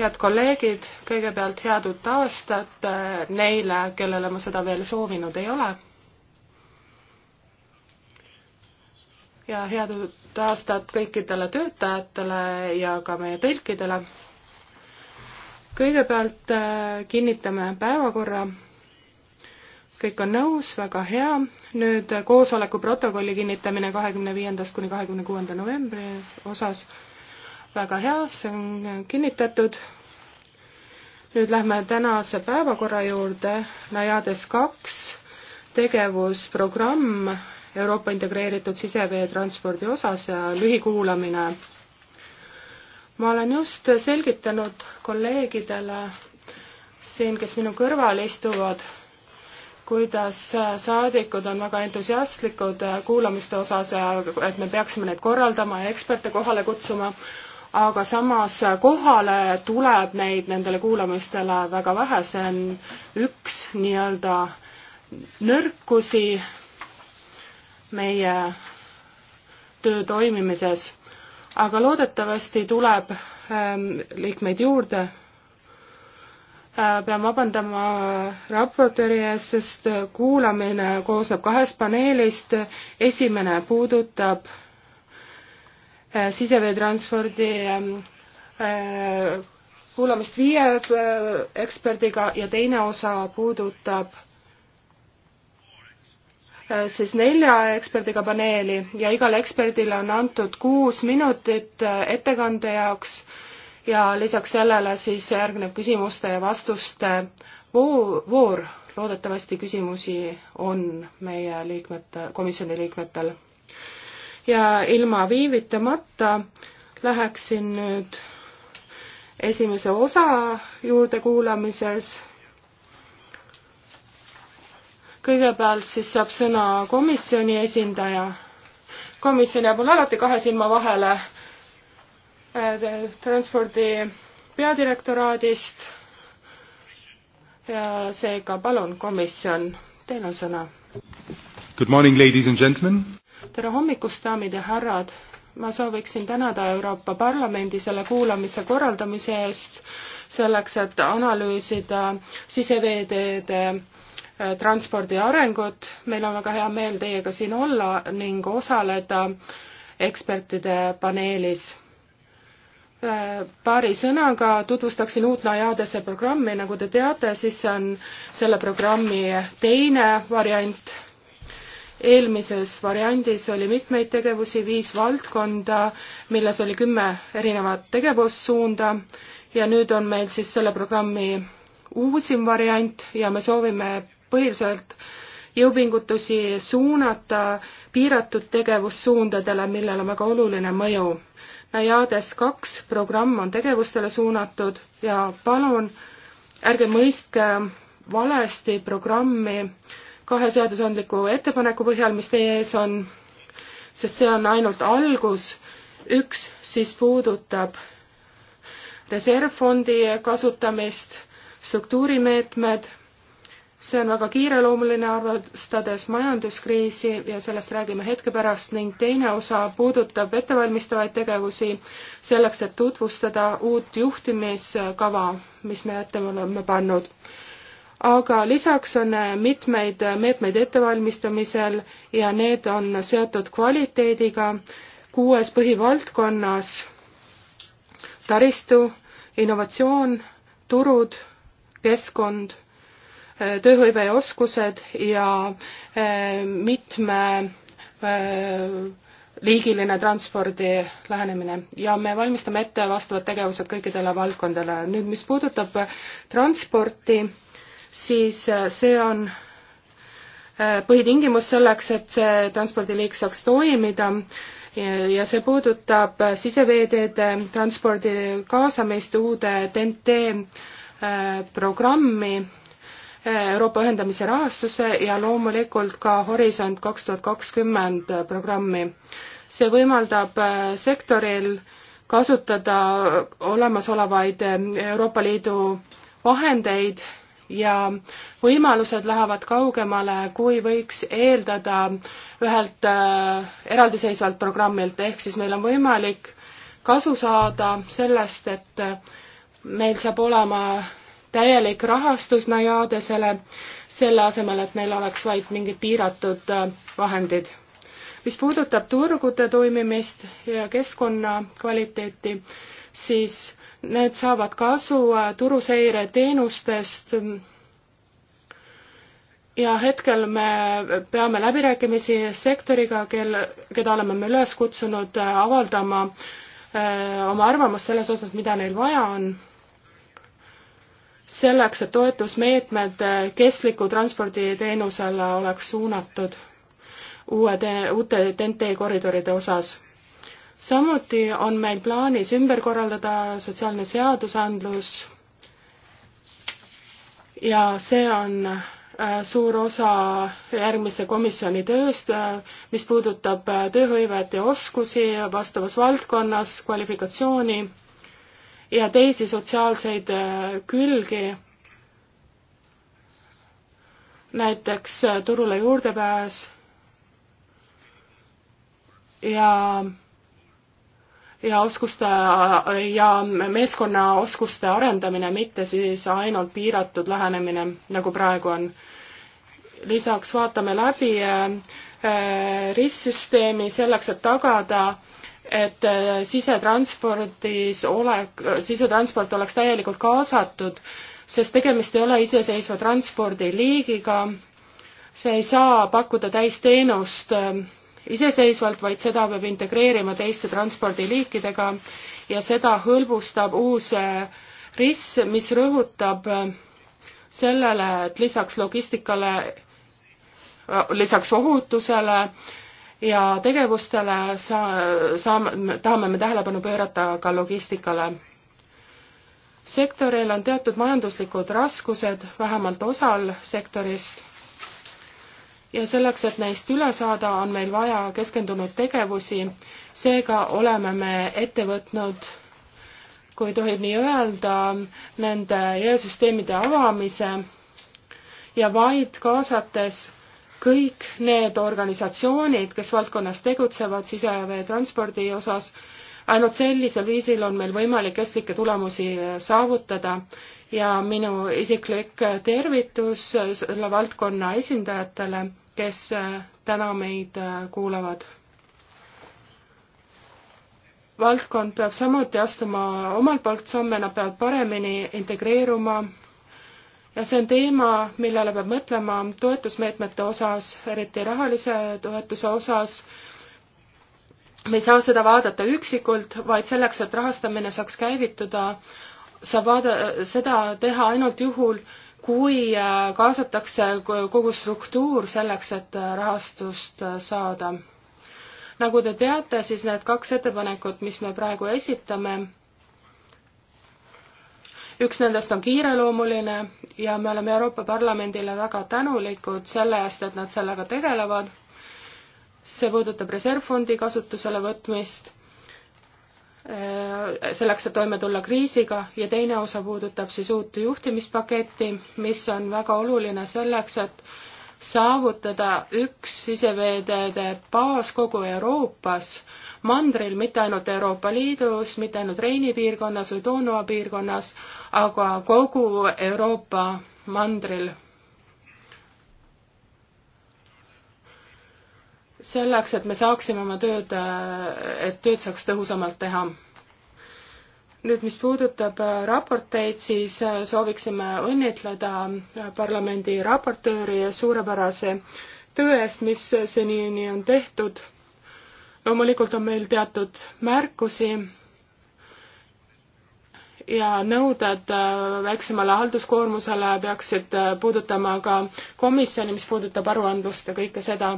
head kolleegid, kõigepealt head uut aastat eh, neile, kellele ma seda veel soovinud ei ole. ja head uut aastat kõikidele töötajatele ja ka meie tõlkidele. kõigepealt eh, kinnitame päevakorra. kõik on nõus, väga hea. nüüd koosoleku protokolli kinnitamine kahekümne viiendast kuni kahekümne kuuenda novembri osas väga hea, see on kinnitatud. nüüd lähme tänase päevakorra juurde, Najades kaks, tegevusprogramm Euroopa integreeritud siseveetranspordi osas ja lühikuulamine. ma olen just selgitanud kolleegidele siin, kes minu kõrval istuvad, kuidas saadikud on väga entusiastlikud kuulamiste osas ja et me peaksime neid korraldama ja eksperte kohale kutsuma, aga samas kohale tuleb neid nendele kuulamistele väga vähe, see on üks nii-öelda nõrkusi meie töö toimimises. aga loodetavasti tuleb ähm, liikmeid juurde äh,. pean vabandama raportööri ees, sest kuulamine koosneb kahest paneelist. esimene puudutab äh, Äh, siseveetranspordi ähm, äh, kuulamist viie äh, eksperdiga ja teine osa puudutab siis nelja eksperdiga paneeli ja igale eksperdile on antud kuus minutit ettekande jaoks ja lisaks sellele siis järgneb küsimuste ja vastuste voor. loodetavasti küsimusi on meie liikmete, komisjoni liikmetel ja ilma viivitamata läheksin nüüd esimese osa juurde kuulamises. kõigepealt siis saab sõna komisjoni esindaja. komisjon jääb mul alati kahe silma vahele äh, transpordi peadirektoraadist ja seega palun, komisjon, teil on sõna. Good morning, ladies and gentlemen tere hommikust, daamid ja härrad! ma sooviksin tänada Euroopa Parlamendi selle kuulamise korraldamise eest, selleks et analüüsida siseveeteede äh, transpordi arengut. meil on väga hea meel teiega siin olla ning osaleda ekspertide paneelis. Äh, paari sõnaga tutvustaksin uut Najadese programmi, nagu te teate, siis see on selle programmi teine variant eelmises variandis oli mitmeid tegevusi, viis valdkonda, milles oli kümme erinevat tegevussuunda ja nüüd on meil siis selle programmi uusim variant ja me soovime põhiliselt jõupingutusi suunata piiratud tegevussuundadele, millel on väga oluline mõju. Najades kaks programm on tegevustele suunatud ja palun ärge mõistke valesti programmi äh, kahe seadusandliku ettepaneku põhjal, mis teie ees on, sest see on ainult algus. üks siis puudutab reservfondi kasutamist, struktuurimeetmed, see on väga kiireloomuline, arvestades majanduskriisi ja sellest räägime hetke pärast ning teine osa puudutab ettevalmistavaid tegevusi selleks, et tutvustada uut juhtimiskava, mis me ette oleme pannud aga lisaks on äh, mitmeid äh, meetmeid ettevalmistamisel ja need on seotud kvaliteediga kuues põhivaldkonnas taristu, innovatsioon, turud, keskkond, äh, tööhõive ja oskused ja mitme liigiline transpordi lähenemine ja me valmistame ette vastavad tegevused kõikidele valdkondadele. nüüd, mis puudutab transporti, siis äh, see on äh, põhitingimus selleks, et see transpordiliik saaks toimida ja see puudutab äh, siseveeteede transpordi kaasamist uude TNT programmi Euroopa ühendamise rahastuse ja loomulikult ka Horisont kaks tuhat kakskümmend programmi. see võimaldab sektoril kasutada olemasolevaid Euroopa Liidu vahendeid ja võimalused lähevad kaugemale, kui võiks eeldada ühelt äh, eraldiseisvalt programmilt, ehk siis meil on võimalik kasu saada sellest, et äh, meil saab olema täielik rahastus Najadesele, selle asemel, et meil oleks vaid mingid piiratud äh, vahendid. mis puudutab turgude toimimist ja keskkonna kvaliteeti, siis Need saavad kasu äh, turuseire teenustest ja hetkel me peame läbirääkimisi sektoriga, kel, keda oleme me üles kutsunud äh, avaldama äh, oma arvamust selles osas, mida neil vaja on. selleks, et toetusmeetmed kestliku transporditeenusele oleks suunatud uue, uute TNT koridoride osas samuti on meil plaanis ümber korraldada sotsiaalne seadusandlus ja see on äh, suur osa järgmise komisjoni tööst, äh, mis puudutab äh, tööhõivet ja oskusi vastavas valdkonnas, kvalifikatsiooni ja teisi sotsiaalseid külgi, näiteks turule juurdepääs ja ja oskuste ja meeskonnaoskuste arendamine, mitte siis ainult piiratud lähenemine, nagu praegu on. lisaks vaatame läbi eh, eh, ristsüsteemi selleks, et tagada, et eh, sisetranspordis olek, sisetransport oleks täielikult kaasatud, sest tegemist ei ole iseseisva transpordiliigiga, see ei saa pakkuda täisteenust äh, iseseisvalt, vaid seda peab integreerima teiste transpordiliikidega ja seda hõlbustab uus äh, RIS, mis rõhutab äh, sellele, et lisaks logistikale, äh, lisaks ohutusele ja tegevustele saa-, saame, tahame me tähelepanu pöörata ka logistikale sektoril on teatud majanduslikud raskused, vähemalt osal sektorist ja selleks, et neist üle saada, on meil vaja keskendunud tegevusi, seega oleme me ette võtnud kui tohib nii öelda, nende jõesüsteemide avamise ja vaid kaasates kõik need organisatsioonid, kes valdkonnas tegutsevad siseveetranspordi osas, ainult sellisel viisil on meil võimalik kestlikke tulemusi saavutada ja minu isiklik tervitus selle valdkonna esindajatele, kes äh, täna meid äh, kuulavad. valdkond peab samuti astuma omalt poolt samme, nad peavad paremini integreeruma ja see on teema, millele peab mõtlema toetusmeetmete osas, eriti rahalise toetuse osas. me ei saa seda vaadata üksikult, vaid selleks, et rahastamine saaks käivituda, saab vaada-, seda teha ainult juhul, kui äh, kaasatakse kogu struktuur selleks, et äh, rahastust äh, saada. nagu te teate, siis need kaks ettepanekut, mis me praegu esitame, üks nendest on kiireloomuline ja me oleme Euroopa Parlamendile väga tänulikud selle eest, et nad sellega tegelevad. see puudutab reservfondi kasutusele võtmist Äh, selleks, et toime tulla kriisiga ja teine osa puudutab siis uut juhtimispaketti, mis on väga oluline selleks, et saavutada üks siseveeteede baas kogu Euroopas, mandril, mitte ainult Euroopa Liidus, mitte ainult Reini piirkonnas või Donau piirkonnas, aga kogu Euroopa mandril selleks, et me saaksime oma tööd, et tööd saaks tõhusamalt teha. nüüd, mis puudutab äh, raporteid, siis äh, sooviksime õnnitleda äh, parlamendi raportööri suurepärase töö eest, mis senini on tehtud. loomulikult on meil teatud märkusi ja nõuded väiksemale halduskoormusele peaksid puudutama ka komisjoni, mis puudutab aruandlust ja kõike seda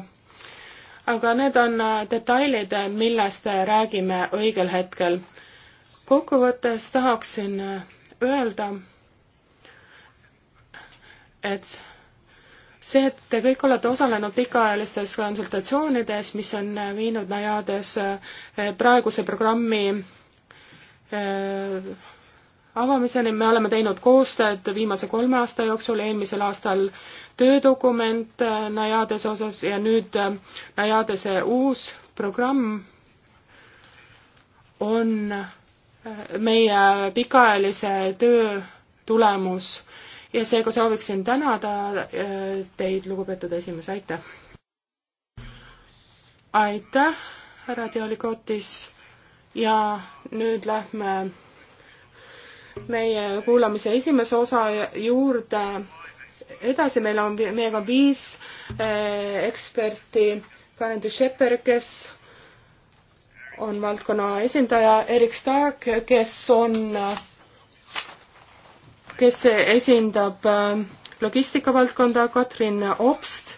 aga need on äh, detailid, millest räägime õigel hetkel. kokkuvõttes tahaksin äh, öelda, et see, et te kõik olete osalenud pikaajalistes konsultatsioonides, mis on äh, viinud Najades praeguse programmi avamiseni, me oleme teinud koostööd viimase kolme aasta jooksul, eelmisel aastal äh, töödokument äh, Najadese osas ja nüüd äh, Najadese uus programm on äh, meie pikaajalise töö tulemus ja seega sooviksin tänada teid, lugupeetud esimees, aitäh! aitäh, härra Diolikotis ja nüüd lähme meie kuulamise esimese osa juurde edasi, meil on, meiega on viis eh, eksperti, Karen de Schepper, kes on valdkonna esindaja, Erik Stark, kes on, kes esindab eh, logistikavaldkonda, Katrin Obst,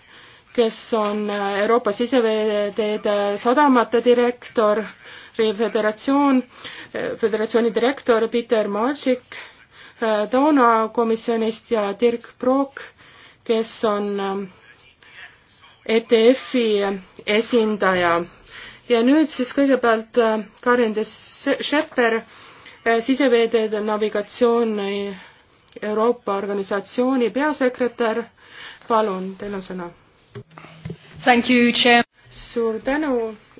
kes on eh, Euroopa siseveeteede sadamate direktor, Riigi Föderatsioon, föderatsiooni direktor Peter Mažik Toona komisjonist ja Dirk Prook, kes on ähm, ETF-i esindaja. ja nüüd siis kõigepealt äh, Karin de Schepper, äh, siseveeteede navigatsiooni äh, Euroopa organisatsiooni peasekretär, palun, teil on sõna. suur tänu,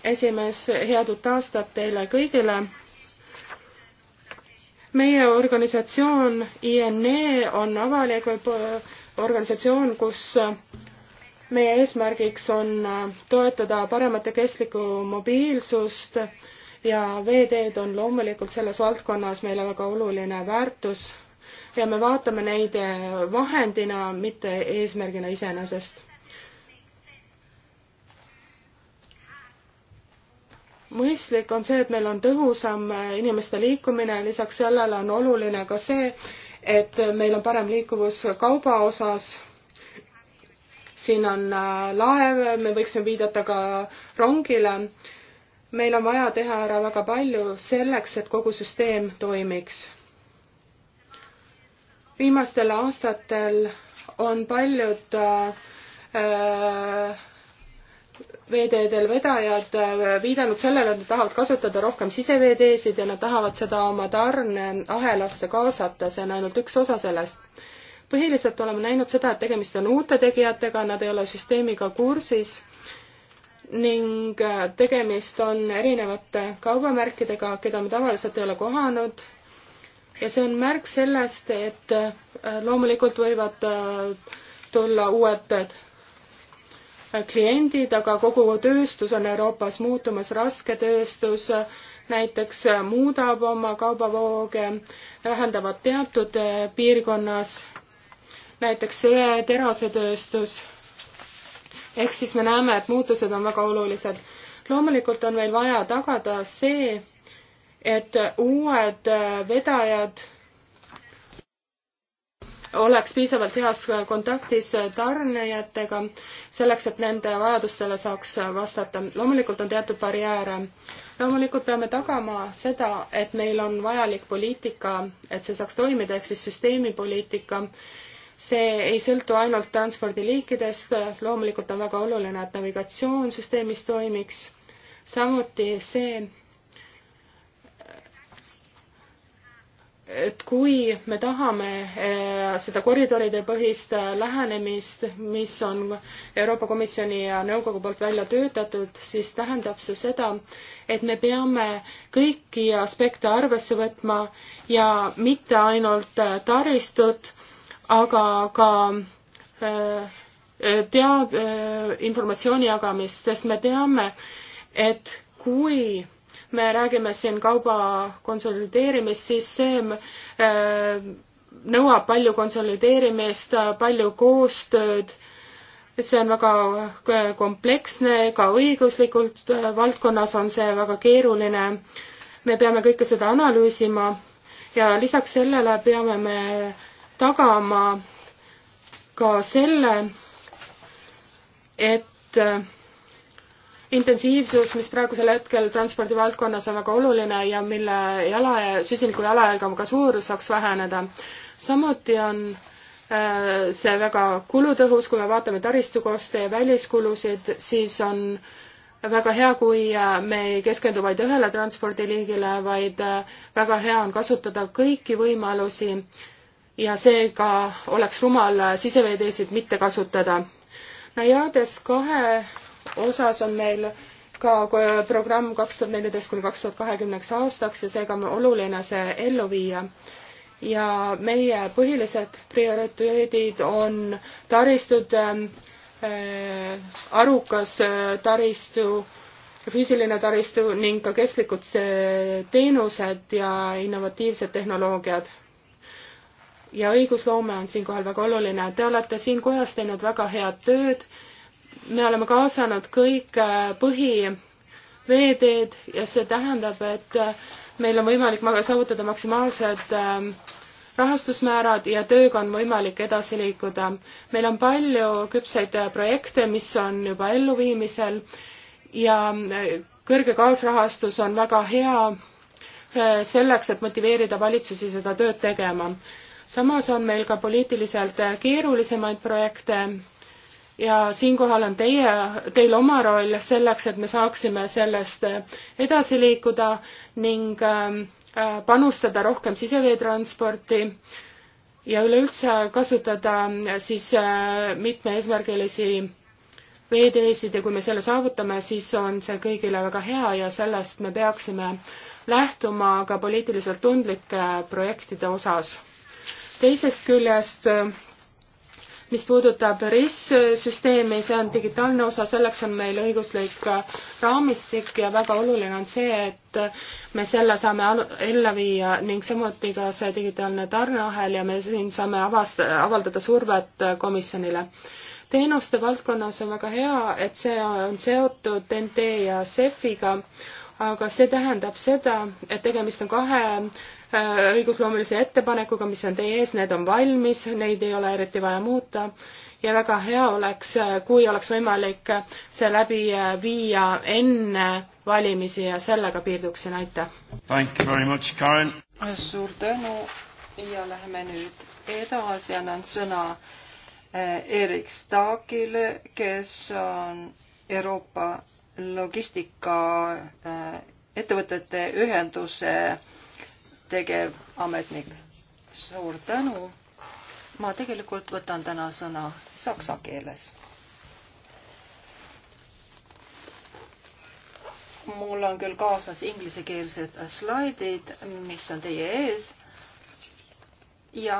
esimees, head uut aastat teile kõigile meie organisatsioon INE on avalik organisatsioon, kus meie eesmärgiks on toetada paremat ja kestlikku mobiilsust ja veeteed on loomulikult selles valdkonnas meile väga oluline väärtus ja me vaatame neid vahendina, mitte eesmärgina iseenesest. mõistlik on see, et meil on tõhusam inimeste liikumine, lisaks sellele on oluline ka see, et meil on parem liikuvus kauba osas. siin on äh, laev, me võiksime viidata ka rongile. meil on vaja teha ära väga palju selleks, et kogu süsteem toimiks. viimastel aastatel on paljud äh, äh veeteedel vedajad äh, viidanud sellele, et nad tahavad kasutada rohkem siseveeteesid ja nad tahavad seda oma tarneahelasse kaasata, see on ainult üks osa sellest. põhiliselt oleme näinud seda, et tegemist on uute tegijatega, nad ei ole süsteemiga kursis ning äh, tegemist on erinevate kaubamärkidega, keda me tavaliselt ei ole kohanud ja see on märk sellest, et äh, loomulikult võivad tulla uued kliendid, aga kogu tööstus on Euroopas muutumas, rasketööstus näiteks muudab oma kaubavooge, vähendavad teatud eh, piirkonnas, näiteks söe- ja terasetööstus. ehk siis me näeme, et muutused on väga olulised. loomulikult on meil vaja tagada see, et uued eh, vedajad oleks piisavalt heas kontaktis tarnijatega, selleks et nende vajadustele saaks vastata. loomulikult on teatud barjääre. loomulikult peame tagama seda, et meil on vajalik poliitika, et see saaks toimida, ehk siis süsteemipoliitika. see ei sõltu ainult transpordiliikidest, loomulikult on väga oluline, et navigatsioon süsteemis toimiks. samuti see, et kui me tahame eh, seda koridoride põhist eh, lähenemist, mis on Euroopa Komisjoni ja nõukogu poolt välja töötatud, siis tähendab see seda, et me peame kõiki aspekte arvesse võtma ja mitte ainult eh, taristut, aga ka teab-, informatsiooni jagamist, sest me teame, et kui me räägime siin kauba konsolideerimist, siis see äh, nõuab palju konsolideerimist, palju koostööd see on väga äh, kompleksne, ka õiguslikult äh, valdkonnas on see väga keeruline. me peame kõike seda analüüsima ja lisaks sellele peame me tagama ka selle, et intensiivsus, mis praegusel hetkel transpordivaldkonnas on väga oluline ja mille jala, süsiniku jalajälg on ka suur, saaks väheneda. samuti on äh, see väga kulutõhus, kui me vaatame taristukoste ja väliskulusid, siis on väga hea, kui äh, me ei keskendu vaid ühele transpordiliigile, vaid äh, väga hea on kasutada kõiki võimalusi ja seega oleks rumal siseveeteesid mitte kasutada. Najades kahe osas on meil ka programm kaks tuhat neliteist kuni kaks tuhat kahekümneks aastaks ja seega on oluline see ellu viia. ja meie põhilised prioriteedid on taristud ähm, äh,, arukas äh, taristu, füüsiline taristu ning ka kestlikud äh, teenused ja innovatiivsed tehnoloogiad ja õigusloome on siinkohal väga oluline. Te olete siin kojas teinud väga head tööd me oleme kaasanud kõik äh, põhiveeteed ja see tähendab, et äh, meil on võimalik saavutada maksimaalsed ähm, rahastusmäärad ja tööga on võimalik edasi liikuda. meil on palju küpseid äh, projekte, mis on juba elluviimisel ja kõrge kaasrahastus on väga hea selleks, et motiveerida valitsusi seda tööd tegema. samas on meil ka poliitiliselt keerulisemaid projekte ja siinkohal on teie, teil oma roll selleks, et me saaksime sellest edasi liikuda ning ähm, äh, panustada rohkem siseveetransporti ja üleüldse kasutada äh, siis äh, mitmeeesmärgilisi veeteesid ja kui me selle saavutame, siis on see kõigile väga hea ja sellest me peaksime lähtuma ka poliitiliselt tundlike projektide osas. teisest küljest mis puudutab RIS-süsteemi, see on digitaalne osa, selleks on meil õiguslik raamistik ja väga oluline on see, et me selle saame ellu viia ning samuti ka see digitaalne tarneahel ja me siin saame avast-, avaldada survet komisjonile. teenuste valdkonnas on väga hea, et see on seotud TNT ja CEF-iga, aga see tähendab seda, et tegemist on kahe Äh, õigusloomelise ettepanekuga, mis on teie ees, need on valmis, neid ei ole eriti vaja muuta ja väga hea oleks, äh, kui oleks võimalik äh, see läbi viia enne valimisi ja sellega piirduksin, aitäh! suur tänu ja läheme nüüd edasi, annan sõna Erik Staagile, kes on Euroopa Logistika Ettevõtete Ühenduse tegev ametnik. suur tänu. ma tegelikult võtan täna sõna saksa keeles. mul on küll kaasas inglisekeelsed slaidid, mis on teie ees. ja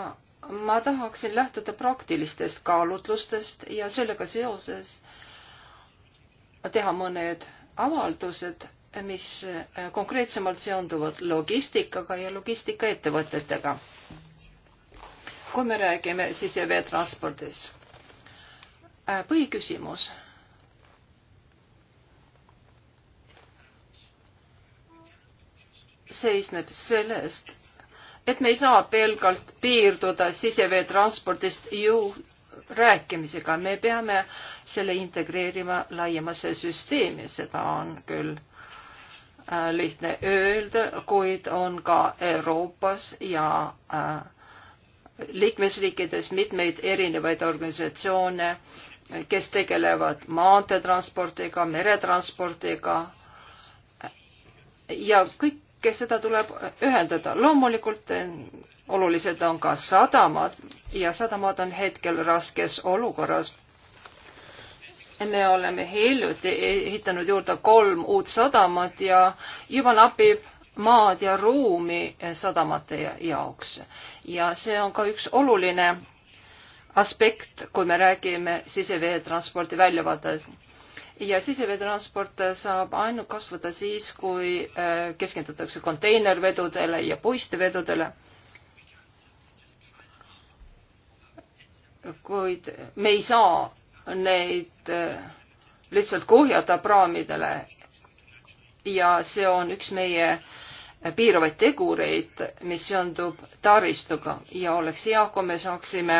ma tahaksin lähtuda praktilistest kaalutlustest ja sellega seoses teha mõned avaldused mis äh, konkreetsemalt seonduvad logistikaga ja logistikaettevõtetega. kui me räägime siseveetranspordis, äh, põhiküsimus seisneb sellest, et me ei saa pelgalt piirduda siseveetranspordist ju rääkimisega, me peame selle integreerima laiemasse süsteemi, seda on küll äh, Äh, lihtne öelda, kuid on ka Euroopas ja äh, liikmesriikides mitmeid erinevaid organisatsioone, kes tegelevad maanteetranspordiga, meretranspordiga ja kõike seda tuleb ühendada. loomulikult äh, olulised on ka sadamad ja sadamad on hetkel raskes olukorras me oleme hiljuti ehitanud juurde kolm uut sadamat ja juba napib maad ja ruumi sadamate jaoks. ja see on ka üks oluline aspekt, kui me räägime siseveetranspordi väljavaatest. ja siseveetransport saab ainult kasvada siis, kui äh, keskendutakse konteinervedudele ja puistevedudele. kuid me ei saa neid äh, lihtsalt kuhjata praamidele. ja see on üks meie piiravaid tegureid, mis seondub taristuga ja oleks hea, kui me saaksime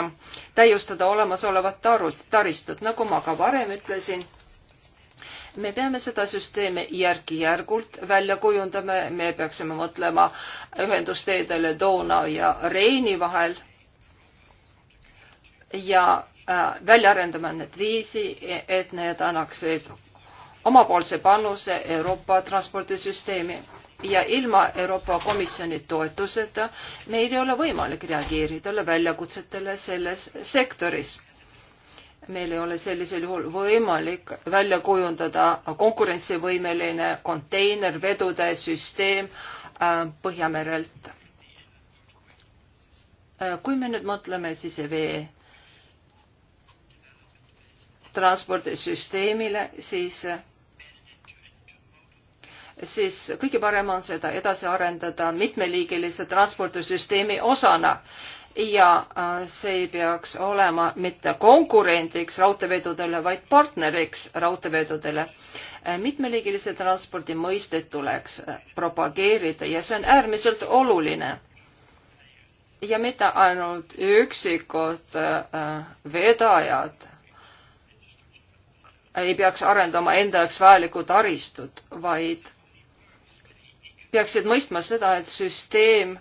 täiustada olemasolevat tarust, taristut, nagu ma ka varem ütlesin. me peame seda süsteemi järk-järgult välja kujundama, me peaksime mõtlema ühendusteedele Donau ja Reini vahel ja Äh, välja arendama need viisi, et need annaksid omapoolse panuse Euroopa transpordisüsteemi ja ilma Euroopa Komisjoni toetuseta meil ei ole võimalik reageerida väljakutsetele selles sektoris. meil ei ole sellisel juhul võimalik välja kujundada konkurentsivõimeline konteinervedude süsteem äh, Põhjamerelt. Äh, kui me nüüd mõtleme sisevee transpordisüsteemile, siis, siis kõige parem on seda edasi arendada mitmeliigilise transpordisüsteemi osana ja äh, see ei peaks olema mitte konkurendiks raudteevedudele, vaid partneriks raudteevedudele. Äh, mitmeliigilise transpordi mõistet tuleks äh, propageerida ja see on äärmiselt oluline ja mitte ainult üksikud vedajad ei peaks arendama enda jaoks vajalikku taristut, vaid peaksid mõistma seda, et süsteem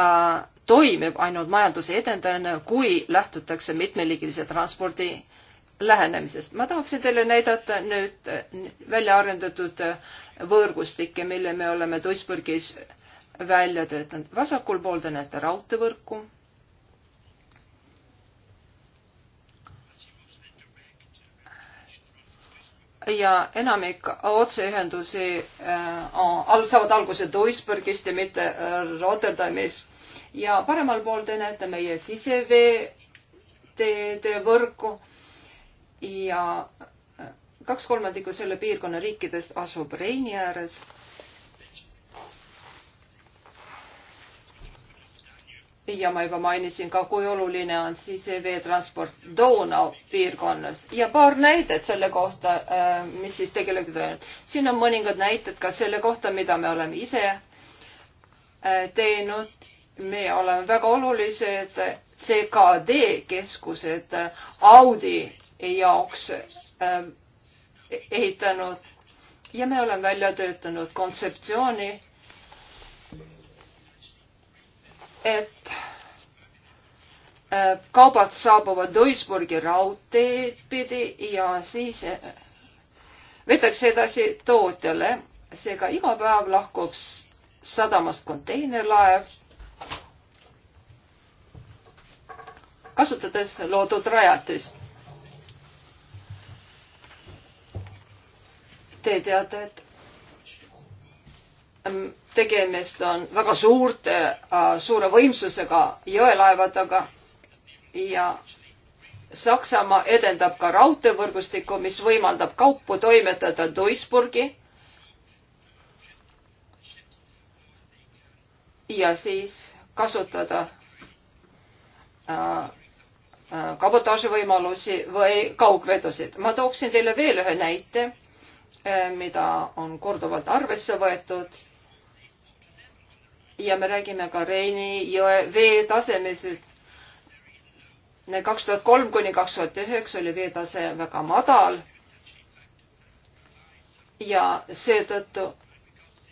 äh, toimib ainult majanduse edendajana, kui lähtutakse mitmeliigilise transpordi lähenemisest. ma tahaksin teile näidata nüüd äh, välja arendatud äh, võõrgustikke, mille me oleme Duisburgis välja töötanud. vasakul pool te näete raudteevõrku ja enamik otseühendusi äh, saavad alguse Duisburgist ja mitte äh, Rotterdamist. ja paremal pool te näete meie siseveeteede võrku ja äh, kaks kolmandikku selle piirkonna riikidest asub Reini ääres ja ma juba mainisin ka, kui oluline on siseveetransport Donau piirkonnas ja paar näidet selle kohta, äh, mis siis tegelikult on. siin on mõningad näited ka selle kohta, mida me oleme ise äh, teinud. me oleme väga olulised CKD keskused äh, Audi jaoks ehitanud ja me oleme välja töötanud kontseptsiooni et äh, kaubad saabuvad Duisburgi raudteed pidi ja siis äh, vetakse edasi tootjale. seega iga päev lahkub sadamast konteinerlaev, kasutades loodud rajatist. Te teate, et mm, tegemist on väga suurte, äh, suure võimsusega jõelaevadega ja Saksamaa edendab ka raudteevõrgustikku, mis võimaldab kaupu toimetada Duisburgi. ja siis kasutada äh, äh, kabotaaži võimalusi või kaugvedusid. ma tooksin teile veel ühe näite, mida on korduvalt arvesse võetud ja me räägime ka Reini jõe veetasemest. kaks tuhat kolm kuni kaks tuhat üheksa oli veetase väga madal. ja seetõttu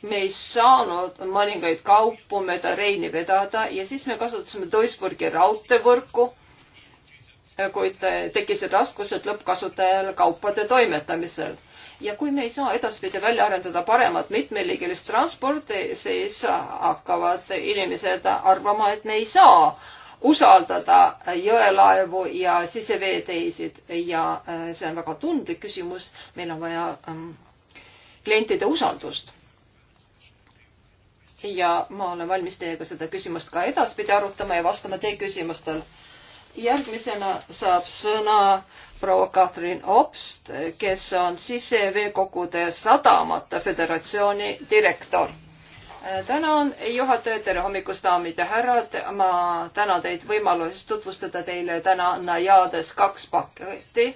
me ei saanud mõningaid kaupu mööda Reini vedada ja siis me kasutasime Duisburgi raudteevõrku, kuid tekkisid raskused lõppkasutajal kaupade toimetamisel ja kui me ei saa edaspidi välja arendada paremat mitmeliigilist transporti, siis hakkavad inimesed arvama, et me ei saa usaldada jõelaevu ja siseveeteisid ja äh, see on väga tundlik küsimus, meil on vaja ähm, klientide usaldust. ja ma olen valmis teiega seda küsimust ka edaspidi arutama ja vastama teie küsimustele. järgmisena saab sõna proua Katrin Obst, kes on siseveekogude sadamate föderatsiooni direktor. tänan, juhataja, tere hommikust, daamid ja härrad. ma tänan teid võimalusest tutvustada teile täna Najades kaks paketti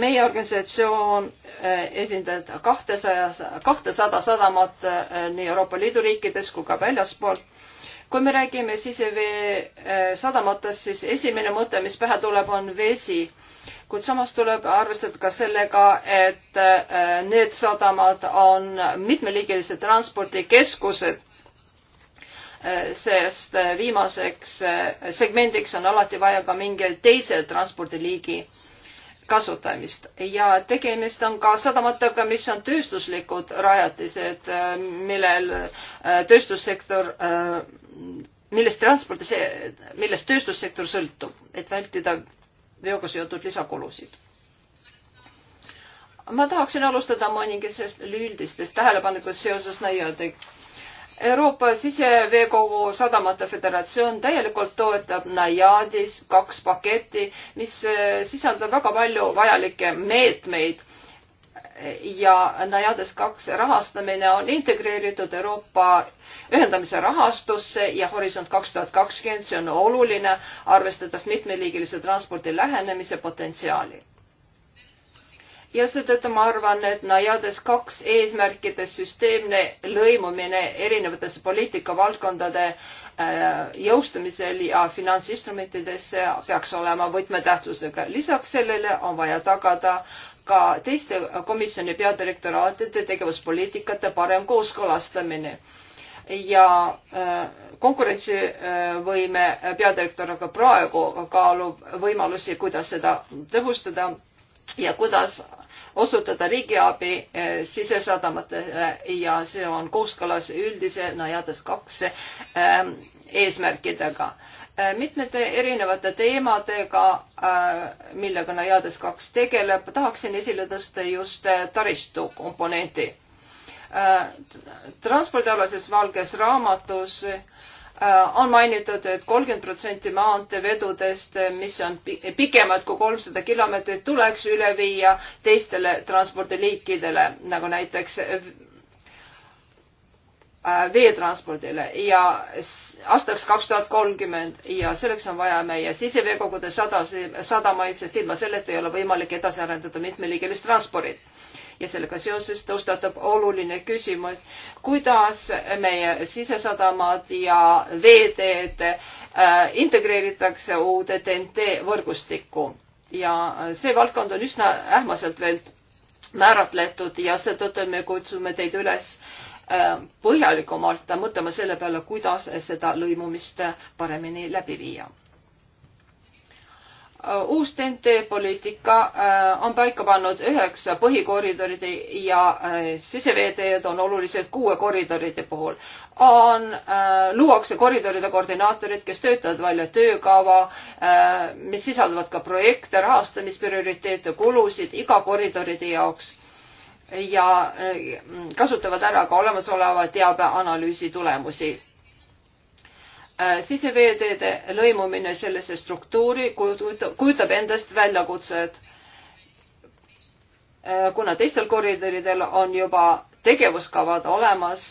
meie organisatsioon eh, esindab kahtesajas, kahtesada sadamat eh, nii Euroopa Liidu riikides kui ka väljaspoolt kui me räägime sisevee äh, sadamatest, siis esimene mõte, mis pähe tuleb, on vesi. kuid samas tuleb arvestada ka sellega, et äh, need sadamad on mitmeliigilised transpordikeskused, äh, sest viimaseks segmendiks on alati vaja ka mingi teise transpordiliigi kasutamist ja tegemist on ka sadamatega, mis on tööstuslikud rajatised, äh, millel äh, tööstussektor, äh, millest transpordi, millest tööstussektor sõltub, et vältida veoga seotud lisakulusid. ma tahaksin alustada mõningasest lühidistest tähelepanekust seoses nõiadega Euroopa Siseveekogu Sadamate Föderatsioon täielikult toetab Najadis kaks paketti, mis äh, sisaldab väga palju vajalikke meetmeid. ja Najades kaks rahastamine on integreeritud Euroopa ühendamise rahastusse ja Horisont kaks tuhat kakskümmend, see on oluline, arvestades mitmeliigilise transpordi lähenemise potentsiaali ja seetõttu ma arvan, et Naiades kaks eesmärkides süsteemne lõimumine erinevatesse poliitikavaldkondade äh, jõustamisel ja finantsinstrumentidesse peaks olema võtmetähtsusega. lisaks sellele on vaja tagada ka teiste komisjoni peadirektoraatide tegevuspoliitikate parem kooskõlastamine ja äh, konkurentsivõime peadirektor aga praegu kaalub võimalusi, kuidas seda tõhustada ja kuidas osutada riigiabi eh, sisesadamatele eh, ja see on kooskõlas üldise Najades kaks eh, eesmärkidega. mitmete erinevate teemadega, millega Najades kaks tegeleb, tahaksin esile tõsta just taristu komponendi transpordialases valges raamatus äh, Äh, on mainitud et, et kolmkümmend protsenti maanteevedudest, äh, mis on äh, pikemad kui kolmsada kilomeetrit, tuleks üle viia teistele transpordiliikidele, nagu näiteks veetranspordile ja aastaks kaks tuhat kolmkümmend ja selleks on vaja meie siseveekogude sadasi, sadamaid, sest ilma selleta ei ole võimalik edasi arendada mitmeliigilist transpordi ja sellega seoses tõstatab oluline küsimus, kuidas meie sisesadamad ja veeteed äh, integreeritakse uude TNT võrgustikku ja see valdkond on üsna ähmaselt veel määratletud ja seetõttu me kutsume teid üles äh, põhjalikumalt mõtlema selle peale, kuidas seda lõimumist paremini läbi viia Äh, uus TNT poliitika äh, on paika pannud üheksa põhikoridoride ja äh, siseveeteed on olulised kuue koridoride puhul. on, luuakse koridoride koordinaatorid, kes töötavad välja töökava, mis sisaldavad ka projekte, rahastamisprioriteete, kulusid iga koridoride jaoks ja kasutavad ära ka olemasoleva teabeanalüüsi tulemusi Äh, siseveeteede lõimumine sellesse struktuuri kujutab endast väljakutset, äh, kuna teistel koridoridel on juba tegevuskavad olemas,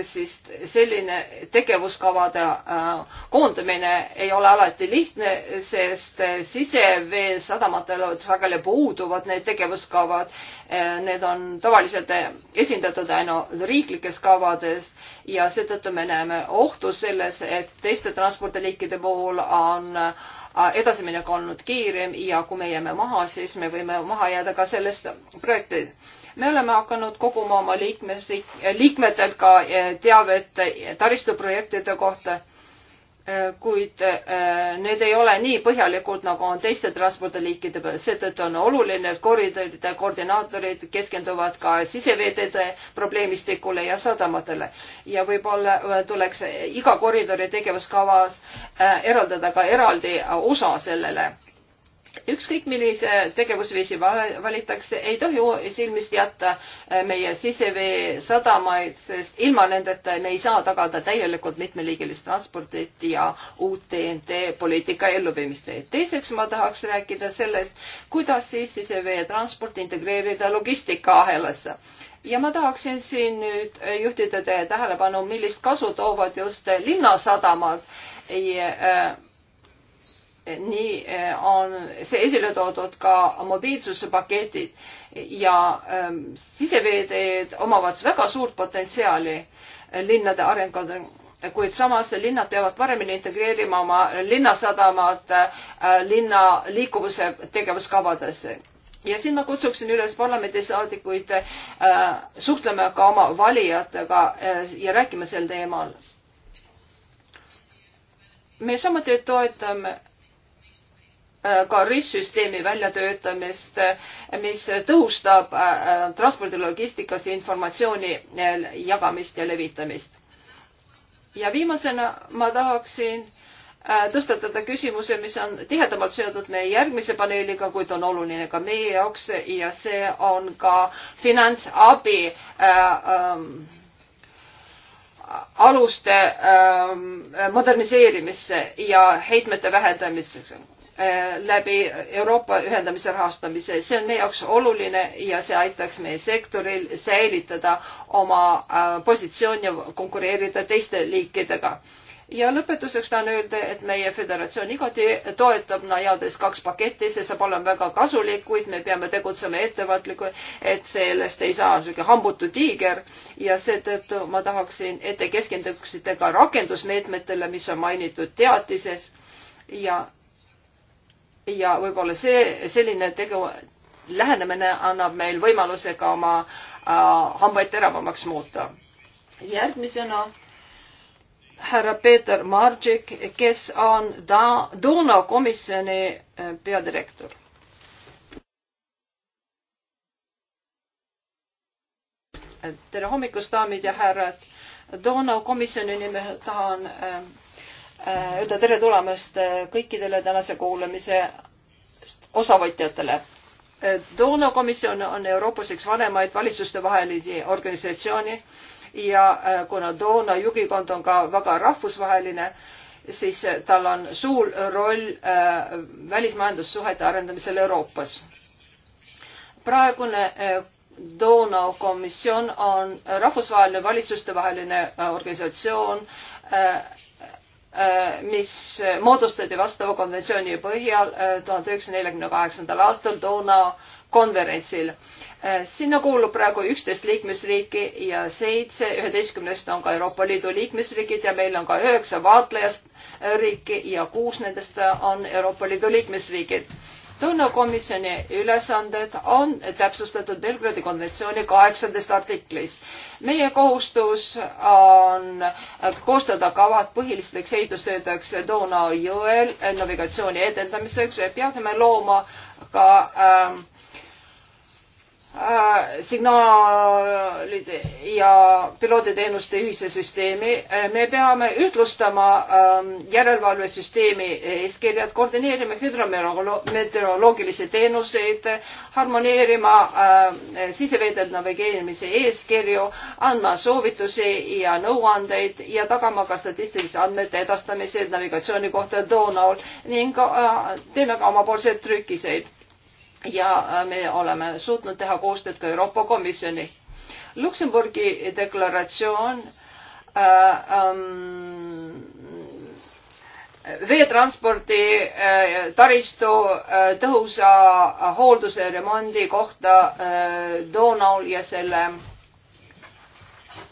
siis selline tegevuskavade äh, koondamine ei ole alati lihtne, sest äh, siseveesadamatel sageli puuduvad need tegevuskavad. Äh, need on tavaliselt esindatud ainult riiklikes kavades ja seetõttu me näeme ohtu selles, et teiste transpordiliikide puhul on edasiminek olnud kiirem ja kui me jääme maha, siis me võime maha jääda ka sellest projektist me oleme hakanud koguma oma liikmesriik, liikmetelt ka eh, teavet taristuprojektide kohta, eh, kuid eh, need ei ole nii põhjalikud, nagu on teiste transpordiliikide peal, seetõttu on oluline, et koridoride koordinaatorid keskenduvad ka siseveeteede probleemistikule ja sadamatele. ja võib-olla tuleks iga koridori tegevuskavas eraldada ka eraldi osa sellele ükskõik millise tegevusviisi valitakse, ei tohi silmist jätta äh, meie sisevee sadamaid, sest ilma nendeta me ei saa tagada täielikult mitmeliigilist transportit ja uut TNT poliitika elluviimist. teiseks ma tahaks rääkida sellest, kuidas siis siseveetransport integreerida logistikaahelasse ja ma tahaksin siin nüüd juhtida teie tähelepanu, millist kasu toovad just linnasadamad ja, äh, nii eh, on see esile toodud ka mobiilsuse paketid ja ähm, siseveeteed omavad väga suurt potentsiaali linnade arengul, kuid samas linnad peavad paremini integreerima oma linnasadamad äh, eh, linna liikuvuse tegevuskavadesse ja siin ma kutsuksin üles parlamendisaadikuid äh, suhtlema ka oma valijatega äh, ja rääkima sel teemal. me samuti toetame äh, Äh, ka RIS-süsteemi väljatöötamist, mis tõhustab äh, transpordilogistikas informatsiooni äh, jagamist ja levitamist. ja viimasena ma tahaksin tõstatada küsimuse, mis on tihedamalt seotud meie järgmise paneeliga, kuid on oluline ka meie jaoks ja see on ka finantsabi äh, äh, aluste ähm, moderniseerimisse ja heitmete vähendamiseks. Äh, läbi Euroopa ühendamise rahastamise. see on meie jaoks oluline ja see aitaks meie sektoril säilitada oma äh, positsiooni ja konkureerida teiste liikidega. ja lõpetuseks tahan öelda, et meie föderatsioon igati toetab Najades kaks paketti, see saab olema väga kasulik, kuid me peame tegutsema ettevaatlikult, et sellest ei saa niisugune hambutu tiiger ja seetõttu ma tahaksin, et te keskenduksite ka rakendusmeetmetele, mis on mainitud teatises ja ja võib-olla see, selline tegu, lähenemine annab meil võimaluse ka oma äh, hambaid teravamaks muuta. järgmisena härra Peeter Margik, kes on da-, Donau komisjoni äh, peadirektor. tere hommikust, daamid ja härrad. Donau komisjoni nimel tahan äh, Äh, öelda tere tulemast äh, kõikidele tänase kuulamise osavõtjatele. Äh, Doono komisjon on Euroopas üks vanemaid valitsustevahelisi organisatsioone ja kuna Doono jugikond on ka väga rahvusvaheline, siis tal on suur roll välismajandussuhete arendamisel Euroopas. praegune Donau komisjon on rahvusvaheline valitsustevaheline organisatsioon Äh, mis moodustati vastava konventsiooni põhjal äh, tuhande üheksasaja neljakümne kaheksandal aastal Donau konverentsil. Äh, sinna kuulub praegu üksteist liikmesriiki ja seitse üheteistkümnest on ka Euroopa Liidu liikmesriigid ja meil on ka üheksa vaatlejast riiki ja kuus nendest on Euroopa Liidu liikmesriigid Lõunakomisjoni ülesanded on täpsustatud Belgradi konventsiooni kaheksandast artiklist. meie kohustus on koostada kavad põhilisteks ehitustöödeks Donau jõel navigatsiooni edendamiseks. peame looma ka äh, Äh, signaalide ja pilooditeenuste ühise süsteemi. Äh, me peame ühtlustama ähm, järelevalvesüsteemi eeskirjad, koordineerima hüdrometeoroloogilisi teenuseid, harmoneerima äh, siseveedel navigeerimise eeskirju, andma soovitusi ja nõuandeid ja tagama ka statistiliste andmete edastamise navigatsiooni kohta Donaul ning teeme ka omapoolseid trükiseid ja äh, me oleme suutnud teha koostööd ka Euroopa Komisjoni. Luksemburgi deklaratsioon äh, ähm, veetranspordi äh, taristu äh, tõhusa hoolduse remondi kohta äh, Donaul ja selle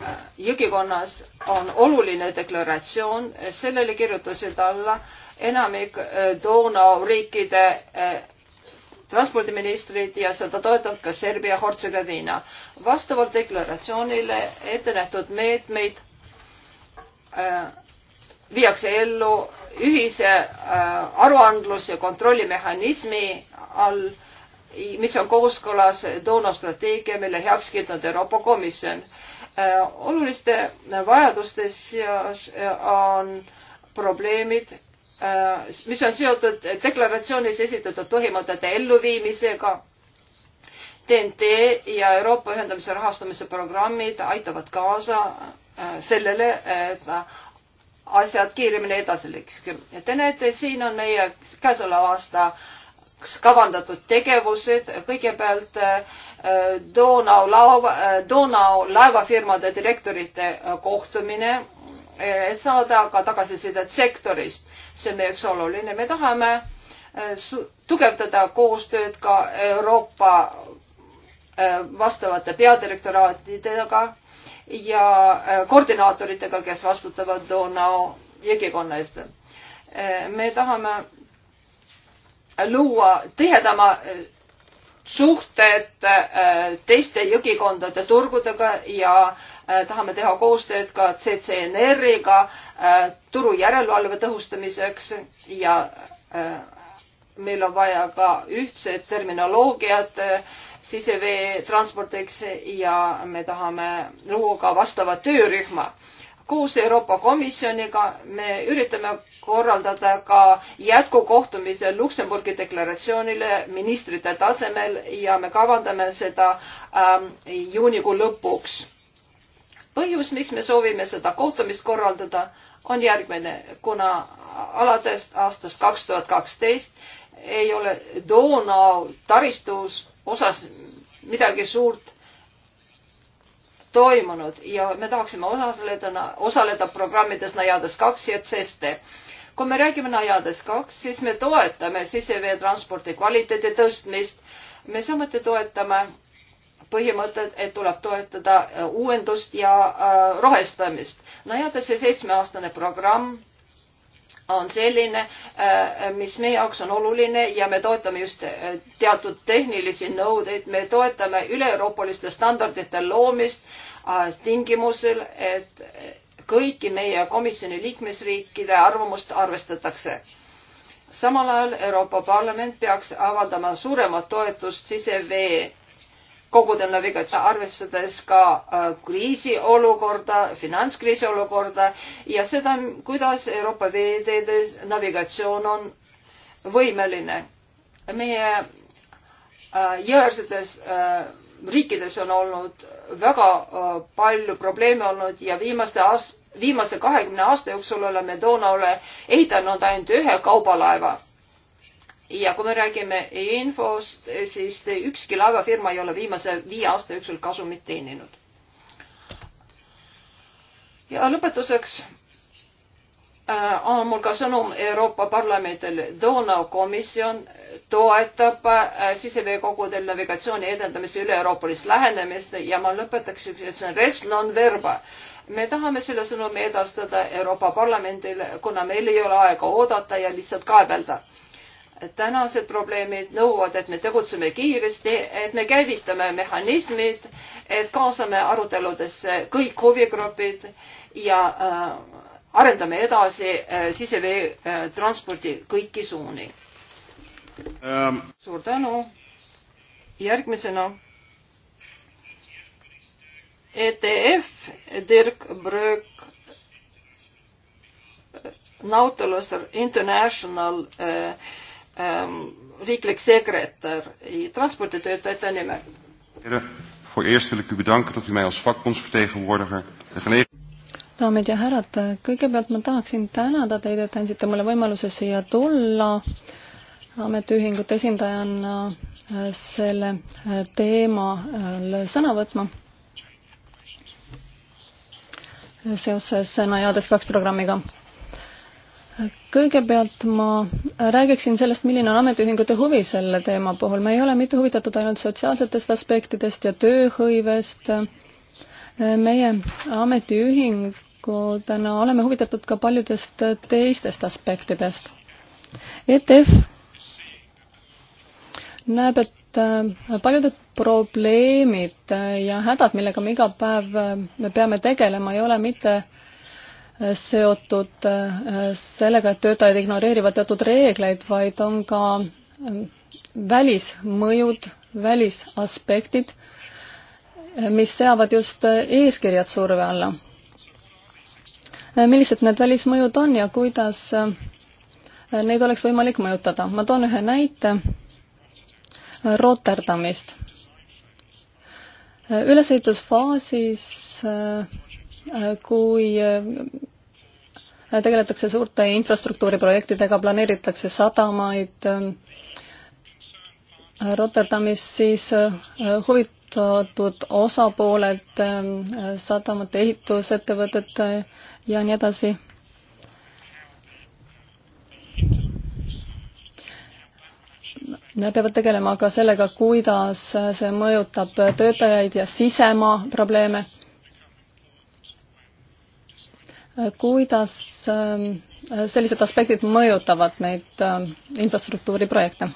äh, jõgikonnas on oluline deklaratsioon, sellele kirjutasid alla enamik äh, Donau riikide transpordiministrid ja seda toetavad ka Serbia ja Hortsegoviina. vastavalt deklaratsioonile ette nähtud meetmeid äh, viiakse ellu ühise äh, aruandlus- ja kontrollimehhanismi all, mis on kooskõlas Doono strateegia, mille heaks kiitnud Euroopa Komisjon äh,. oluliste vajaduste seas äh, on probleemid Äh, mis on seotud deklaratsioonis esitatud põhimõtete elluviimisega. TNT ja Euroopa ühendamise rahastamise programmid aitavad kaasa äh, sellele, et asjad kiiremini edasi liikuks. ja te näete, siin on meie käesoleva aasta kavandatud tegevused, kõigepealt äh, Donau laeva, Donau laevafirmade direktorite kohtumine, et saada ka tagasisidet sektorist see on meie jaoks oluline. me tahame äh, tugevdada koostööd ka Euroopa äh, vastavate peadirektoraatidega ja äh, koordinaatoritega, kes vastutavad Donau jõgikonna eest. me tahame luua tihedama suhted teiste jõgikondade turgudega ja äh, Äh, tahame teha koostööd ka CCNR-iga äh, turu järelevalve tõhustamiseks ja äh, meil on vaja ka ühtset terminoloogiat siseveetranspordiks ja me tahame luua ka vastava töörühma koos Euroopa Komisjoniga me üritame korraldada ka jätkukohtumise Luksemburgi deklaratsioonile ministrite tasemel ja me kavandame seda ähm, juunikuu lõpuks põhjus, miks me soovime seda kohtumist korraldada, on järgmine, kuna alates aastast kaks tuhat kaksteist ei ole Donau taristus osas midagi suurt toimunud ja me tahaksime osaleda, osaleda programmides Najades kaks ja Ceste. kui me räägime Najades kaks, siis me toetame siseveetranspordi kvaliteedi tõstmist. me samuti toetame põhimõtet, et tuleb toetada äh, uuendust ja äh, rohestamist. no jah, see seitsmeaastane programm on selline, äh, mis meie jaoks on oluline ja me toetame just teatud tehnilisi nõudeid, me toetame üle-euroopaliste standardite loomist tingimusel, et kõiki meie komisjoni liikmesriikide arvamust arvestatakse. samal ajal Euroopa Parlament peaks avaldama suuremat toetust sisevee koguda navigatsioon, arvestades ka äh, kriisiolukorda, finantskriisi olukorda ja seda, kuidas Euroopa veeteedes navigatsioon on võimeline. meie äh, jõersetes äh, riikides on olnud väga palju probleeme olnud ja viimaste aast-, viimase kahekümne aasta jooksul oleme Donaule ehitanud ainult ühe kaubalaeva ja kui me räägime infost, siis ükski laevafirma ei ole viimase viie aasta jooksul kasumit teeninud. ja lõpetuseks äh, on mul ka sõnum Euroopa Parlamendile. Donau komisjon toetab äh, siseveekogudel navigatsiooni edendamise üle-euroopalist lähenemist ja ma lõpetaks, see on res non verba. me tahame selle sõnumi edastada Euroopa Parlamendile, kuna meil ei ole aega oodata ja lihtsalt kaebelda tänased probleemid nõuavad, et me tegutseme kiiresti, et me käivitame mehhanismid, et kaasame aruteludesse kõik huvigrupid ja äh, arendame edasi äh, siseveetranspordi äh, kõiki suuni ähm.. suur tänu. järgmisena ETF Dirk Bröök Nautilus International äh, Ähm, riiklik sekretär transporditöötajate nimel. Vooreerst wil ik u bedanken dat u mij als vakbondsvertegenwoordiger de gelegenheid daamid ja härrad, kõigepealt ma tahaksin tänada teid, et andsite mulle võimaluse siia tulla ametiühingute esindajana äh, selle äh, teemal äh, sõna võtma. seoses Najades kaks programmiga kõigepealt ma räägiksin sellest, milline on ametiühingute huvi selle teema puhul. me ei ole mitte huvitatud ainult sotsiaalsetest aspektidest ja tööhõivest. meie ametiühingutena oleme huvitatud ka paljudest teistest aspektidest. ETF näeb, et äh, paljud probleemid ja hädad, millega me iga päev äh, me peame tegelema, ei ole mitte seotud äh, sellega, et töötajad ignoreerivad teatud reegleid, vaid on ka äh, välismõjud, välisaspektid, äh, mis seavad just eeskirjad surve alla. millised need välismõjud on ja kuidas neid oleks võimalik mõjutada? ma toon ühe näite Rotterdamist. ülesehitusfaasis kui äh, tegeletakse suurte infrastruktuuriprojektidega, planeeritakse sadamaid äh, Rotterdamis, siis äh, huvitatud osapooled, sadamate ehitusettevõtete ja nii edasi. Nad peavad tegelema ka sellega, kuidas see mõjutab töötajaid ja sisemaa probleeme kuidas ähm, sellised aspektid mõjutavad neid ähm, infrastruktuuriprojekte?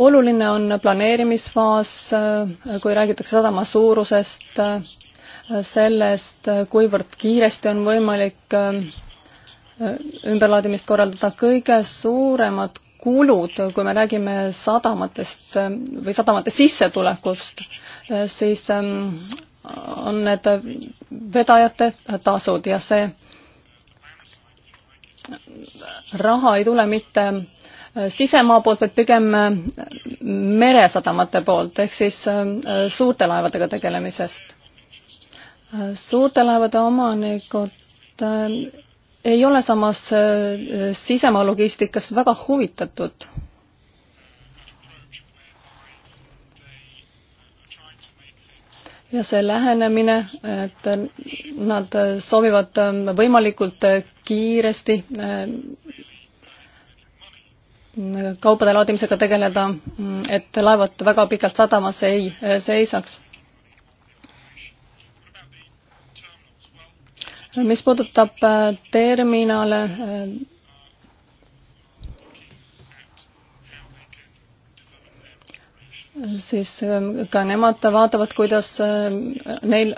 oluline on planeerimisfaas, äh, kui räägitakse sadama suurusest, äh, sellest, äh, kuivõrd kiiresti on võimalik ähm, ümberlaadimist korraldada, kõige suuremad kulud, kui me räägime sadamatest või sadamate sissetulekust, siis on need vedajate tasud ja see raha ei tule mitte sisemaa poolt, vaid pigem meresadamate poolt ehk siis äh, suurte laevadega tegelemisest. Äh, suurte laevade omanikud äh, ei ole samas sisemaa logistikas väga huvitatud ja see lähenemine, et nad soovivad ähm, võimalikult äh, kiiresti äh, kaupade laadimisega tegeleda, mm, et laevad väga pikalt sadamas ei äh, seisaks. mis puudutab terminale, siis ähm, ka nemad vaatavad, kuidas ähm, neil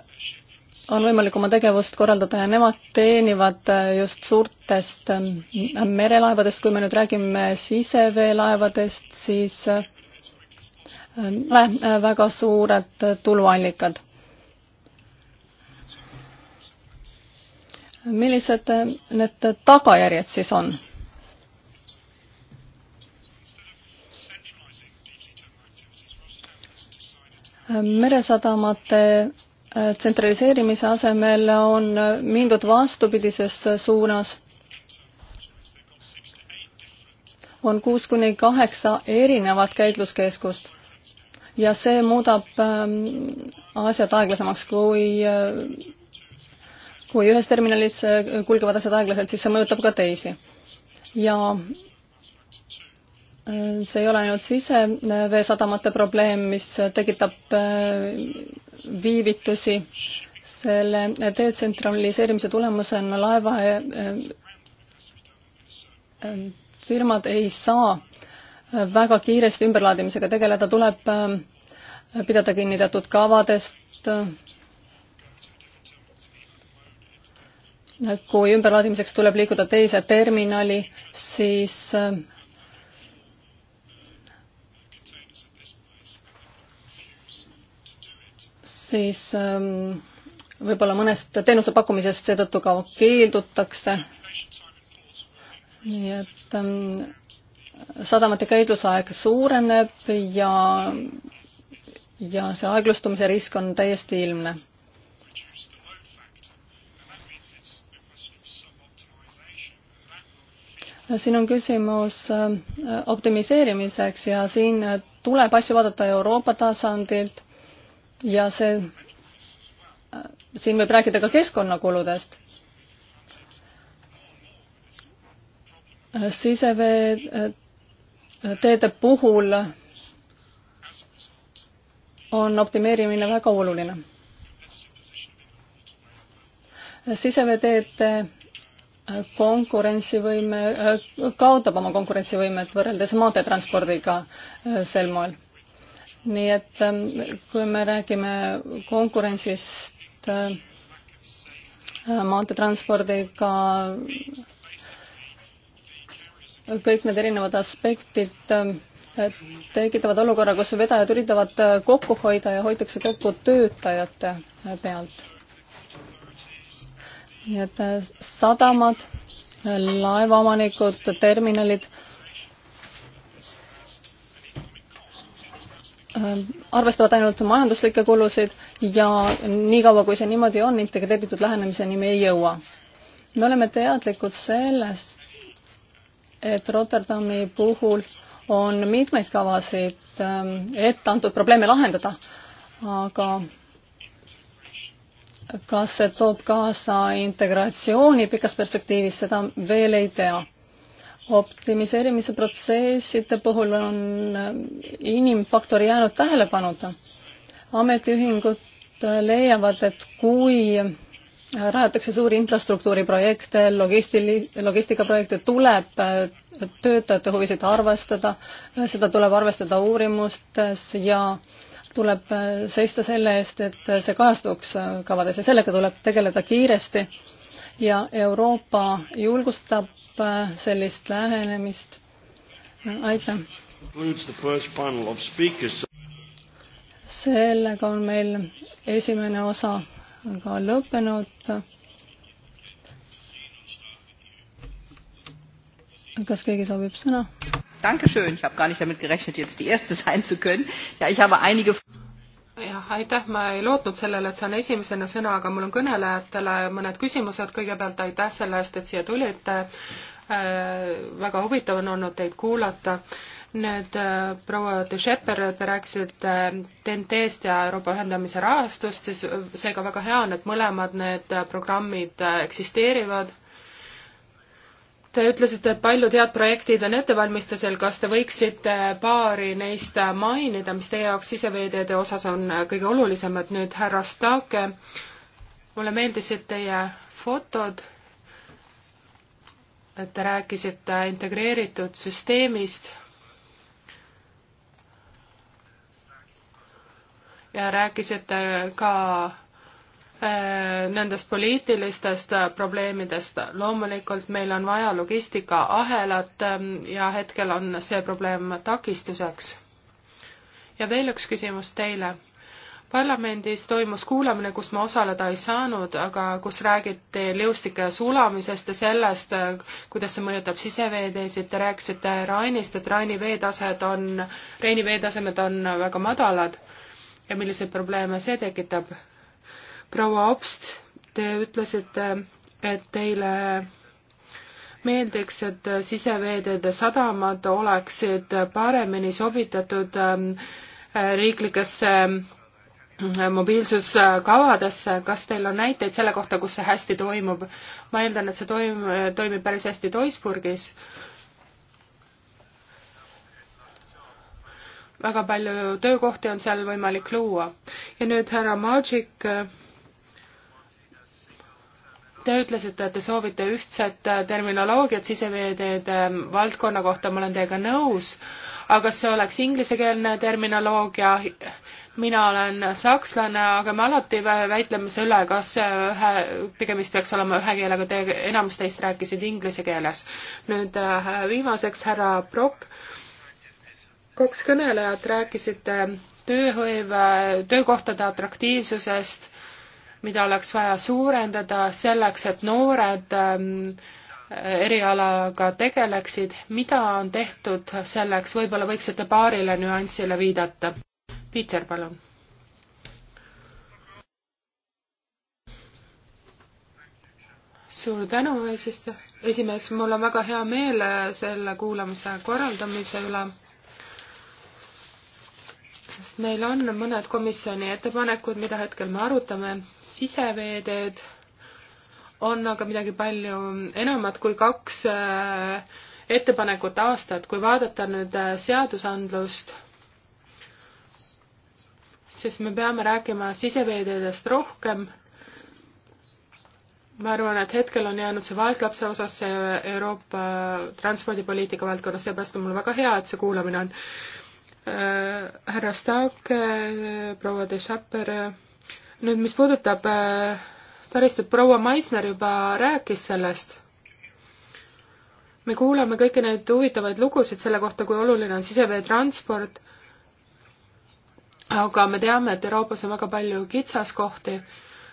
on võimalik oma tegevust korraldada ja nemad teenivad äh, just suurtest ähm, merelaevadest, kui me nüüd räägime siseveelaevadest, siis äh, äh, väga suured äh, tuluallikad. millised need tagajärjed siis on? meresadamate äh, tsentraliseerimise asemel on äh, mindud vastupidises äh, suunas. on kuus kuni kaheksa erinevat käitluskeskust ja see muudab ähm, asjad aeglasemaks, kui kui ühes terminalis kulgevad asjad aeglaselt, siis see mõjutab ka teisi. ja see ei ole ainult siseveesadamate äh, probleem, mis tekitab äh, viivitusi. selle äh, detsentraliseerimise tulemusena laeva firmad ei saa väga kiiresti ümberlaadimisega tegeleda, tuleb pidada kinni teatud kavadest. kui ümberlaadimiseks tuleb liikuda teise terminali, siis siis ähm, võib-olla mõnest teenusepakkumisest seetõttu ka keeldutakse. nii et ähm, sadamate käidlusaeg suureneb ja, ja see aeglustumise risk on täiesti ilmne. siin on küsimus äh, optimiseerimiseks ja siin äh, tuleb asju vaadata Euroopa tasandilt ja see, siin võib rääkida ka keskkonnakuludest. siseveeteede puhul on optimeerimine väga oluline. siseveeteede konkurentsivõime kaotab oma konkurentsivõimet võrreldes maanteetranspordiga sel moel nii et ähm, kui me räägime konkurentsist äh, maanteetranspordiga, kõik need erinevad aspektid ähm, tekitavad olukorra, kus vedajad üritavad äh, kokku hoida ja hoitakse kokku töötajate äh, pealt. nii et sadamad, laevaomanikud, terminalid Äh, arvestavad ainult majanduslikke kulusid ja niikaua, kui see niimoodi on, integreeritud lähenemiseni me ei jõua. me oleme teadlikud sellest, et Rotterdami puhul on mitmeid kavasid ähm, ette antud probleeme lahendada, aga kas see toob kaasa integratsiooni pikas perspektiivis, seda veel ei tea optimiseerimise protsesside puhul on ähm, inimfaktor jäänud tähelepanuta. ametiühingud äh, leiavad, et kui rajatakse suuri infrastruktuuriprojekte, logistili-, logistikaprojekte, tuleb äh, töötajate huvisid arvestada, äh, seda tuleb arvestada uurimustes ja tuleb seista selle eest, et see kajastuks kavades ja sellega tuleb tegeleda kiiresti ja Euroopa julgustab äh, sellist lähenemist. aitäh! sellega on meil esimene osa ka lõppenud. kas keegi soovib sõna? Dankeschön. Ich habe gar nicht damit gerechnet, jetzt die Erste sein zu können. Ja, ich habe einige jah, aitäh, ma ei lootnud sellele, et saan esimesena sõna, aga mul on kõnelejatele mõned küsimused, kõigepealt aitäh selle eest, et siia tulite, äh, väga huvitav on olnud teid kuulata. nüüd äh, proua de Schepper, te rääkisite TNT-st ja Euroopa ühendamise rahastust, siis äh, seega väga hea on, et mõlemad need programmid eksisteerivad Te ütlesite, et paljud head projektid on ettevalmistusel, kas te võiksite paari neist mainida, mis teie jaoks siseveeteede osas on kõige olulisemad nüüd, härra Stake, mulle meeldisid teie fotod, et te rääkisite integreeritud süsteemist ja rääkisite ka Äh, nendest poliitilistest probleemidest. loomulikult meil on vaja logistikaahelat ähm, ja hetkel on see probleem takistuseks. ja veel üks küsimus teile. parlamendis toimus kuulamine, kus ma osaleda ei saanud, aga kus räägiti liustike sulamisest ja sellest, äh, kuidas see mõjutab siseveeteesid. Te rääkisite Rainist, et Raini veetased on, Reini veetasemed on väga madalad ja milliseid probleeme see tekitab proua Obst, te ütlesite, et teile meeldiks, et siseveeteede sadamad oleksid paremini sobitatud ähm, äh, riiklikesse äh, mobiilsuskavadesse, kas teil on näiteid selle kohta, kus see hästi toimub? ma eeldan, et see toim-, toimib päris hästi Duisburgis. väga palju töökohti on seal võimalik luua. ja nüüd härra Magic äh, Te ütlesite, et te soovite ühtset äh, terminoloogiat siseveeteede ähm, valdkonna kohta, ma olen teiega nõus, aga kas see oleks inglisekeelne terminoloogia? mina olen sakslane, aga me alati väitleme selle, kas ühe, pigem vist peaks olema ühe keelega, te, enamus teist rääkisid inglise keeles. nüüd äh, viimaseks, härra Prokk, kaks kõnelejat rääkisite tööhõive, töökohtade atraktiivsusest mida oleks vaja suurendada selleks, et noored ähm, erialaga tegeleksid, mida on tehtud selleks, võib-olla võiksite paarile nüansile viidata. Piiter, palun. suur tänu, eesistuja, esimees, mul on väga hea meel selle kuulamise korraldamise üle sest meil on mõned komisjoni ettepanekud, mida hetkel me arutame, siseveeteed on aga midagi palju enamat kui kaks äh, ettepanekut aastat, kui vaadata nüüd äh, seadusandlust, siis me peame rääkima siseveeteedest rohkem. ma arvan, et hetkel on jäänud see vaeslapse osas see Euroopa transpordipoliitika valdkonnas, seepärast on mul väga hea, et see kuulamine on Äh, härra Stark, äh, proua de Schapper, äh, nüüd mis puudutab taristut, proua Maisner juba rääkis sellest me kuuleme kõiki neid huvitavaid lugusid selle kohta, kui oluline on siseveetransport, aga me teame, et Euroopas on väga palju kitsaskohti.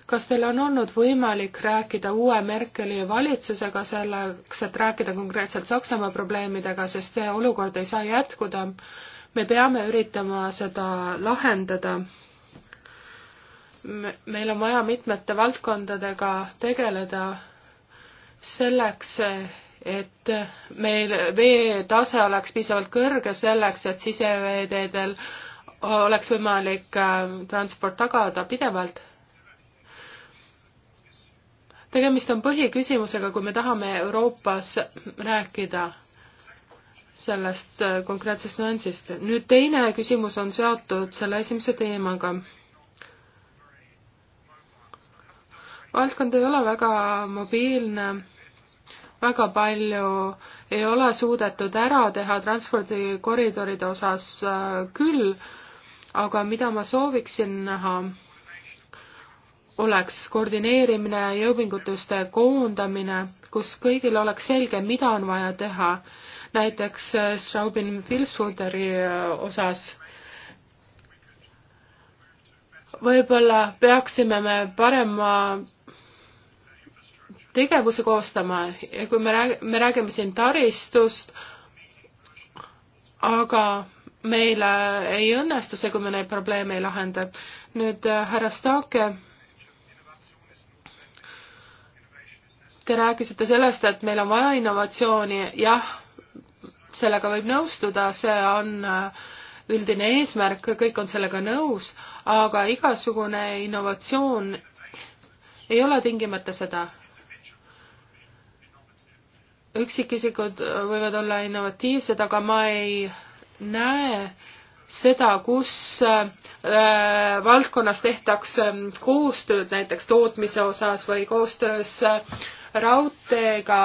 kas teil on olnud võimalik rääkida uue Merkeli valitsusega selleks, et rääkida konkreetselt Saksamaa probleemidega, sest see olukord ei saa jätkuda me peame üritama seda lahendada. meil on vaja mitmete valdkondadega tegeleda selleks, et meil veetase oleks piisavalt kõrge selleks, et siseveeteedel oleks võimalik äh, transport tagada pidevalt. tegemist on põhiküsimusega, kui me tahame Euroopas rääkida sellest äh, konkreetsest nüansist. nüüd teine küsimus on seotud selle esimese teemaga. valdkond ei ole väga mobiilne, väga palju ei ole suudetud ära teha transpordikoridoride osas äh, küll, aga mida ma sooviksin näha, oleks koordineerimine, jõupingutuste koondamine, kus kõigil oleks selge, mida on vaja teha näiteks äh, Straubin Filsfuderi äh, osas. võib-olla peaksime me parema tegevuse koostama ja kui me rääg-, me räägime siin taristust, aga meil äh, ei õnnestu see, kui me neid probleeme ei lahenda. nüüd härra Stake, te rääkisite sellest, et meil on vaja innovatsiooni, jah, sellega võib nõustuda, see on äh, üldine eesmärk, kõik on sellega nõus, aga igasugune innovatsioon ei ole tingimata seda. üksikisikud võivad olla innovatiivsed, aga ma ei näe seda, kus äh, valdkonnas tehtaks äh, koostööd näiteks tootmise osas või koostöös äh, raudteega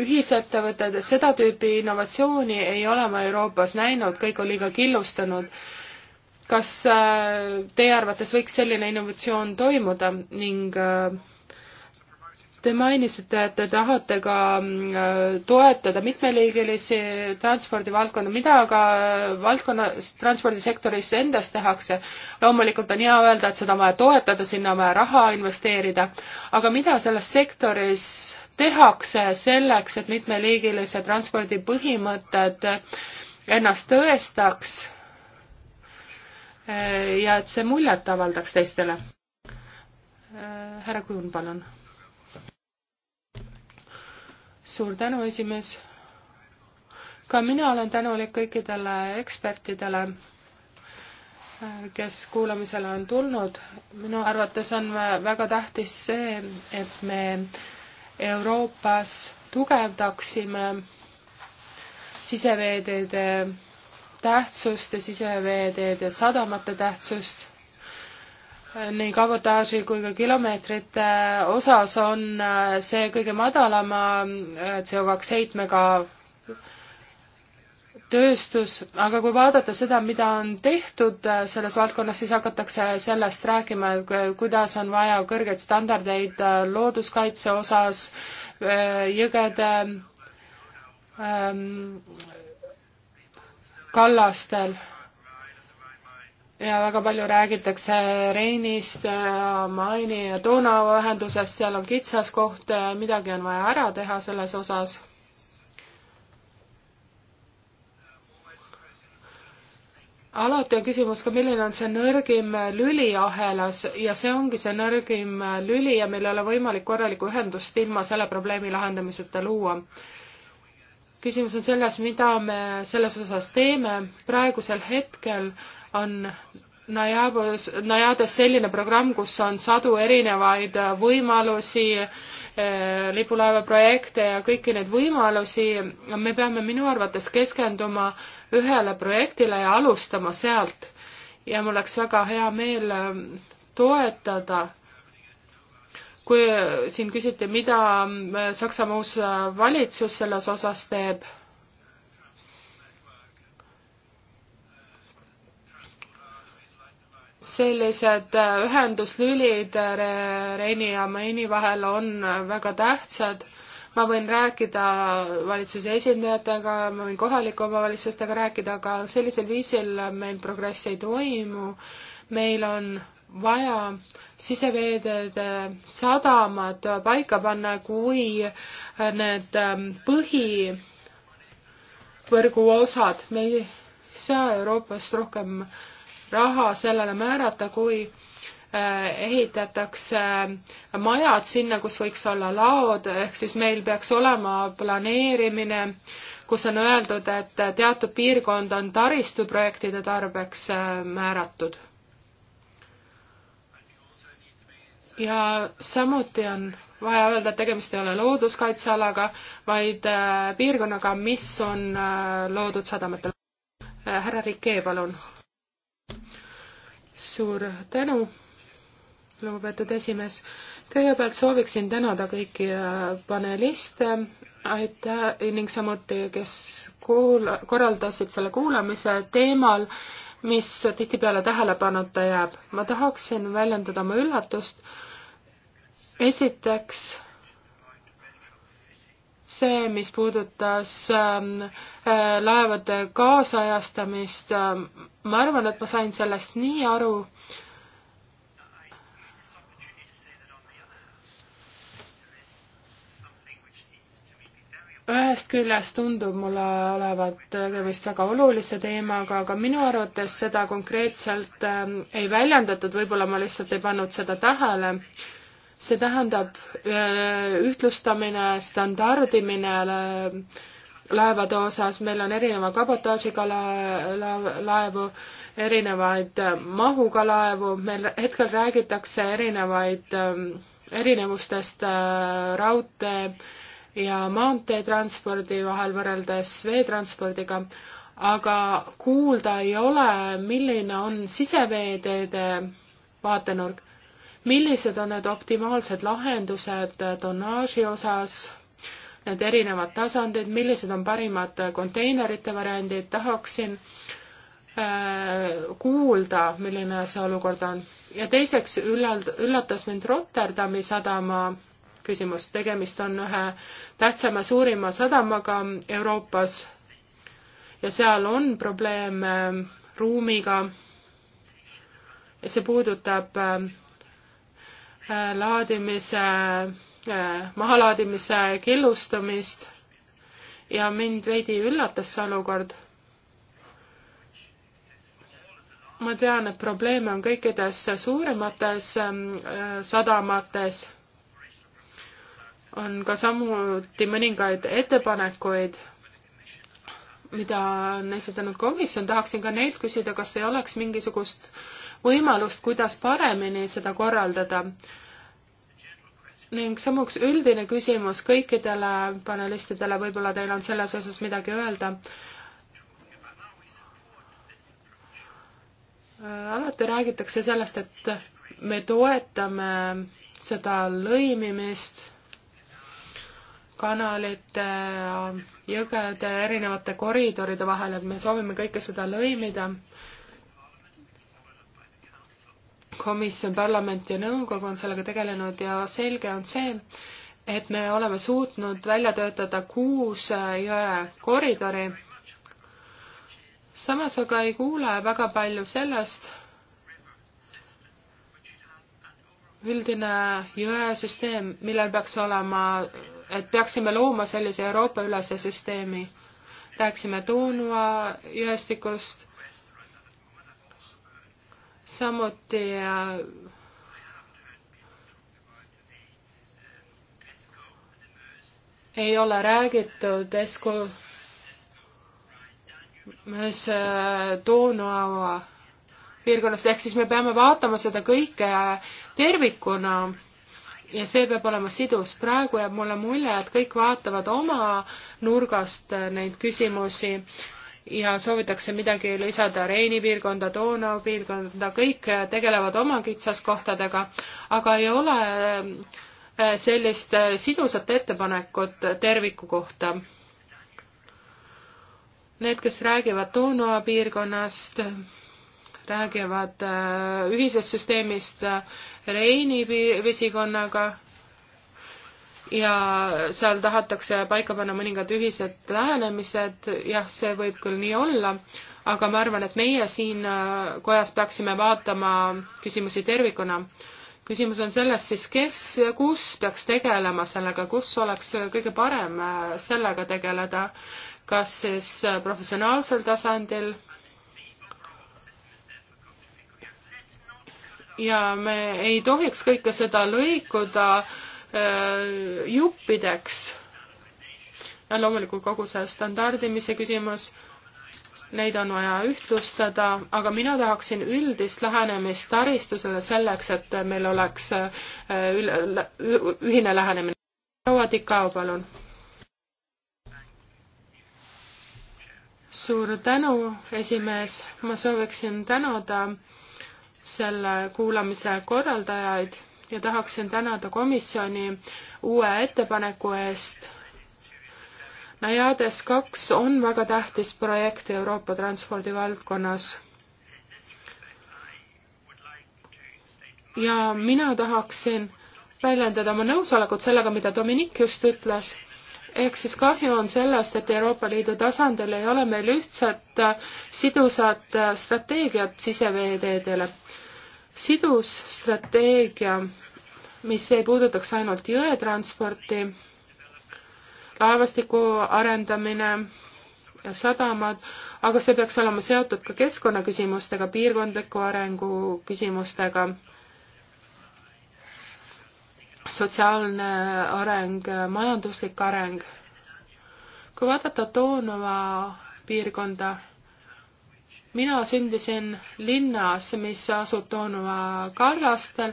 ühisettevõtted, seda tüüpi innovatsiooni ei ole ma Euroopas näinud, kõik on liiga killustunud. kas äh, teie arvates võiks selline innovatsioon toimuda ning äh, Te mainisite, et te tahate ka mm, äh, toetada mitmeliigilisi transpordivaldkonda, mida aga äh, valdkonnas, transpordisektoris endas tehakse? loomulikult on hea öelda, et seda on vaja toetada, sinna on vaja raha investeerida, aga mida selles sektoris tehakse selleks, et mitmeliigilise transpordi põhimõtted ennast tõestaks äh, ja et see muljet avaldaks teistele? härra Kujun, palun suur tänu, esimees. ka mina olen tänulik kõikidele ekspertidele, kes kuulamisele on tulnud. minu arvates on väga tähtis see, et me Euroopas tugevdaksime siseveeteede tähtsust ja siseveeteede sadamate tähtsust nii kabotaaži kui ka kilomeetrite osas on äh, see kõige madalama äh, CO2 heitmega tööstus, aga kui vaadata seda, mida on tehtud äh, selles valdkonnas, siis hakatakse sellest rääkima, et kuidas on vaja kõrgeid standardeid looduskaitse osas, jõgede ähm, kallastel ja väga palju räägitakse Reinist, äh, Maini ja Donau ühendusest, seal on kitsaskoht, äh, midagi on vaja ära teha selles osas. alati on küsimus ka, milline on see nõrgim lüli ahelas ja see ongi see nõrgim lüli ja meil ei ole võimalik korralikku ühendust ilma selle probleemi lahendamiseta luua küsimus on selles, mida me selles osas teeme. praegusel hetkel äh, on Najabos, Najadas selline programm, kus on sadu erinevaid võimalusi, eh, lipulaevaprojekte ja kõiki neid võimalusi, me peame minu arvates keskenduma ühele projektile ja alustama sealt. ja mul oleks väga hea meel ehm, toetada kui siin küsiti, mida ehm, Saksamaa uus valitsus selles osas teeb sellised äh, ühenduslülid äh, Reni ja Maini vahel on äh, väga tähtsad. ma võin rääkida valitsuse esindajatega, ma võin kohalike omavalitsustega rääkida, aga sellisel viisil meil progress ei toimu. meil on vaja siseveeteede sadamad paika panna, kui need ähm, põhivõrgu osad, me ei saa Euroopast rohkem äh, raha sellele määrata, kui äh, ehitatakse äh, majad sinna, kus võiks olla laod, ehk siis meil peaks olema planeerimine, kus on öeldud, et teatud piirkond on taristuprojektide tarbeks äh, määratud. ja samuti on vaja öelda, et tegemist ei ole looduskaitsealaga, vaid piirkonnaga, mis on loodud sadamatel. härra Rikee, palun suur tänu, lugupeetud esimees. kõigepealt sooviksin tänada kõiki äh, paneliste, aitäh, ning samuti, kes kuula-, korraldasid selle kuulamise teemal, mis tihtipeale tähelepanuta jääb. ma tahaksin väljendada oma üllatust. esiteks see, mis puudutas ähm, äh, laevade kaasajastamist, ähm, ma arvan, et ma sain sellest nii aru, ühest küljest tundub mulle olevat tegemist väga olulise teemaga, aga minu arvates seda konkreetselt äh, ei väljendatud, võib-olla ma lihtsalt ei pannud seda tähele see tähendab äh, ühtlustamine, standardimine laevade osas, meil on erineva kabotaažiga laevu, erinevaid äh, mahuga laevu, meil hetkel räägitakse erinevaid, ähm, erinevustest äh, raudtee ja maanteetranspordi vahel võrreldes veetranspordiga, aga kuulda ei ole, milline on siseveeteede vaatenurk millised on need optimaalsed lahendused tonnaaži osas, need erinevad tasandid, millised on parimad konteinerite variandid, tahaksin äh, kuulda, milline see olukord on. ja teiseks üllalt-, üllatas mind Rotterdami sadama küsimus, tegemist on ühe tähtsama suurima sadamaga Euroopas ja seal on probleeme ruumiga. see puudutab äh, laadimise, äh, mahalaadimise killustamist ja mind veidi üllatas see olukord. ma tean, et probleeme on kõikides suuremates ähm, äh, sadamates on ka samuti mõningaid ettepanekuid, mida on esitanud komisjon, tahaksin ka neilt küsida, kas ei oleks mingisugust võimalust, kuidas paremini seda korraldada. ning samuks üldine küsimus kõikidele panelistidele, võib-olla teil on selles osas midagi öelda. alati räägitakse sellest, et me toetame seda lõimimist kanalite, jõgede, erinevate koridoride vahel, et me soovime kõike seda lõimida komisjon, parlament ja nõukogu on sellega tegelenud ja selge on see, et me oleme suutnud välja töötada kuus jõe koridori. samas aga ei kuule väga palju sellest, üldine jõesüsteem, millel peaks olema, et peaksime looma sellise Euroopa-ülese süsteemi. rääkisime Donua jõestikust, samuti äh, ei ole räägitud Esko mis Donau äh, piirkonnast, ehk siis me peame vaatama seda kõike tervikuna ja see peab olema sidus. praegu jääb mulle mulje, et kõik vaatavad oma nurgast neid küsimusi ja soovitakse midagi lisada Reini piirkonda, Donau piirkonda, kõik tegelevad oma kitsaskohtadega, aga ei ole äh, sellist äh, sidusat ettepanekut terviku kohta. Need, kes räägivad Donau piirkonnast, räägivad äh, ühisest süsteemist Reini vesikonnaga ja seal tahetakse paika panna mõningad ühised lähenemised, jah, see võib küll nii olla, aga ma arvan, et meie siin äh, kojas peaksime vaatama küsimusi tervikuna. küsimus on selles siis, kes ja kus peaks tegelema sellega, kus oleks kõige parem äh, sellega tegeleda, kas siis äh, professionaalsel tasandil ja me ei tohiks kõike seda lõikuda äh, Äh, juppideks. ja loomulikult kogu see standardimise küsimus, neid on vaja ühtlustada, aga mina tahaksin üldist lähenemist taristusele selleks, et meil oleks äh, ühine lähenemine. proua Tikao, palun. suur tänu, esimees, ma sooviksin tänada selle kuulamise korraldajaid ja tahaksin tänada komisjoni uue ettepaneku eest. Najades kaks on väga tähtis projekt Euroopa transpordi valdkonnas. ja mina tahaksin väljendada oma nõusolekut sellega, mida Dominic just ütles ehk siis kahju on sellest, et Euroopa Liidu tasandil ei ole meil ühtset äh, sidusat äh, strateegiat siseveeteedele sidus strateegia, mis ei puudutaks ainult jõetransporti, laevastiku arendamine ja sadamad, aga see peaks olema seotud ka keskkonnaküsimustega, piirkondliku arengu küsimustega, sotsiaalne areng, majanduslik areng. kui vaadata Toonova piirkonda, mina sündisin linnas, mis asub Donova kallastel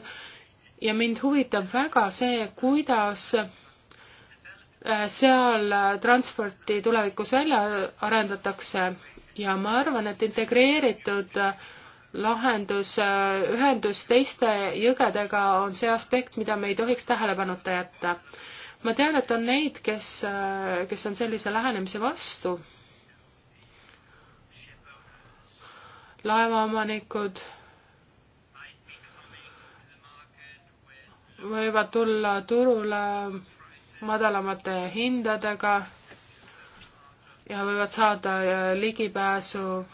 ja mind huvitab väga see, kuidas äh, seal transporti tulevikus välja arendatakse ja ma arvan, et integreeritud äh, lahendus, äh, ühendus teiste jõgedega on see aspekt, mida me ei tohiks tähelepanuta jätta. ma tean, et on neid, kes, kes on sellise lähenemise vastu laevaomanikud võivad tulla turule madalamate hindadega ja võivad saada äh, ligipääsu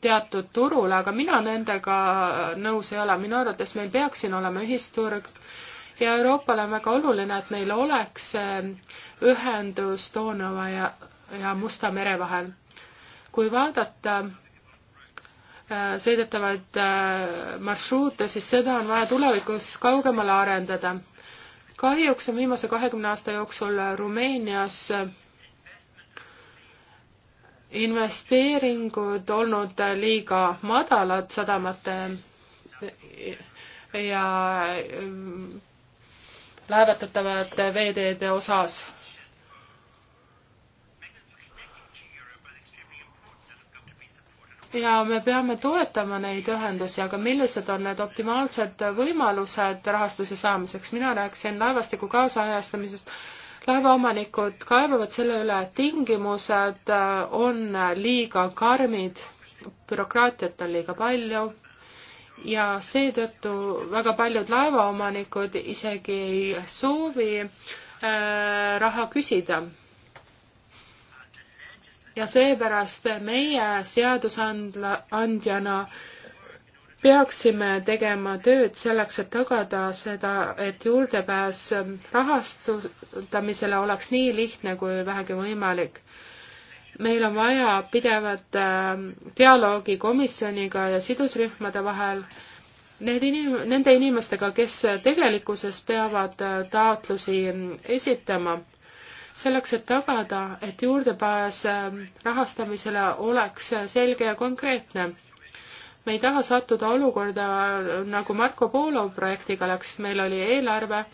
teatud turule, aga mina nendega nõus ei ole, minu arvates meil peaks siin olema ühisturg ja Euroopale on väga oluline, et meil oleks äh, ühendus Doonava ja, ja Musta mere vahel. kui vaadata Äh, sõidetavaid äh, marsruute, siis seda on vaja tulevikus kaugemale arendada. kahjuks on viimase kahekümne aasta jooksul Rumeenias äh, investeeringud olnud liiga madalad sadamate ja laevatatavate veeteede osas ja me peame toetama neid ühendusi, aga millised on need optimaalsed võimalused rahastuse saamiseks, mina rääkisin laevastiku kaasajastamisest, laevaomanikud kaebavad selle üle, et tingimused äh, on liiga karmid, bürokraatiat on liiga palju ja seetõttu väga paljud laevaomanikud isegi ei soovi äh, raha küsida ja seepärast meie seadusandla, andjana peaksime tegema tööd selleks, et tagada seda, et juurdepääs rahastamisele oleks nii lihtne kui vähegi võimalik. meil on vaja pidevat ähm, dialoogi komisjoniga ja sidusrühmade vahel. Need inim-, nende inimestega, kes tegelikkuses peavad äh, taotlusi mm, esitama selleks, et tagada, et juurdepääs ähm, rahastamisele oleks selge ja konkreetne. me ei taha sattuda olukorda, äh, nagu Marco Polo projektiga läks, meil oli eelarve,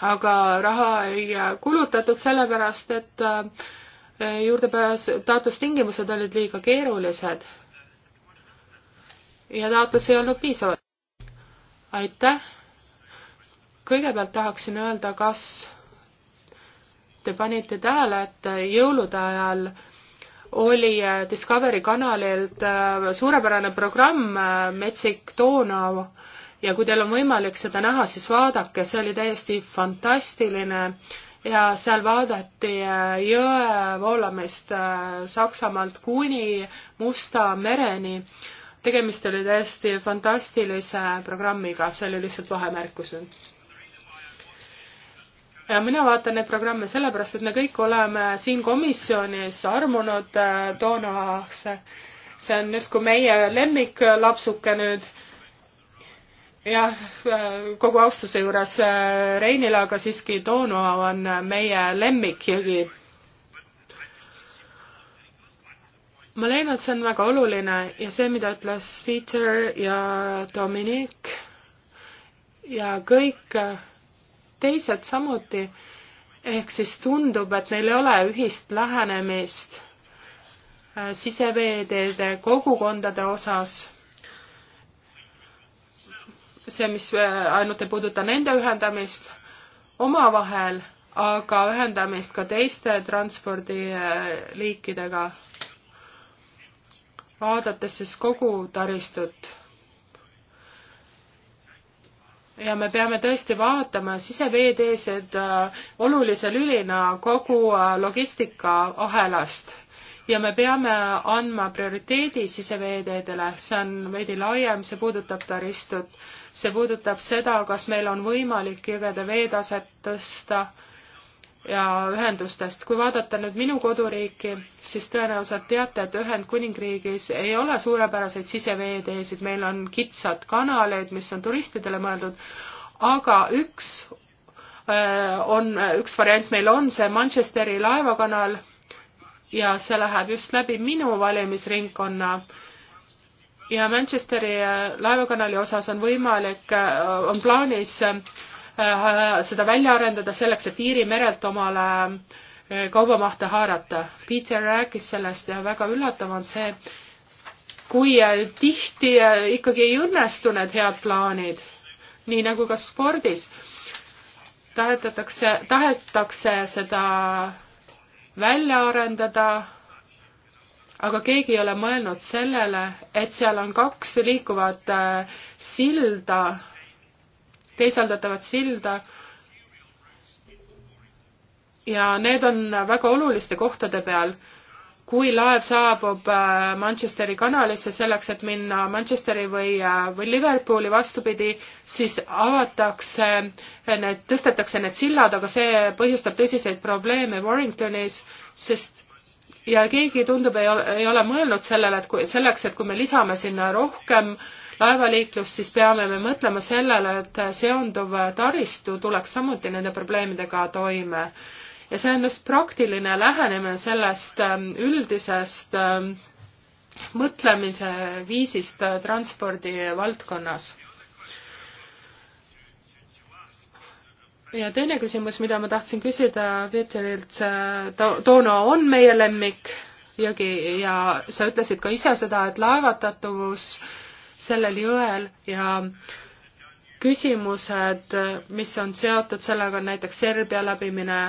aga raha ei äh, kulutatud sellepärast, et äh, juurdepääs, taotlustingimused olid liiga keerulised ja taotlus ei olnud piisav. aitäh! kõigepealt tahaksin öelda, kas te panite tähele, et jõulude ajal oli äh, Discovery kanalilt äh, suurepärane programm äh, Metsik Donau ja kui teil on võimalik seda näha, siis vaadake, see oli täiesti fantastiline ja seal vaadati jõe voolamist Saksamaalt kuni Musta mereni. tegemist oli täiesti fantastilise programmiga, see oli lihtsalt vahemärkus nüüd mina vaatan neid programme sellepärast, et me kõik oleme siin komisjonis armunud Donausse. Äh, see on justkui meie lemmiklapsuke nüüd. jah, äh, kogu austuse juures äh, Reinile, aga siiski Donau on meie lemmikjõgi. ma leian, et see on väga oluline ja see, mida ütles Peter ja Dominic ja kõik teised samuti, ehk siis tundub, et neil ei ole ühist lähenemist äh, siseveeteede kogukondade osas see, mis äh, ainult ei puuduta nende ühendamist omavahel, aga ühendamist ka teiste transpordiliikidega, vaadates siis kogu taristut ja me peame tõesti vaatama siseveeteesed äh, olulise lülina kogu äh, logistikaahelast ja me peame andma prioriteedi siseveeteedele, see on veidi laiem, see puudutab taristut, see puudutab seda, kas meil on võimalik jõgede veetaset tõsta ja ühendustest. kui vaadata nüüd minu koduriiki, siis tõenäoliselt teate, et Ühendkuningriigis ei ole suurepäraseid siseveeteesid, meil on kitsad kanaleid, mis on turistidele mõeldud, aga üks äh, on, üks variant meil on see Manchesteri laevakanal ja see läheb just läbi minu valimisringkonna ja Manchesteri äh, laevakanali osas on võimalik, äh, on plaanis Äh, seda välja arendada selleks, et Iiri merelt omale äh, kaubamahte haarata. Peter rääkis sellest ja väga üllatav on see, kui äh, tihti ikkagi ei õnnestu need head plaanid, nii nagu ka spordis. tahetatakse, tahetakse seda välja arendada, aga keegi ei ole mõelnud sellele, et seal on kaks liikuvat silda teisaldatavat silda. ja need on väga oluliste kohtade peal. kui laev saabub äh, Manchesteri kanalisse selleks, et minna Manchesteri või, äh, või Liverpooli vastupidi, siis avatakse äh, need, tõstetakse need sillad, aga see põhjustab tõsiseid probleeme Warringtonis, sest ja keegi tundub, ei ole, ei ole mõelnud sellele, et kui selleks, et kui me lisame sinna rohkem äh, laevaliiklust, siis peame me mõtlema sellele, et seonduv taristu tuleks samuti nende probleemidega toime. ja see on just praktiline lähenemine sellest ähm, üldisest ähm, mõtlemise viisist äh, transpordi valdkonnas. ja teine küsimus, mida ma tahtsin küsida Peeterilt, see Toono on meie lemmik jõgi ja sa ütlesid ka ise seda, et laevatatavus äh, sellel jõel ja küsimused, mis on seotud sellega, on näiteks Serbia läbimine.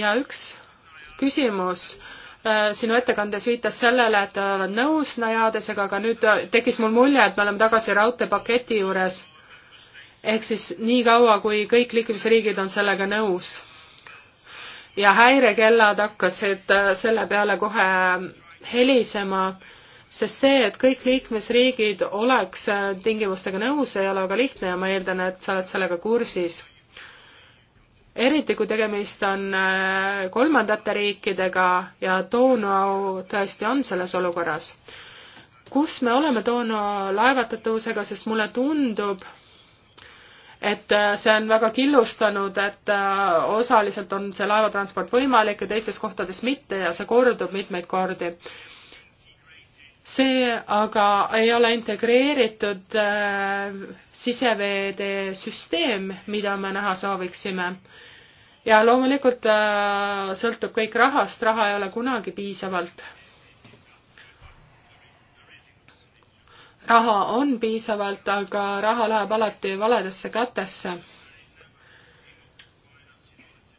ja üks küsimus äh, sinu ettekandes viitas sellele, et oled nõus Najadesega, aga nüüd tekkis mul mulje, et me oleme tagasi raudteepaketi juures. ehk siis niikaua, kui kõik liikmesriigid on sellega nõus. ja häirekellad hakkasid äh, selle peale kohe helisema sest see, et kõik liikmesriigid oleks äh, tingimustega nõus, ei ole väga lihtne ja ma eeldan, et sa oled sellega kursis. eriti, kui tegemist on äh, kolmandate riikidega ja Donau tõesti on selles olukorras. kus me oleme Donau laevatatavusega, sest mulle tundub, et äh, see on väga killustanud, et osaliselt on see laevatransport võimalik ja teistes kohtades mitte ja see kordub mitmeid kordi see aga ei ole integreeritud äh, siseveede süsteem, mida me näha sooviksime. ja loomulikult äh, sõltub kõik rahast, raha ei ole kunagi piisavalt. raha on piisavalt, aga raha läheb alati valedesse kätesse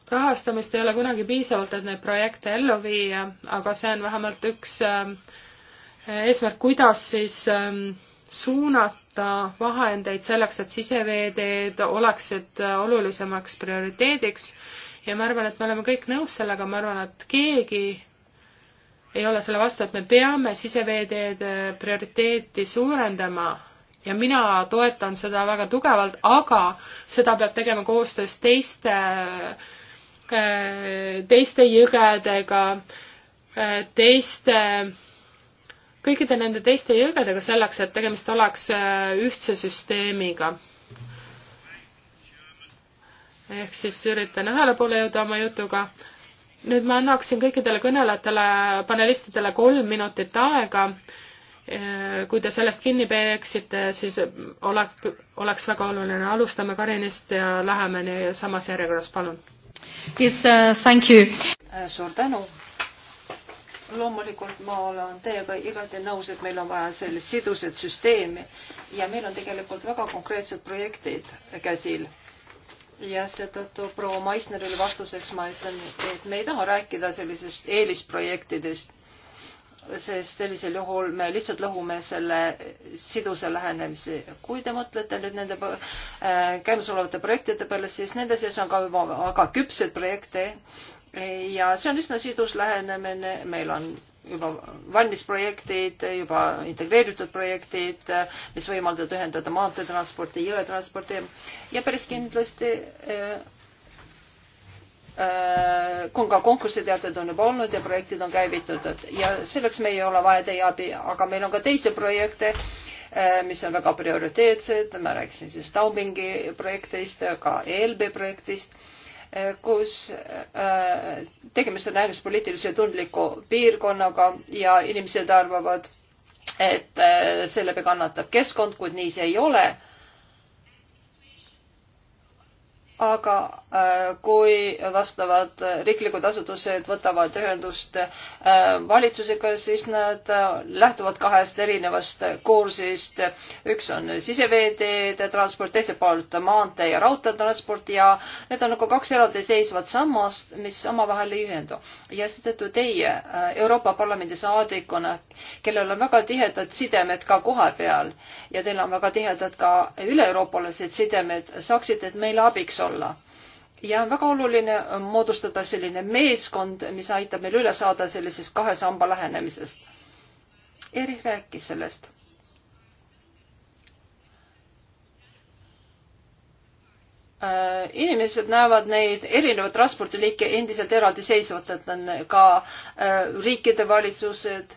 rahastamist ei ole kunagi piisavalt, et neid projekte ellu viia, aga see on vähemalt üks äh, eesmärk, kuidas siis ähm, suunata vahendeid selleks, et siseveeteed oleksid äh, olulisemaks prioriteediks ja ma arvan, et me oleme kõik nõus sellega, ma arvan, et keegi ei ole selle vastu, et me peame siseveeteede prioriteeti suurendama ja mina toetan seda väga tugevalt, aga seda peab tegema koostöös teiste, äh, teiste jõgedega, äh, teiste kõikide nende teiste jõgedega selleks, et tegemist oleks äh, ühtse süsteemiga. ehk siis üritan ühele poole jõuda oma jutuga. nüüd ma annaksin kõikidele kõnelejatele, panelistidele kolm minutit aega. Äh, kui te sellest kinni peaksite, siis oleks, oleks väga oluline. alustame Karinist ja läheme nii samas järjekorras, palun. Yes uh,, thank you. Äh, suur tänu loomulikult ma olen teiega igati nõus, et meil on vaja sellist sidusat süsteemi ja meil on tegelikult väga konkreetsed projektid käsil. ja seetõttu proua Maisnerile vastuseks ma ütlen, et me ei taha rääkida sellisest eelisprojektidest, sest sellisel juhul me lihtsalt lõhume selle sidusa lähenemise. kui te mõtlete nüüd nende äh, käimasolevate projektide peale, siis nende sees on ka väga küpseid projekte ja see on üsna sidus lähenemine, meil on juba valmis projektid, juba integreeritud projektid, mis võimaldavad ühendada maanteetransporti, jõetransporti ja päris kindlasti eh, eh, ka konkursiteated on juba olnud ja projektid on käivitatud ja selleks meil ei ole vaja teie abi, aga meil on ka teisi projekte, eh, mis on väga prioriteetsed, ma rääkisin siis Taubingi projektist, ka ELB projektist kus äh, tegemist on ainult poliitilise tundliku piirkonnaga ja inimesed arvavad, et äh, sellega kannatab keskkond, kuid nii see ei ole aga äh, kui vastavad äh, riiklikud asutused võtavad ühendust äh, valitsusega, siis nad lähtuvad kahest erinevast kursist. üks on siseveeteede transport, teiselt poolt maantee ja raudteetransport ja need on nagu kaks eraldiseisvat sammast, mis omavahel ei ühendu. ja seetõttu teie Euroopa Parlamendi saadikuna, kellel on väga tihedad sidemed ka kohapeal ja teil on väga tihedad ka üle-euroopalised sidemed, saaksite meile abiks olla olla. ja on väga oluline moodustada selline meeskond, mis aitab meil üle saada sellisest kahe samba lähenemisest. Erich rääkis sellest äh, inimesed näevad neid erinevaid transpordiliike endiselt eraldiseisvat, et on ka äh, riikide valitsused,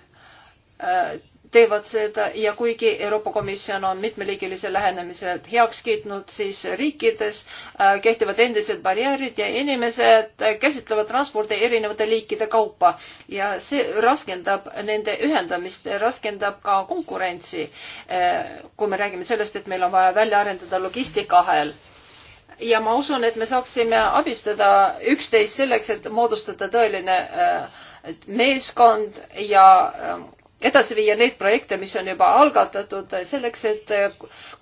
äh, teevad seda ja kuigi Euroopa Komisjon on mitmeliigilise lähenemise heaks kiitnud, siis riikides äh, kehtivad endised barjäärid ja inimesed käsitlevad transporti erinevate liikide kaupa ja see raskendab nende ühendamist, raskendab ka konkurentsi. Äh, kui me räägime sellest, et meil on vaja välja arendada logistikaahel ja ma usun, et me saaksime abistada üksteist selleks, et moodustada tõeline äh, meeskond ja ähm, edasi viia neid projekte, mis on juba algatatud selleks, et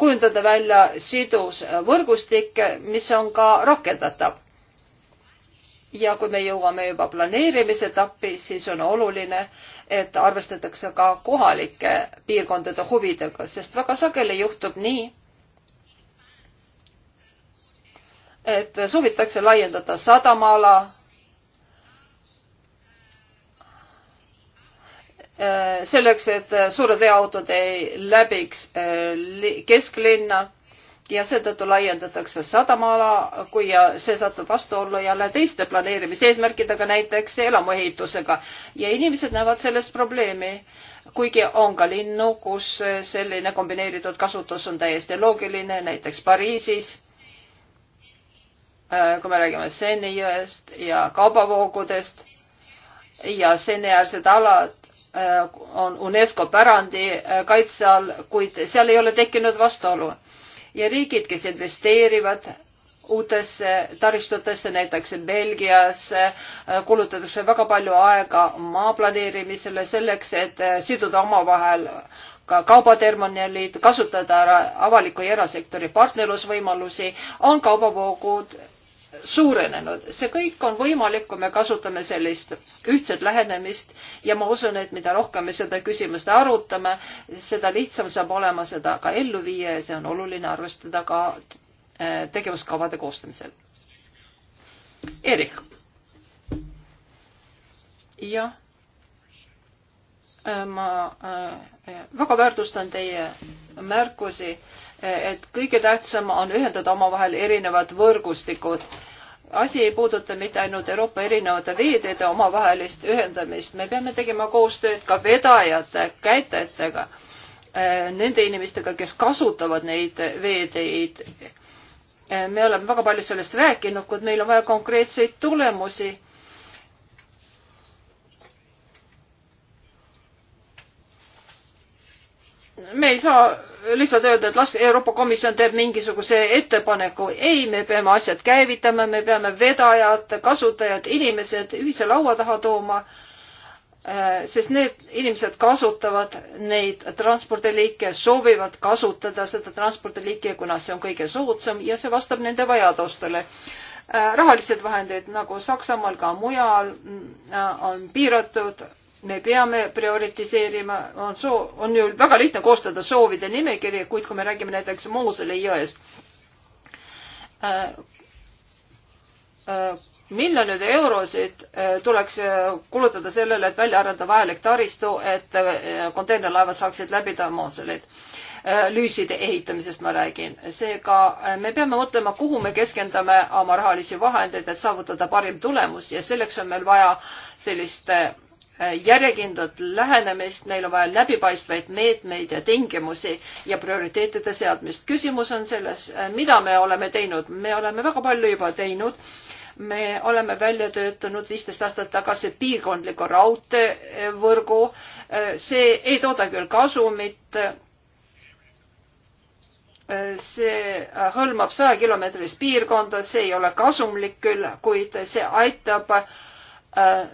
kujundada välja sidus võrgustik, mis on ka rakendatav. ja kui me jõuame juba planeerimise etappi, siis on oluline, et arvestatakse ka kohalike piirkondade huvidega, sest väga sageli juhtub nii, et soovitakse laiendada sadamaala Äh, selleks, et äh, suured veoautod ei läbiks äh, kesklinna ja seetõttu laiendatakse sadamaala, kui see satub vastuollu jälle teiste planeerimiseesmärkidega, näiteks elamuehitusega ja inimesed näevad selles probleemi. kuigi on ka linnu, kus selline kombineeritud kasutus on täiesti loogiline, näiteks Pariisis, kui me räägime Seeni jõest ja kaubavoogudest ja Seeni äärsed alad, Äh, on UNESCO pärandi äh, kaitse all, kuid seal ei ole tekkinud vastuolu. ja riigid, kes investeerivad uutesse taristutesse, näiteks Belgias äh, kulutatakse väga palju aega maaplaneerimisele selleks, et siduda omavahel ka kaubaterminalid, kasutada ära avaliku ja erasektori partnerlusvõimalusi, on kaubavoogud suurenenud. see kõik on võimalik, kui me kasutame sellist ühtset lähenemist ja ma usun, et mida rohkem me seda küsimust arutame, seda lihtsam saab olema seda ka ellu viia ja see on oluline arvestada ka äh, tegevuskavade koostamisel. Erich. jah. Äh, ma äh, väga väärtustan teie märkusi et kõige tähtsam on ühendada omavahel erinevad võrgustikud. asi ei puuduta mitte ainult Euroopa erinevate veeteede omavahelist ühendamist, me peame tegema koostööd ka vedajate, käitajatega, eh, nende inimestega, kes kasutavad neid veeteid. Eh, me oleme väga palju sellest rääkinud, kuid meil on vaja konkreetseid tulemusi me ei saa lihtsalt öelda, et las Euroopa Komisjon teeb mingisuguse ettepaneku. ei, me peame asjad käivitama, me peame vedajad, kasutajad, inimesed ühise laua taha tooma. Äh, sest need inimesed kasutavad neid transpordiliike, soovivad kasutada seda transpordiliiki, kuna see on kõige soodsam ja see vastab nende vajadustele äh, rahalised vahendid nagu Saksamaal ka mujal mm, äh, on piiratud me peame prioritiseerima, on soo-, on ju väga lihtne koostada soovide nimekiri, kuid kui me räägime näiteks Moosele jõest äh,, äh, miljoneid eurosid äh, tuleks äh, kulutada sellele, et välja arendada vajalik taristu, et äh, konteinerlaevad saaksid läbida Moselit. lüüside ehitamisest ma räägin. seega me peame mõtlema, kuhu me keskendume oma rahalisi vahendeid, et saavutada parim tulemus ja selleks on meil vaja sellist Äh, järjekindlat lähenemist, meil on vaja läbipaistvaid meetmeid ja tingimusi ja prioriteetide seadmist. küsimus on selles, äh, mida me oleme teinud. me oleme väga palju juba teinud. me oleme välja töötanud viisteist aastat tagasi piirkondliku raudteevõrgu. Äh, see ei tooda küll kasumit see hõlmab saja kilomeetrist piirkonda, see ei ole kasumlik küll, kuid see aitab äh, Äh,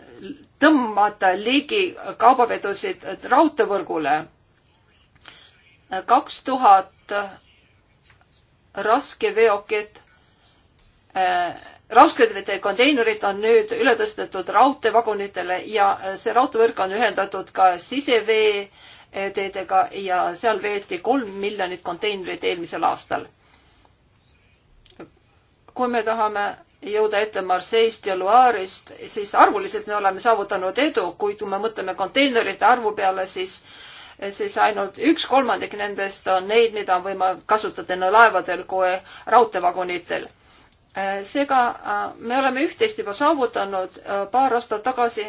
tõmmata ligi kaubavedusid raudteevõrgule. kaks tuhat raskeveokit äh,, raskete konteinerid on nüüd üle tõstetud raudteevagunitele ja see raudteevõrk on ühendatud ka siseveeteedega ja seal veeti kolm miljonit konteinerit eelmisel aastal. kui me tahame jõuda ette Marseille'st ja Loire'ist, siis arvuliselt me oleme saavutanud edu, kuid kui me mõtleme konteinerite arvu peale, siis siis ainult üks kolmandik nendest on neid, mida on võimalik kasutada nii laevadel kui raudteevagunitel seega me oleme üht-teist juba saavutanud paar aastat tagasi.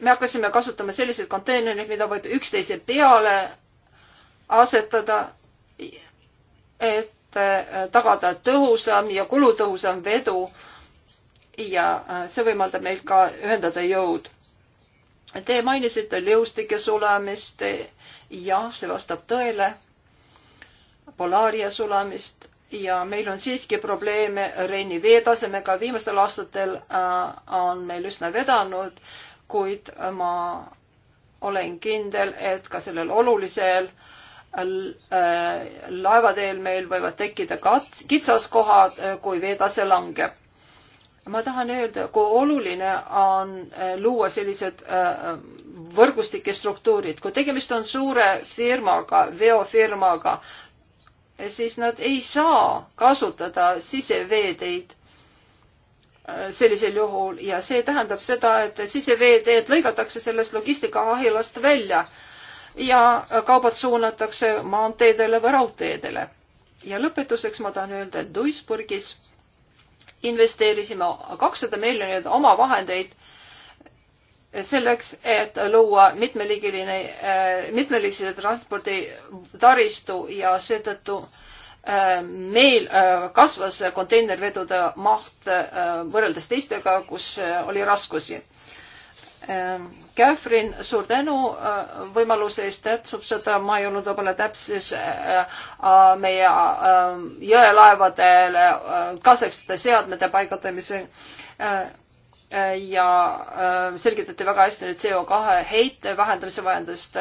me hakkasime kasutama selliseid konteinereid, mida võib üksteise peale asetada. et Äh, tagada tõhusam ja kulutõhusam vedu ja äh, see võimaldab meil ka ühendada jõud. Te mainisite liustike sulamist ja see vastab tõele, polaaria sulamist ja meil on siiski probleeme Reini veetasemega, viimastel aastatel äh, on meil üsna vedanud, kuid ma olen kindel, et ka sellel olulisel äh, Äh, laevateel meil võivad tekkida kats-, kitsaskohad, äh, kui veetase langeb. ma tahan öelda, kui oluline on äh, luua sellised võrgustike struktuurid, kui tegemist on suure firmaga, veofirmaga, siis nad ei saa kasutada siseveeteid sellisel juhul ja see tähendab seda, et siseveeteed lõigatakse sellest logistikaahelast välja ja kaubad suunatakse maanteedele või raudteedele. ja lõpetuseks ma tahan öelda, et Duisburgis investeerisime kakssada miljonit omavahendeid selleks, et luua mitmeliigiline, äh, mitmeliigilise transpordi taristu ja seetõttu äh, meil äh, kasvas konteinervedude maht võrreldes teistega, kus oli raskusi Ähm, Catherine, suur tänu äh, võimaluse eest täpsustada, ma ei olnud võib-olla täpses äh, äh, meie ähm, jõelaevadele kasexite seadmete paigaldamisel ja selgitati väga hästi nüüd CO2 heite vähendamise vajadust,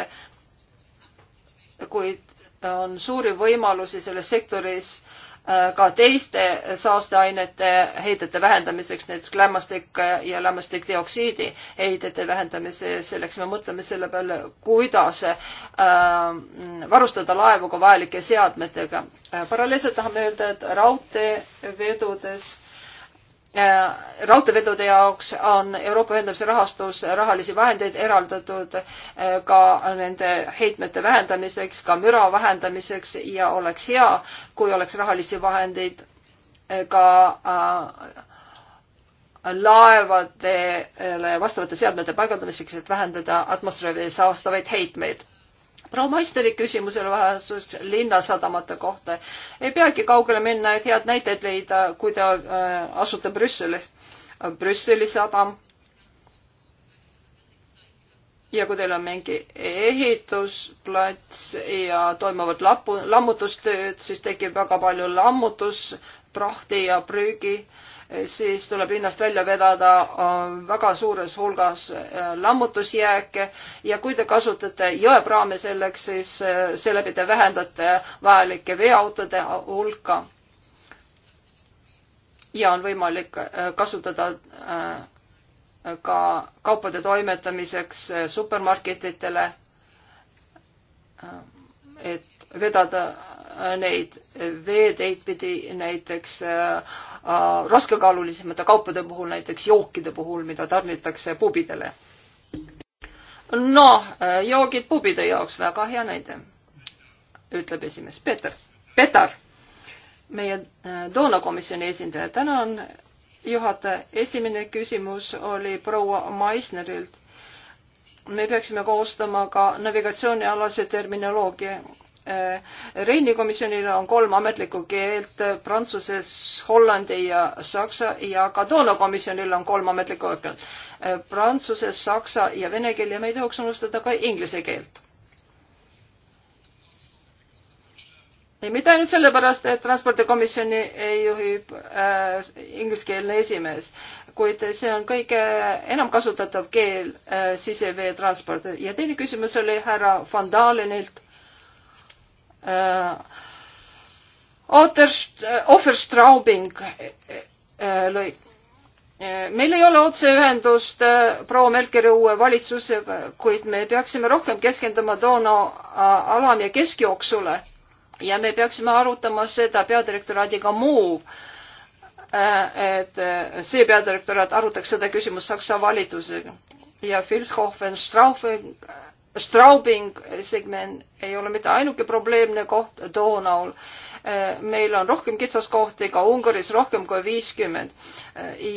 kuid on suuri võimalusi selles sektoris Äh, ka teiste saasteainete heidete vähendamiseks, näiteks lämmastik ja lämmastikdioksiidi heidete vähendamise, selleks me mõtleme selle peale, kuidas äh, varustada laevu ka vajalike seadmetega. Äh, paralleelselt tahame öelda, et raudteevedudes Äh, raudteevedude jaoks on Euroopa Ühendamise rahastus rahalisi vahendeid eraldatud äh, ka nende heitmete vähendamiseks, ka müra vähendamiseks ja oleks hea, kui oleks rahalisi vahendeid äh, ka laevadele vastavate seadmete paigaldamiseks, et vähendada atmosfääri saastavaid heitmeid proua Maisteri küsimusele vahestust linnasadamate kohta. ei peagi kaugele minna, et head näited leida, kui te äh, asute Brüsselis. Brüsseli sadam. ja kui teil on mingi ehitusplats ja toimuvad lapu, lammutustööd, siis tekib väga palju lammutusprahti ja prügi äh, siis tuleb linnast välja vedada äh, väga suures hulgas äh, lammutusjääke ja kui te kasutate jõepraame selleks, siis äh, seeläbi te vähendate vajalike veoautode hulka. ja on võimalik kasutada ka kaupade toimetamiseks supermarketitele, et vedada neid veeteid pidi näiteks äh, äh, raskekaalulisemate kaupade puhul, näiteks jookide puhul, mida tarnitakse pubidele. noh, äh, joogid pubide jaoks väga hea näide, ütleb esimees Peeter, Petar, meie toona äh, komisjoni esindaja, tänan juhataja. esimene küsimus oli proua Maisnerilt me peaksime koostama ka navigatsioonialase terminoloogia. Äh, Reini komisjonil on kolm ametlikku keelt prantsuse, hollandi ja saksa ja ka Dono komisjonil on kolm ametlikku keelt. Äh, prantsuse, saksa ja vene keel ja me ei tohiks unustada ka inglise keelt. ja mitte ainult sellepärast, et transpordikomisjoni juhib äh, ingliskeelne esimees, kuid see on kõige enam kasutatav keel äh, siseveetranspordil ja teine küsimus oli härra Van Dalenilt Äh, äh, Offerstraubing äh, lõik. meil ei ole otseühendust proua Merkeli uue valitsusega, kuid me peaksime rohkem keskenduma toona alam- ja keskjooksule ja me peaksime arutama seda peadirektoraadiga muu, et see peadirektoraat arutaks seda küsimust Saksa valitsusega ja Filshofen Straubing Straubing segment ei ole mitte ainuke probleemne koht Donaul. meil on rohkem kitsaskohti ka Ungaris rohkem kui viiskümmend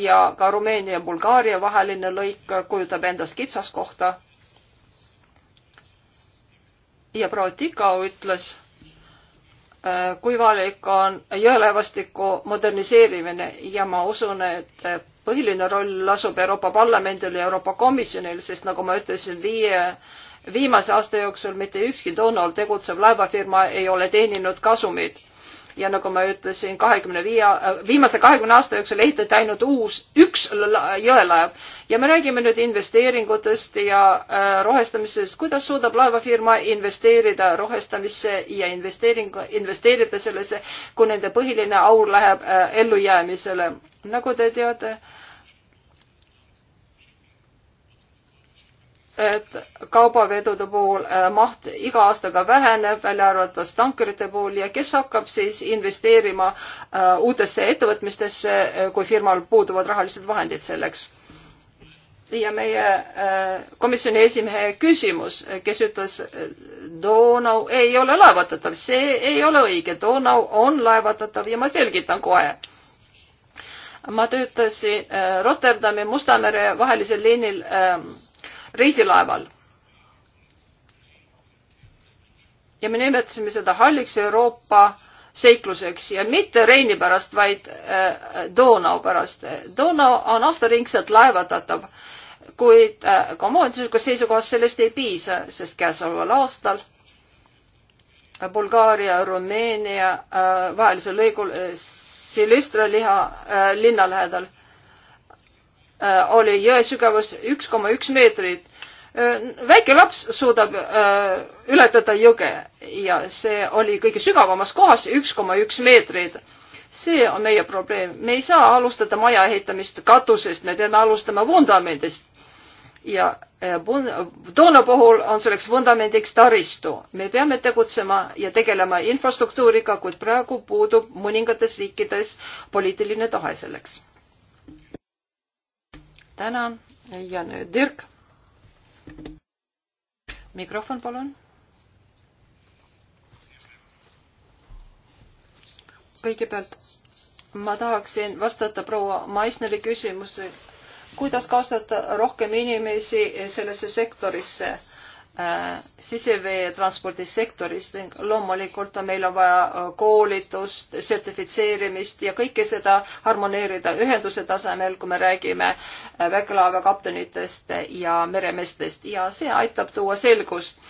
ja ka Rumeenia ja Bulgaaria vaheline lõik kujutab endast kitsaskohta. ja proua Tika ütles, kui vajalik on jõelevastiku moderniseerimine ja ma usun, et põhiline roll lasub Euroopa Parlamendil ja Euroopa Komisjonil, sest nagu ma ütlesin, viie viimase aasta jooksul mitte ükski Donald tegutsev laevafirma ei ole teeninud kasumit. ja nagu ma ütlesin, kahekümne viie, äh, viimase kahekümne aasta jooksul ehitati ainult uus, üks jõelaev ja me räägime nüüd investeeringutest ja äh, rohestamisest, kuidas suudab laevafirma investeerida rohestamisse ja investeering, investeerida sellesse, kui nende põhiline aur läheb äh, ellujäämisele. nagu te teate äh,, et kaubavedude puhul äh, maht iga aastaga väheneb, välja arvatud tankerite puhul ja kes hakkab siis investeerima äh, uutesse ettevõtmistesse, äh, kui firmal puuduvad rahalised vahendid selleks? ja meie komisjoni esimehe küsimus, kes ütles, Donau ei ole laevatatav, see ei ole õige, Donau on laevatatav ja ma selgitan kohe ma töötasin Rotterdami Mustamere vahelisel liinil reisilaeval. ja me nimetasime seda halliks Euroopa seikluseks ja mitte Reini pärast, vaid äh, Donau pärast. Donau on aastaringselt laevatatav, kuid äh, komandislikust seisukohast sellest ei piisa, sest käesoleval aastal Bulgaaria ja Rumeenia äh, vahelisel lõigul Silistra liha, linna lähedal Äh, oli jõe sügavus üks koma üks meetrit. Äh, väike laps suudab äh, ületada jõge ja see oli kõige sügavamas kohas üks koma üks meetrit see on meie probleem, me ei saa alustada maja ehitamist katusest, me peame alustama vundamendist. ja toona puhul on selleks vundamendiks taristu. me peame tegutsema ja tegelema infrastruktuuriga, kuid praegu puudub mõningates riikides poliitiline tahe selleks tänan ja nüüd Dirk. mikrofon, palun. kõigepealt ma tahaksin vastata proua Maisneri küsimusele, kuidas kaasata rohkem inimesi sellesse sektorisse Äh, siseveetranspordisektoris ning loomulikult on meil on vaja äh, koolitust, sertifitseerimist ja kõike seda harmoneerida ühenduse tasemel, kui me räägime äh, väikelaevakaptenitest ja meremeestest ja see aitab tuua selgust.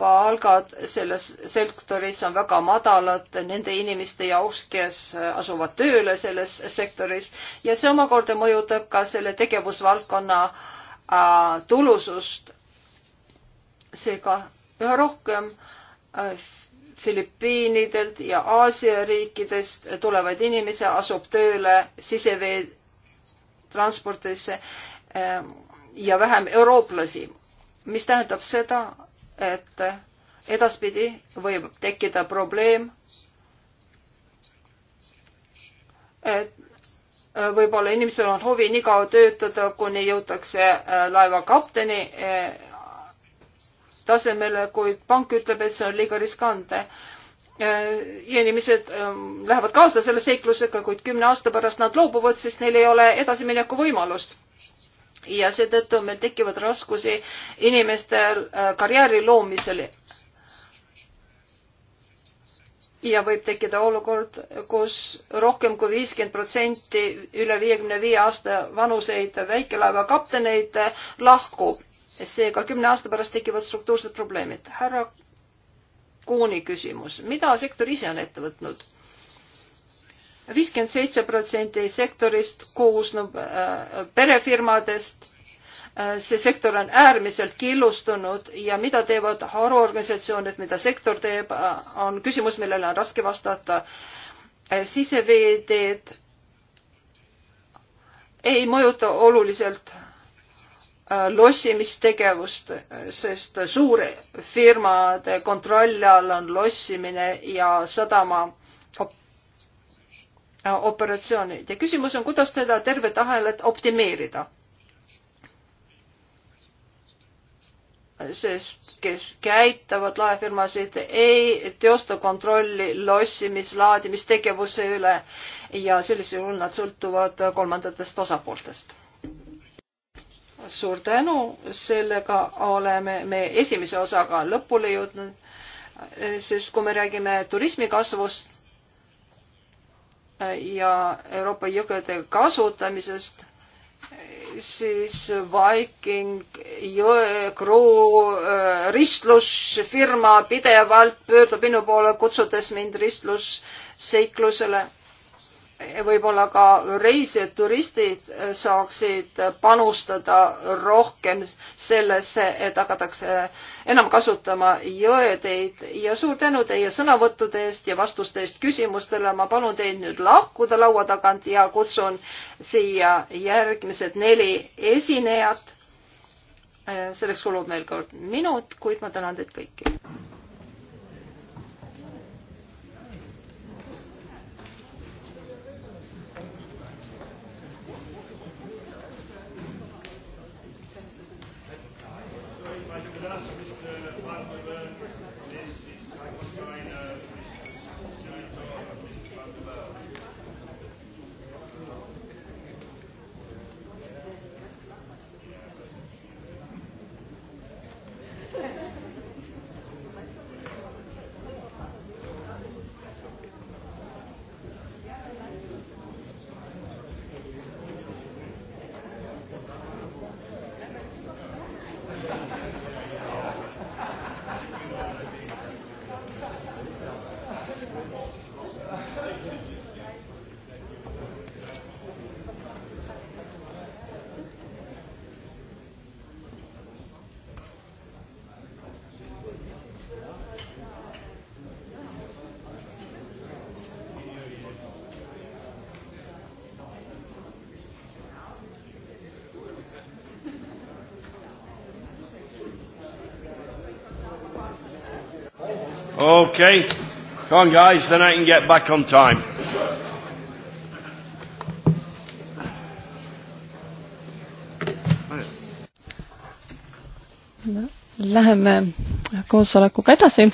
palgad selles sektoris on väga madalad nende inimeste jaoks, kes asuvad tööle selles sektoris ja see omakorda mõjutab ka selle tegevusvaldkonna tulusust seega üha rohkem äh, Filipiinidelt ja Aasia riikidest tulevaid inimesi asub tööle siseveetranspordisse ähm, ja vähem eurooplasi, mis tähendab seda, et edaspidi võib tekkida probleem, et äh, võib-olla inimesel on huvi nii kaua töötada, kuni jõutakse äh, laeva kapteni tasemele, kuid pank ütleb, et see on liiga riskantne. ja äh, inimesed ähm, lähevad kaasa selle seiklusega, kuid kümne aasta pärast nad loobuvad, sest neil ei ole edasimineku võimalust ja seetõttu meil tekivad raskusi inimestel äh, karjääri loomisel ja võib tekkida olukord, kus rohkem kui viiskümmend protsenti üle viiekümne viie aasta vanuseid väikelaeva kapteneid lahkub seega kümne aasta pärast tekivad struktuursed probleemid. härra Kooni küsimus, mida sektor ise on ette võtnud? viiskümmend seitse protsenti sektorist koosneb äh, perefirmadest äh,. see sektor on äärmiselt killustunud ja mida teevad haruorganisatsioonid, mida sektor teeb äh,, on küsimus, millele on raske vastata äh,. siseveeteed ei mõjuta oluliselt Äh, lossimistegevust, sest suurfirmade kontrolli all on lossimine ja sadama op äh, operatsioonid ja küsimus on, kuidas seda tervet ahelat optimeerida. sest kes käitavad laefirmasid, ei teosta kontrolli lossimis, laadimistegevuse üle ja sellisel juhul nad sõltuvad kolmandatest osapooltest suur tänu, sellega oleme me esimese osaga lõpule jõudnud, sest kui me räägime turismi kasvust ja Euroopa jõgede kasutamisest, siis Viking, jõe, kruu, ristlusfirma pidevalt pöördub minu poole, kutsudes mind ristlusseiklusele võib-olla ka reisijad, turistid saaksid panustada rohkem sellesse, et hakatakse enam kasutama jõeteid ja suur tänu teie sõnavõttude eest ja vastuste eest küsimustele. ma palun teid nüüd lahkuda laua tagant ja kutsun siia järgmised neli esinejat. selleks kulub meil kord minut, kuid ma tänan teid kõiki. Okay. Come on, guys, then I can get back on time. Läheme koosolekuga edasi.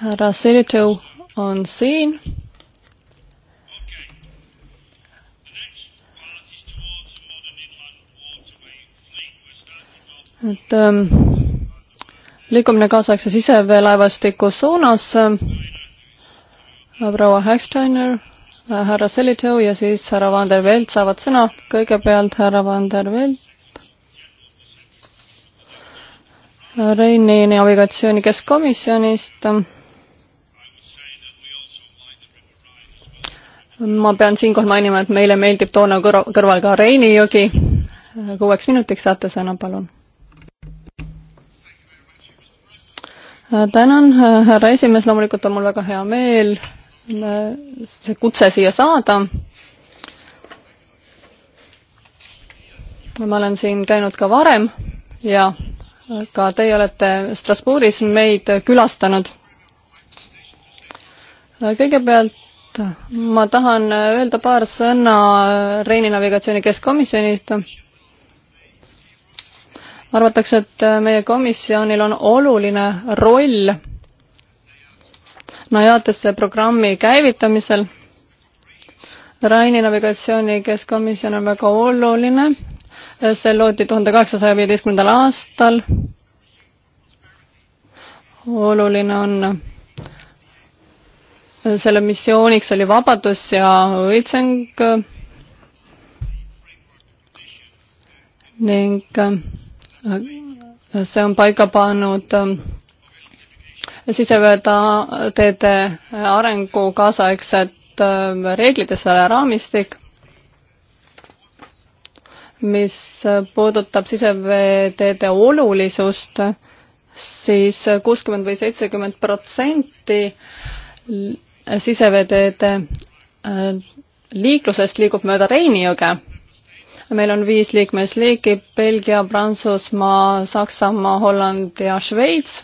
härra Siritu on siin. et ähm, liikumine kaasaegse siseveelaevastiku suunas. Äh, proua Häksteiner, äh, härra Selitõu ja siis härra Van der Velt saavad sõna. kõigepealt härra Van der Velt. Reini navigatsiooni keskkomisjonist ma pean siinkohal mainima, et meile meeldib toona kõrval ka Reini jõgi. kuueks minutiks saate sõna, palun. Äh, tänan, äh, härra esimees, loomulikult on mul väga hea meel äh, see kutse siia saada. ma olen siin käinud ka varem ja ka teie olete Strasbourgis meid külastanud. kõigepealt ma tahan öelda paar sõna Reini navigatsiooni keskkomisjonist arvatakse, et äh, meie komisjonil on oluline roll Najatesse programmi käivitamisel. Raini navigatsioonikeskkomisjon on väga oluline, äh, see loodi tuhande kaheksasaja viieteistkümnendal aastal. oluline on äh, selle missiooniks oli vabadus ja õitseng ning see on paika pannud ähm, siseveeteede äh, arengu kaasaegset ähm, reeglid ja selle raamistik, mis äh, puudutab siseveeteede olulisust siis, siis kuuskümmend või seitsekümmend protsenti siseveeteede äh, liiklusest liigub mööda Reini jõge meil on viis liikmesliiki, Belgia, Prantsusmaa, Saksamaa, Holland ja Šveits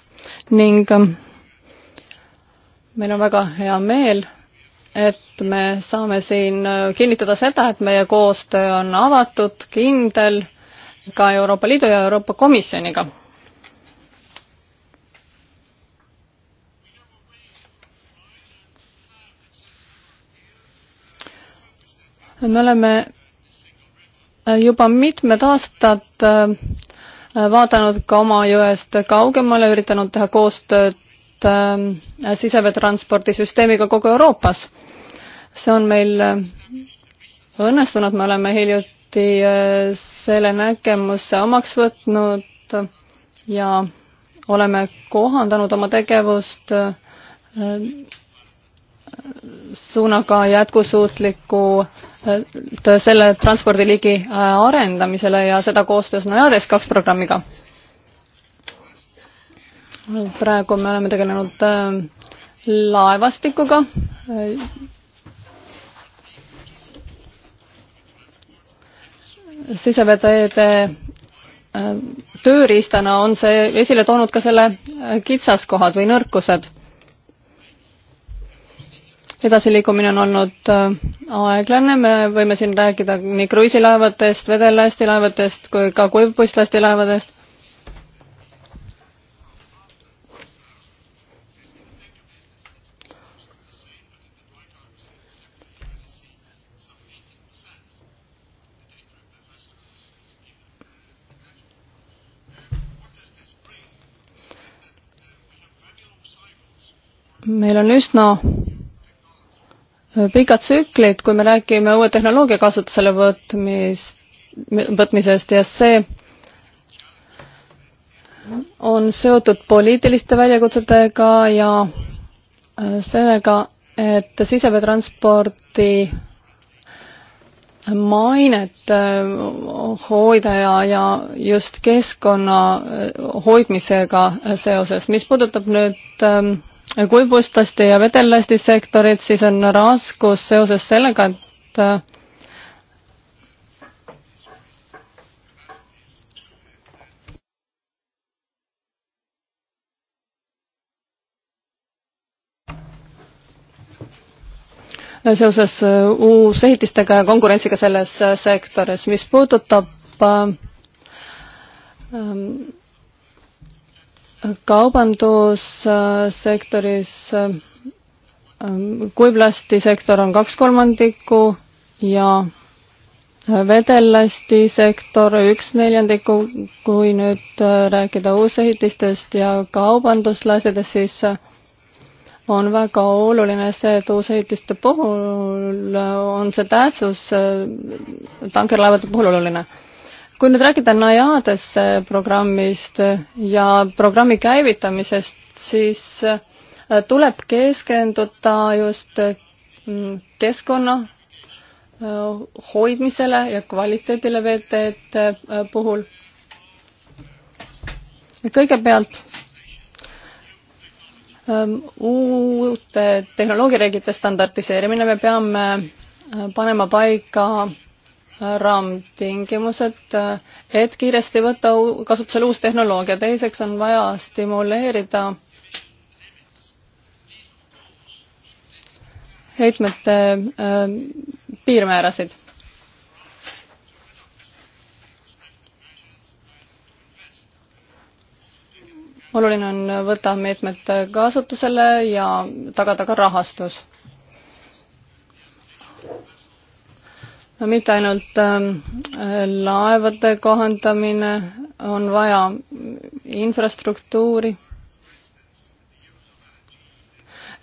ning ähm, meil on väga hea meel, et me saame siin äh, kinnitada seda, et meie koostöö on avatud, kindel ka Euroopa Liidu ja Euroopa Komisjoniga. me oleme Äh, juba mitmed aastad äh, vaadanud ka oma jõest kaugemale, üritanud teha koostööd äh, siseveetranspordisüsteemiga kogu Euroopas. see on meil õnnestunud, me oleme hiljuti selle nägemuse omaks võtnud ja oleme kohandanud oma tegevust suunaga jätkusuutliku Äh, selle transpordiliigi äh, arendamisele ja seda koostöös Najades kaks programmiga. praegu me oleme tegelenud äh, laevastikuga. siseveeteede tööriistana on see esile toonud ka selle kitsaskohad või nõrkused edasiliikumine on olnud äh, aeglane, me võime siin rääkida nii kruiisilaevadest, vedellastilaevadest kui ka kuivpuistlastilaevadest. meil on üsna pikad tsüklid, kui me räägime uue tehnoloogia kasutusele võtmist, võtmisest ja see on seotud poliitiliste väljakutsetega ja äh, sellega, et siseveetransporti mainet äh, hoida ja, ja just keskkonna äh, hoidmisega seoses. mis puudutab nüüd ähm, kuivustuste ja vedellastissektorit, siis on raskus seoses sellega, et äh, seoses äh, uusehitistega ja konkurentsiga selles äh, sektoris. mis puudutab ähm, kaubandussektoris, kuivlastisektor on kaks kolmandikku ja vedellastisektor üks neljandikku, kui nüüd rääkida uusehitistest ja kaubanduslasjadest, siis on väga oluline see, et uusehitiste puhul on see tähtsus tankerlaevade puhul oluline kui nüüd rääkida Najades äh, programmist äh, ja programmi käivitamisest, siis äh, tuleb keskenduda just mm, keskkonna hoidmisele ja kvaliteedile veeteede puhul. kõigepealt ähm, uute tehnoloogiareeglite standardiseerimine, me peame panema paika raamtingimused, et kiiresti võtta kasutusele uus tehnoloogia. teiseks on vaja stimuleerida heitmete äh, piirmäärasid. oluline on võtta meetmed kasutusele ja tagada ka rahastus mitte ainult ähm, laevade kohandamine, on vaja infrastruktuuri.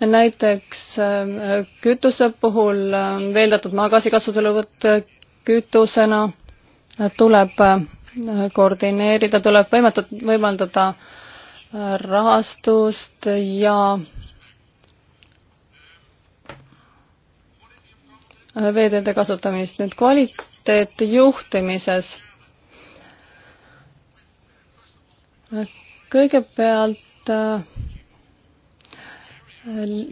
näiteks ähm, kütuse puhul ähm, veeldatud maagaasi kasutuselevõtt kütusena äh, tuleb äh, koordineerida, tuleb võimatud, võimaldada äh, rahastust ja veeteede kasutamist. nüüd kvaliteet juhtimises. kõigepealt äh,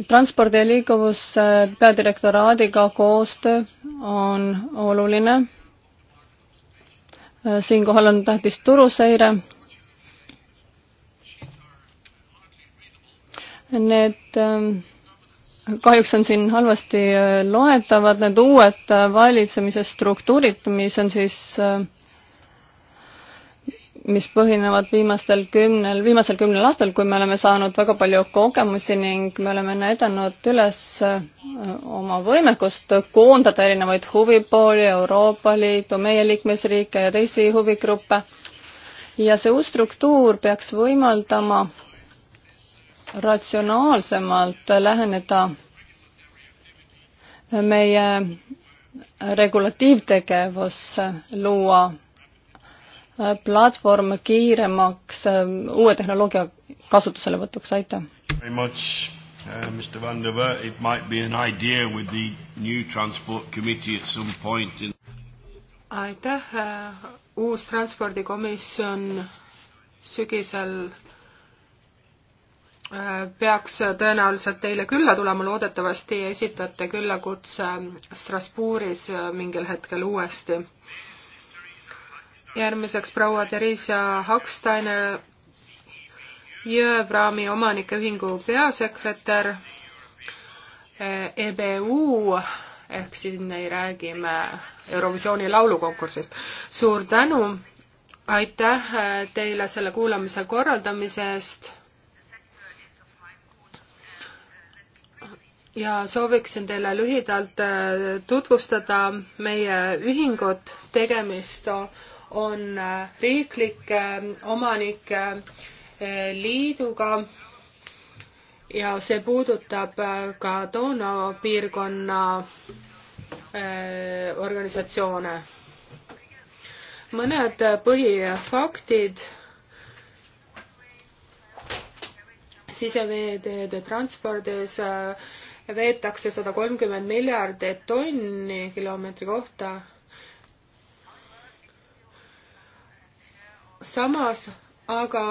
transpordi ja liikuvuse äh, peadirektoraadiga koostöö on oluline. Äh, siinkohal on tähtis turuseire. Need äh, kahjuks on siin halvasti äh, loetavad need uued äh, valitsemise struktuurid, mis on siis, äh, mis põhinevad viimastel kümnel, viimasel kümnel aastal, kui me oleme saanud väga palju kogemusi ning me oleme näidanud üles oma võimekust koondada erinevaid huvipooli, Euroopa Liitu, meie liikmesriike ja teisi huvigruppe. ja see uus struktuur peaks võimaldama ratsionaalsemalt läheneda meie regulatiivtegevus, luua platvorm kiiremaks uue tehnoloogia kasutuselevõtuks, aitäh! Uh, Mr. Van der Wert, it might be an idea with the new transport committee at some point in aitäh, uh, uus transpordikomisjon sügisel peaks tõenäoliselt teile külla tulema, loodetavasti esitate küllakutse Strasbourgis mingil hetkel uuesti. järgmiseks proua Theresa Haksteiner, Jõepraami omanike ühingu peasekretär, EBU ehk siin ei räägi me Eurovisiooni laulukonkursist. suur tänu, aitäh teile selle kuulamise korraldamise eest ja sooviksin teile lühidalt äh, tutvustada meie ühingut. tegemist on äh, riiklike äh, omanike liiduga ja see puudutab ka Donau piirkonna organisatsioone. mõned põhifaktid siseveeteede transpordis äh, veetakse sada kolmkümmend miljardit tonni kilomeetri kohta. samas aga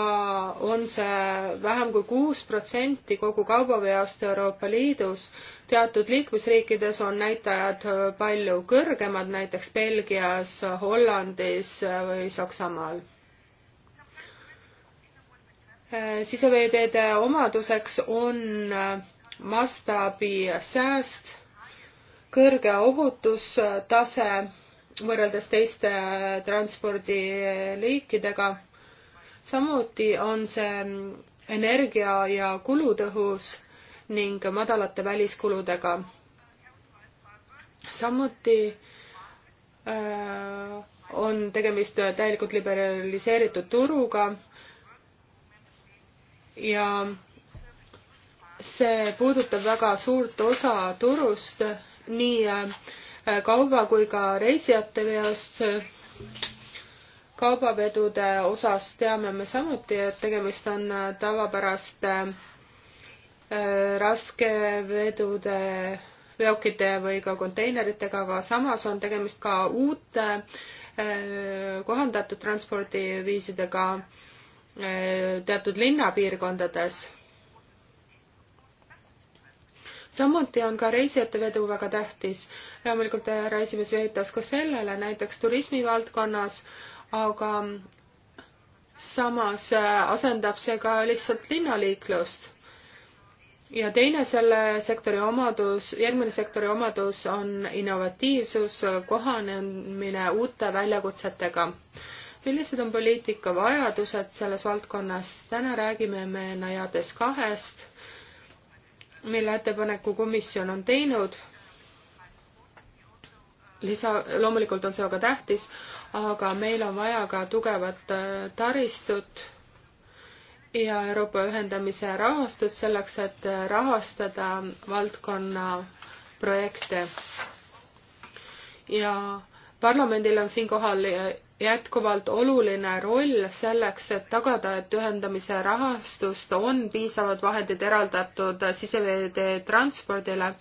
on see vähem kui kuus protsenti kogu kaubaveost Euroopa Liidus. teatud liikmesriikides on näitajad palju kõrgemad, näiteks Belgias, Hollandis või Saksamaal. siseveeteede omaduseks on mastaabisääst, kõrge ohutustase võrreldes teiste transpordiliikidega. samuti on see energia ja kulutõhus ning madalate väliskuludega. samuti äh, on tegemist täielikult liberaliseeritud turuga ja see puudutab väga suurt osa turust, nii äh, kauba kui ka reisijate veost. kaubavedude osas teame me samuti, et tegemist on äh, tavapäraste äh, raskevedude veokite või ka konteineritega, aga samas on tegemist ka uute kohandatud transpordiviisidega teatud linnapiirkondades samuti on ka reisijate vedu väga tähtis. loomulikult härra äh, esimees viitas ka sellele näiteks turismivaldkonnas, aga samas äh, asendab see ka lihtsalt linnaliiklust. ja teine selle sektori omadus, järgmine sektori omadus on innovatiivsus, kohanemine uute väljakutsetega millised on poliitika vajadused selles valdkonnas? täna räägime me Najades kahest mille ettepaneku komisjon on teinud. lisa, loomulikult on see väga tähtis, aga meil on vaja ka tugevat äh, taristut ja Euroopa ühendamise rahastut selleks, et äh, rahastada valdkonna projekte. ja parlamendil on siinkohal äh, jätkuvalt oluline roll selleks, et tagada, et ühendamise rahastust on piisavad vahendid eraldatud siseveetee transpordile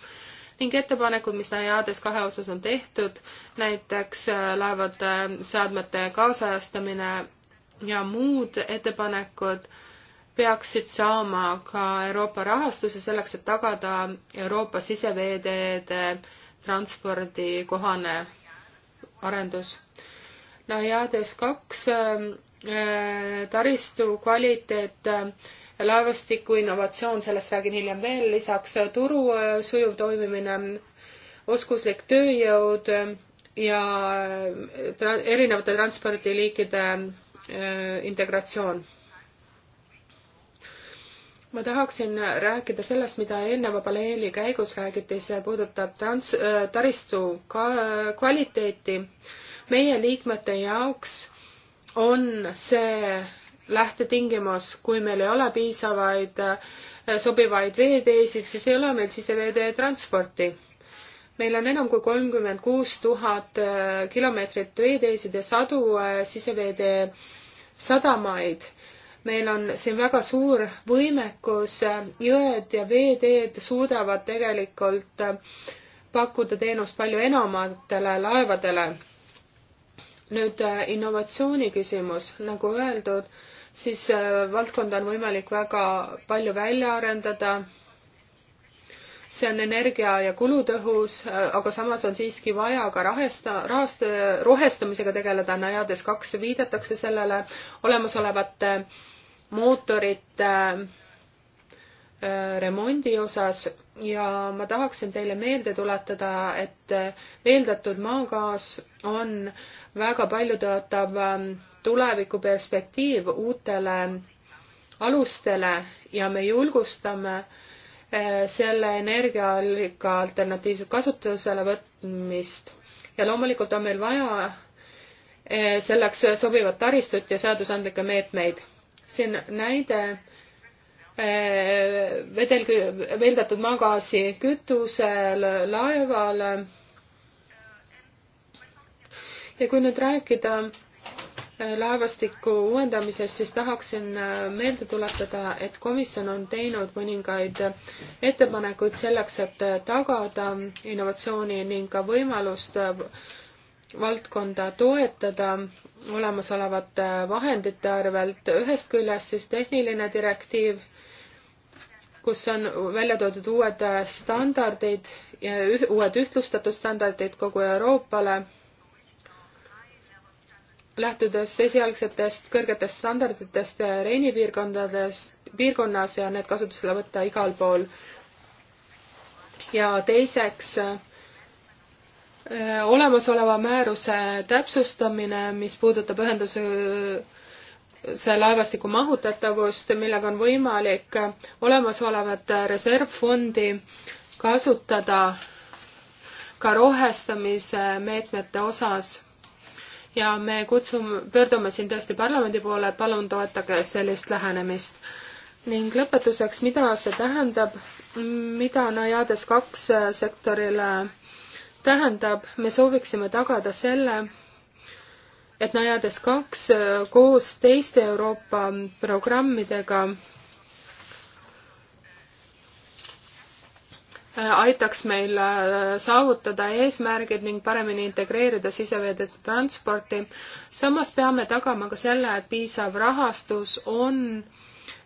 ning ettepanekud, mis NAIAD-is kahe osas on tehtud, näiteks äh, laevade äh, seadmete kaasajastamine ja muud ettepanekud, peaksid saama ka Euroopa rahastuse selleks, et tagada Euroopa siseveeteede transpordi kohane arendus Najades kaks ähm, äh, taristu kvaliteet, äh, laevastiku innovatsioon, sellest räägin hiljem veel, lisaks äh, turu sujuv toimimine, oskuslik tööjõud ja tra erinevate transpordiliikide integratsioon ma tahaksin rääkida sellest, mida eelneva paneeli käigus räägiti, see puudutab trans-, taristu ka-, kvaliteeti meie liikmete jaoks on see lähtetingimus, kui meil ei ole piisavaid äh, sobivaid veeteesid, siis ei ole meil siseveetee transporti. meil on enam kui kolmkümmend kuus tuhat äh, kilomeetrit veeteesid ja sadu äh, siseveetee sadamaid. meil on siin väga suur võimekus, jõed ja veeteed suudavad tegelikult pakkuda teenust palju enamatele laevadele nüüd äh, innovatsiooni küsimus, nagu öeldud, siis äh, valdkonda on võimalik väga palju välja arendada. see on energia ja kulutõhus, äh, aga samas on siiski vaja ka rahesta, rahast, rohestamisega tegeleda, Najades kaks viidatakse sellele olemasolevate mootorite remondi osas ja ma tahaksin teile meelde tuletada, et veeldatud maagaas on väga palju tõotav ähm, tulevikuperspektiiv uutele alustele ja me julgustame äh, selle energiaallika alternatiivset kasutusele võtmist. ja loomulikult on meil vaja äh, selleks sobivat taristut ja seadusandlikke meetmeid. siin näide äh, vedelkü-, veeldatud maagaasi kütusel laeval ja kui nüüd rääkida äh, laevastiku uuendamisest, siis tahaksin äh, meelde tuletada, et komisjon on teinud mõningaid äh, ettepanekuid selleks, et tagada innovatsiooni ning ka võimalust valdkonda toetada olemasolevate vahendite arvelt. ühest küljest siis tehniline direktiiv, kus on välja toodud uued standardid, uued ühtlustatud standardid kogu Euroopale lähtudes esialgsetest kõrgetest standarditest Reini piirkondades, piirkonnas ja need kasutusele võtta igal pool. ja teiseks äh, olemasoleva määruse täpsustamine, mis puudutab ühenduse see laevastiku mahutatavust, millega on võimalik olemasolevat reservfondi kasutada ka rohestamise meetmete osas ja me kutsume, pöördume siin tõesti parlamendi poole, palun toetage sellist lähenemist. ning lõpetuseks, mida see tähendab, mida Najades kaks sektorile tähendab, me sooviksime tagada selle, et Najades kaks koos teiste Euroopa programmidega aitaks meil äh, saavutada eesmärgid ning paremini integreerida siseveeteede transporti. samas peame tagama ka selle, et piisav rahastus on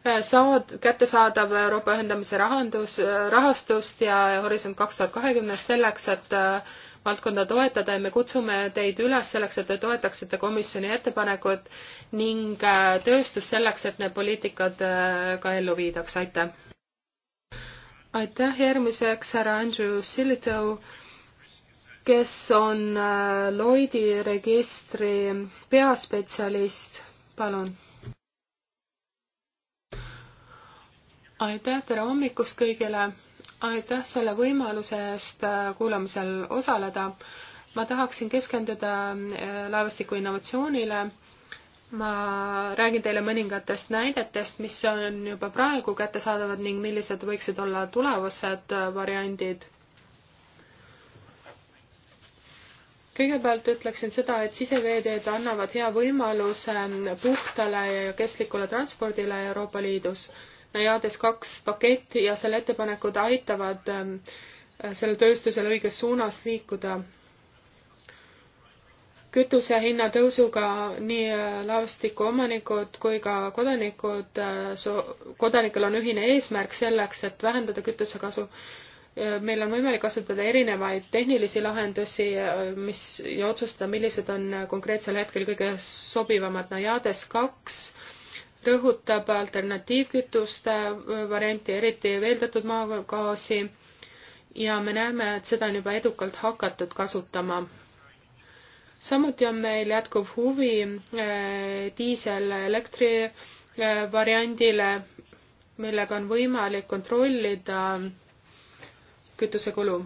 äh, saad-, kättesaadav Euroopa ühendamise rahandus, rahastust ja Horisont kaks tuhat kahekümnest selleks, et äh, valdkonda toetada ja me kutsume teid üles selleks, et te toetaksite komisjoni ettepanekut ning tööstust selleks, et need poliitikad ka ellu viidaks, aitäh! aitäh, järgmiseks härra Andrew Sillitoe, kes on äh, Lloydi registri peaspetsialist, palun. aitäh, tere hommikust kõigile, aitäh selle võimaluse eest äh, kuulamisel osaleda. ma tahaksin keskenduda äh, laevastiku innovatsioonile ma räägin teile mõningatest näidetest, mis on juba praegu kättesaadavad ning millised võiksid olla tulevased äh, variandid. kõigepealt ütleksin seda, et siseveeteed annavad hea võimaluse ähm, puhtale ja kestlikule transpordile Euroopa Liidus. Najades kaks pakett ja selle ettepanekud aitavad ähm, äh, sellel tööstusel õiges suunas liikuda kütusehinna tõusuga nii äh, laevastiku omanikud kui ka kodanikud, äh, kodanikel on ühine eesmärk selleks, et vähendada kütusekasu. Äh, meil on võimalik kasutada erinevaid tehnilisi lahendusi, mis ja otsustada, millised on konkreetsel hetkel kõige sobivamad. Najades kaks rõhutab alternatiivkütuste varianti, eriti veeldatud maagaasi ja me näeme, et seda on juba edukalt hakatud kasutama samuti on meil jätkuv huvi eh, diiselelektri eh, variandile, millega on võimalik kontrollida kütusekulu.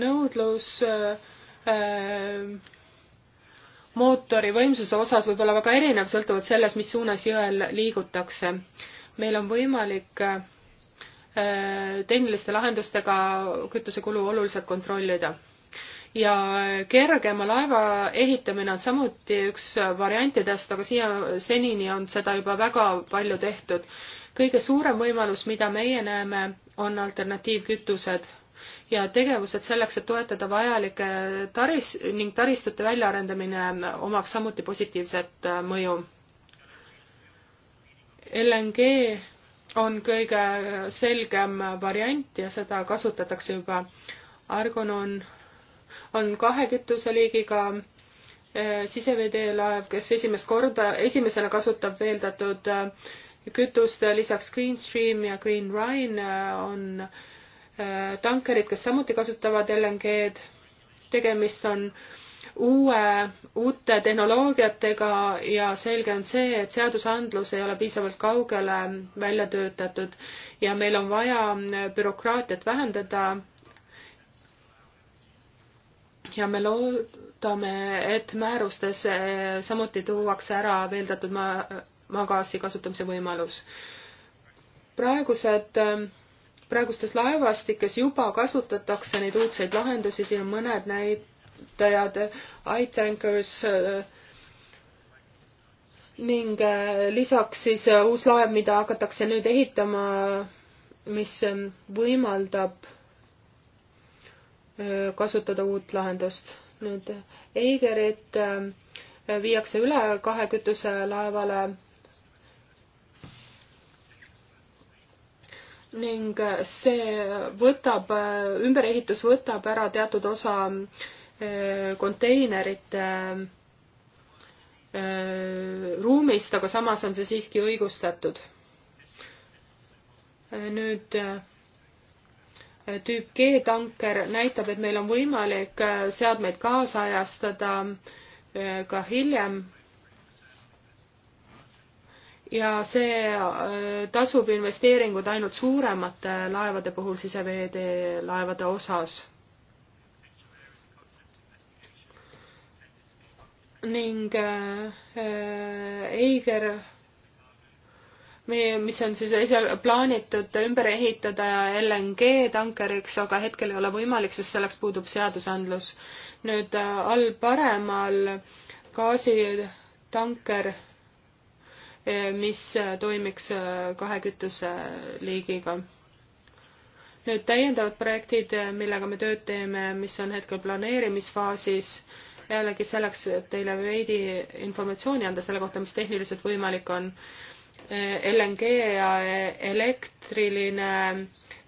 nõudlus eh, mootori võimsuse osas võib olla väga erinev, sõltuvalt sellest, mis suunas jõel liigutakse. meil on võimalik tehniliste lahendustega kütusekulu oluliselt kontrollida ja kergema laeva ehitamine on samuti üks variantidest, aga siia senini on seda juba väga palju tehtud. kõige suurem võimalus, mida meie näeme, on alternatiivkütused ja tegevused selleks, et toetada vajalike taris- ning taristute väljaarendamine omab samuti positiivset äh, mõju. LNG on kõige selgem variant ja seda kasutatakse juba. Argon on on kahe kütuseliigiga eh, siseveeteelaev, kes esimest korda, esimesena kasutab veeldatud eh, kütust, lisaks Green Stream ja Green Rhine eh, on tankerid, kes samuti kasutavad LNG-d. tegemist on uue, uute tehnoloogiatega ja selge on see, et seadusandlus ei ole piisavalt kaugele välja töötatud ja meil on vaja bürokraatiat vähendada ja me loodame, et määrustes eh, samuti tuuakse ära veeldatud maa, maagaasi kasutamise võimalus. praegused, eh, praegustes laevastikes juba kasutatakse neid uudseid lahendusi, siin on mõned näitajad, eh, iTankers ning lisaks siis uus laev, mida hakatakse nüüd ehitama, mis võimaldab kasutada uut lahendust. nüüd Eigerit äh, viiakse üle kahe kütuselaevale ning äh, see võtab, äh, ümberehitus võtab ära teatud osa konteinerite ruumist, aga samas on see siiski õigustatud. nüüd tüüp G tanker näitab, et meil on võimalik äh, seadmeid kaasajastada äh, ka hiljem. ja see äh, tasub investeeringud ainult suuremate laevade puhul siseveetee laevade osas. ning Eiger äh, mis on siis esialgu plaanitud ümber ehitada LNG tankeriks, aga hetkel ei ole võimalik, sest selleks puudub seadusandlus. nüüd äh, all paremal gaasitanker, äh, mis äh, toimiks kahe kütuseliigiga nüüd täiendavad projektid, millega me tööd teeme, mis on hetkel planeerimisfaasis, jällegi selleks, et teile veidi informatsiooni anda selle kohta, mis tehniliselt võimalik on. LNG ja elektriline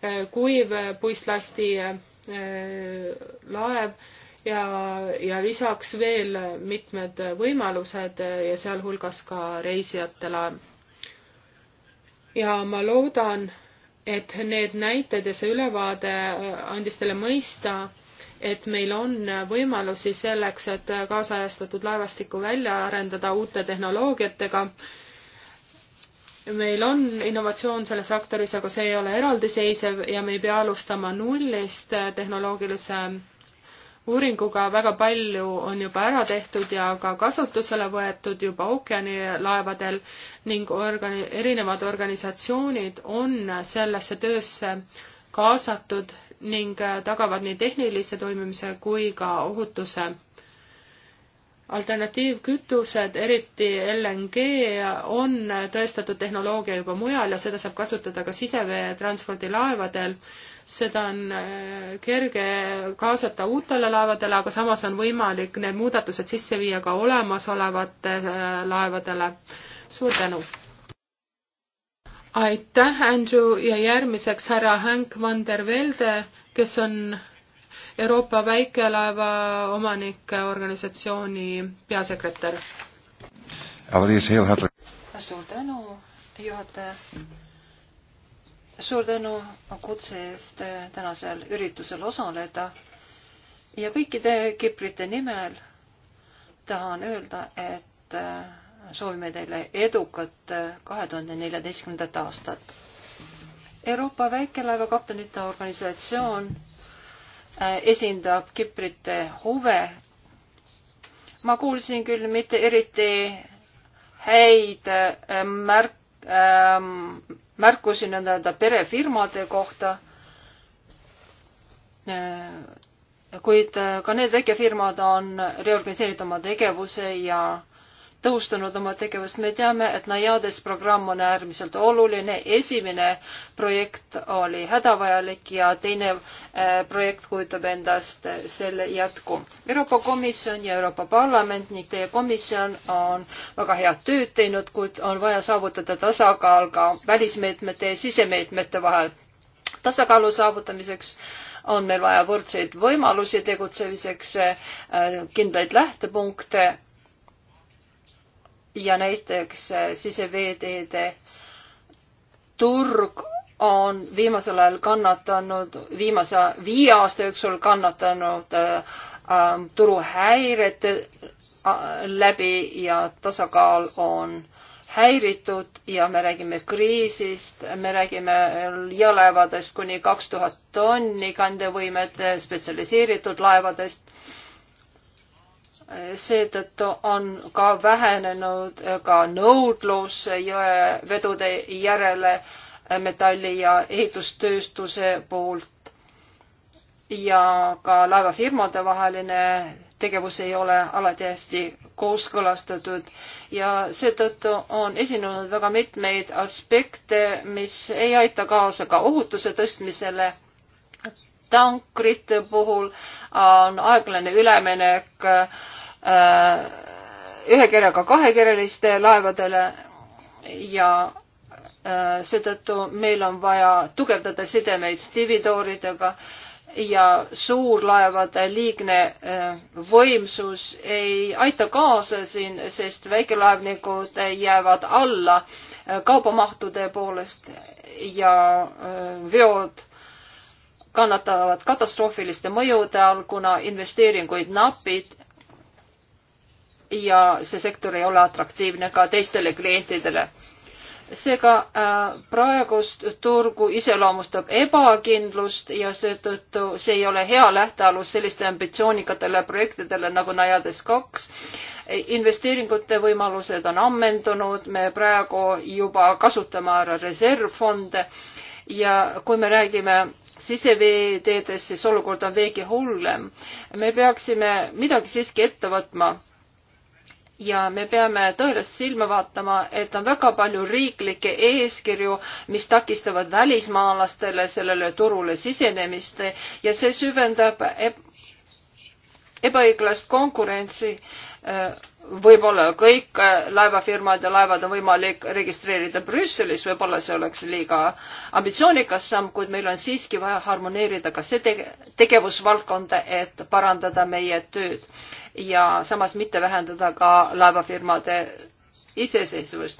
eh, kuiv puistlasti eh, laev ja, ja lisaks veel mitmed võimalused ja sealhulgas ka reisijate laev. ja ma loodan, et need näited ja see ülevaade eh, andis teile mõista, et meil on võimalusi selleks, et kaasajastatud laevastikku välja arendada uute tehnoloogiatega meil on innovatsioon selles sektoris, aga see ei ole eraldiseisev ja me ei pea alustama nullist tehnoloogilise uuringuga, väga palju on juba ära tehtud ja ka kasutusele võetud juba ookeanilaevadel ning organi-, erinevad organisatsioonid on sellesse töösse kaasatud ning tagavad nii tehnilise toimimise kui ka ohutuse alternatiivkütused, eriti LNG, on tõestatud tehnoloogia juba mujal ja seda saab kasutada ka siseveetranspordi laevadel. seda on äh, kerge kaasata uutele laevadele, aga samas on võimalik need muudatused sisse viia ka olemasolevate äh, laevadele. suur tänu! aitäh, Andrew, ja järgmiseks härra Hank van der Velde, kes on Euroopa väikelaeva omanike organisatsiooni peasekretär. suur tänu, juhataja. suur tänu kutse eest tänasel üritusel osaleda ja kõikide kiprite nimel tahan öelda, et soovime teile edukat kahe tuhande neljateistkümnendat aastat. Euroopa väikelaeva kaptenite organisatsioon Äh, esindab Kiprite huve. ma kuulsin küll mitte eriti häid äh, märk- ähm,, märkusi nii-öelda perefirmade kohta äh, kuid ka need väikefirmad on reorganiseerinud oma tegevuse ja tõhustanud oma tegevust. me teame, et Najades programm on äärmiselt oluline. esimene projekt oli hädavajalik ja teine äh, projekt kujutab endast selle jätku. Euroopa Komisjon ja Euroopa Parlament ning teie komisjon on väga head tööd teinud, kuid on vaja saavutada tasakaal ka välismeetmete ja sisemeetmete vahel. tasakaalu saavutamiseks on meil vaja võrdseid võimalusi tegutsemiseks, äh, kindlaid lähtepunkte ja näiteks äh, siseveeteede turg on viimasel ajal kannatanud, viimase viie aasta jooksul kannatanud äh, ähm, turuhäirete äh, läbi ja tasakaal on häiritud ja me räägime kriisist, me räägime jõelaevadest kuni kaks tuhat tonni kandevõimet, spetsialiseeritud laevadest seetõttu on ka vähenenud ka nõudlus jõevedude järele metalli- ja ehitustööstuse poolt ja ka laevafirmade vaheline tegevus ei ole alati hästi kooskõlastatud ja seetõttu on esinenud väga mitmeid aspekte, mis ei aita kaasa ka ohutuse tõstmisele. tankrite puhul on aeglane üleminek äh, Äh, ühe kerega kahekirjaliste laevadele ja äh, seetõttu meil on vaja tugevdada sidemeid stividooridega ja suurlaevade liigne äh, võimsus ei aita kaasa siin, sest väikelaevnikud jäävad alla kaubamahtude poolest ja veod kannatavad katastroofiliste mõjude all, kuna investeeringuid napib ja see sektor ei ole atraktiivne ka teistele klientidele. seega äh, praegust turgu iseloomustab ebakindlust ja seetõttu see ei ole hea lähtealus selliste ambitsioonikatele projektidele nagu Najades kaks investeeringute võimalused on ammendunud, me praegu juba kasutame ära reservfonde ja kui me räägime siseveeteedest, siis olukord on veelgi hullem. me peaksime midagi siiski ette võtma ja me peame tõeliselt silma vaatama, et on väga palju riiklikke eeskirju, mis takistavad välismaalastele sellele turule sisenemist ja see süvendab eb ebaõiglast konkurentsi. võib-olla kõik laevafirmad ja laevad on võimalik registreerida Brüsselis, võib-olla see oleks liiga ambitsioonikas samm, kuid meil on siiski vaja harmoneerida ka see tege tegevusvaldkonda, et parandada meie tööd ja samas mitte vähendada ka laevafirmade iseseisvust.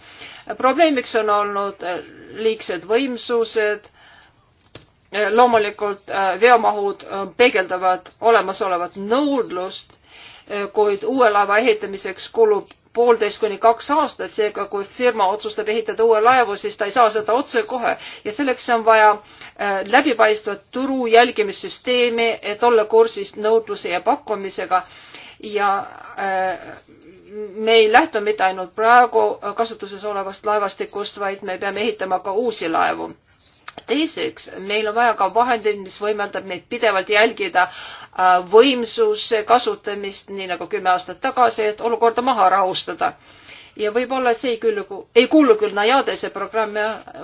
probleemiks on olnud äh, liigsed võimsused, äh, loomulikult äh, veomahud peegeldavad olemasolevat nõudlust, kuid uue laeva ehitamiseks kulub poolteist kuni kaks aastat, seega kui firma otsustab ehitada uue laevu, siis ta ei saa seda otsekohe ja selleks on vaja läbipaistvat turu jälgimissüsteemi, et olla kursis nõudluse ja pakkumisega ja äh, me ei lähtu mitte ainult praegu kasutuses olevast laevastikust, vaid me peame ehitama ka uusi laevu teiseks, meil on vaja ka vahendeid, mis võimaldab meid pidevalt jälgida äh, võimsuse kasutamist, nii nagu kümme aastat tagasi, et olukorda maha rahustada. ja võib-olla see ei küll, ei kuulu küll Najadese programmi,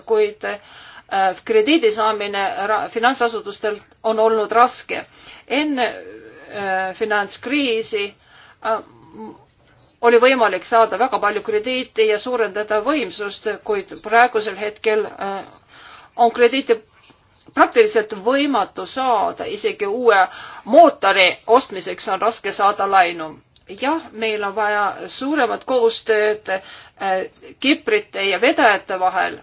kuid äh, krediidi saamine finantsasutustelt on olnud raske. enne Äh, finantskriisi äh, oli võimalik saada väga palju krediiti ja suurendada võimsust, kuid praegusel hetkel äh, on krediiti praktiliselt võimatu saada, isegi uue mootori ostmiseks on raske saada laenu. jah, meil on vaja suuremat koostööd kiprite ja vedajate vahel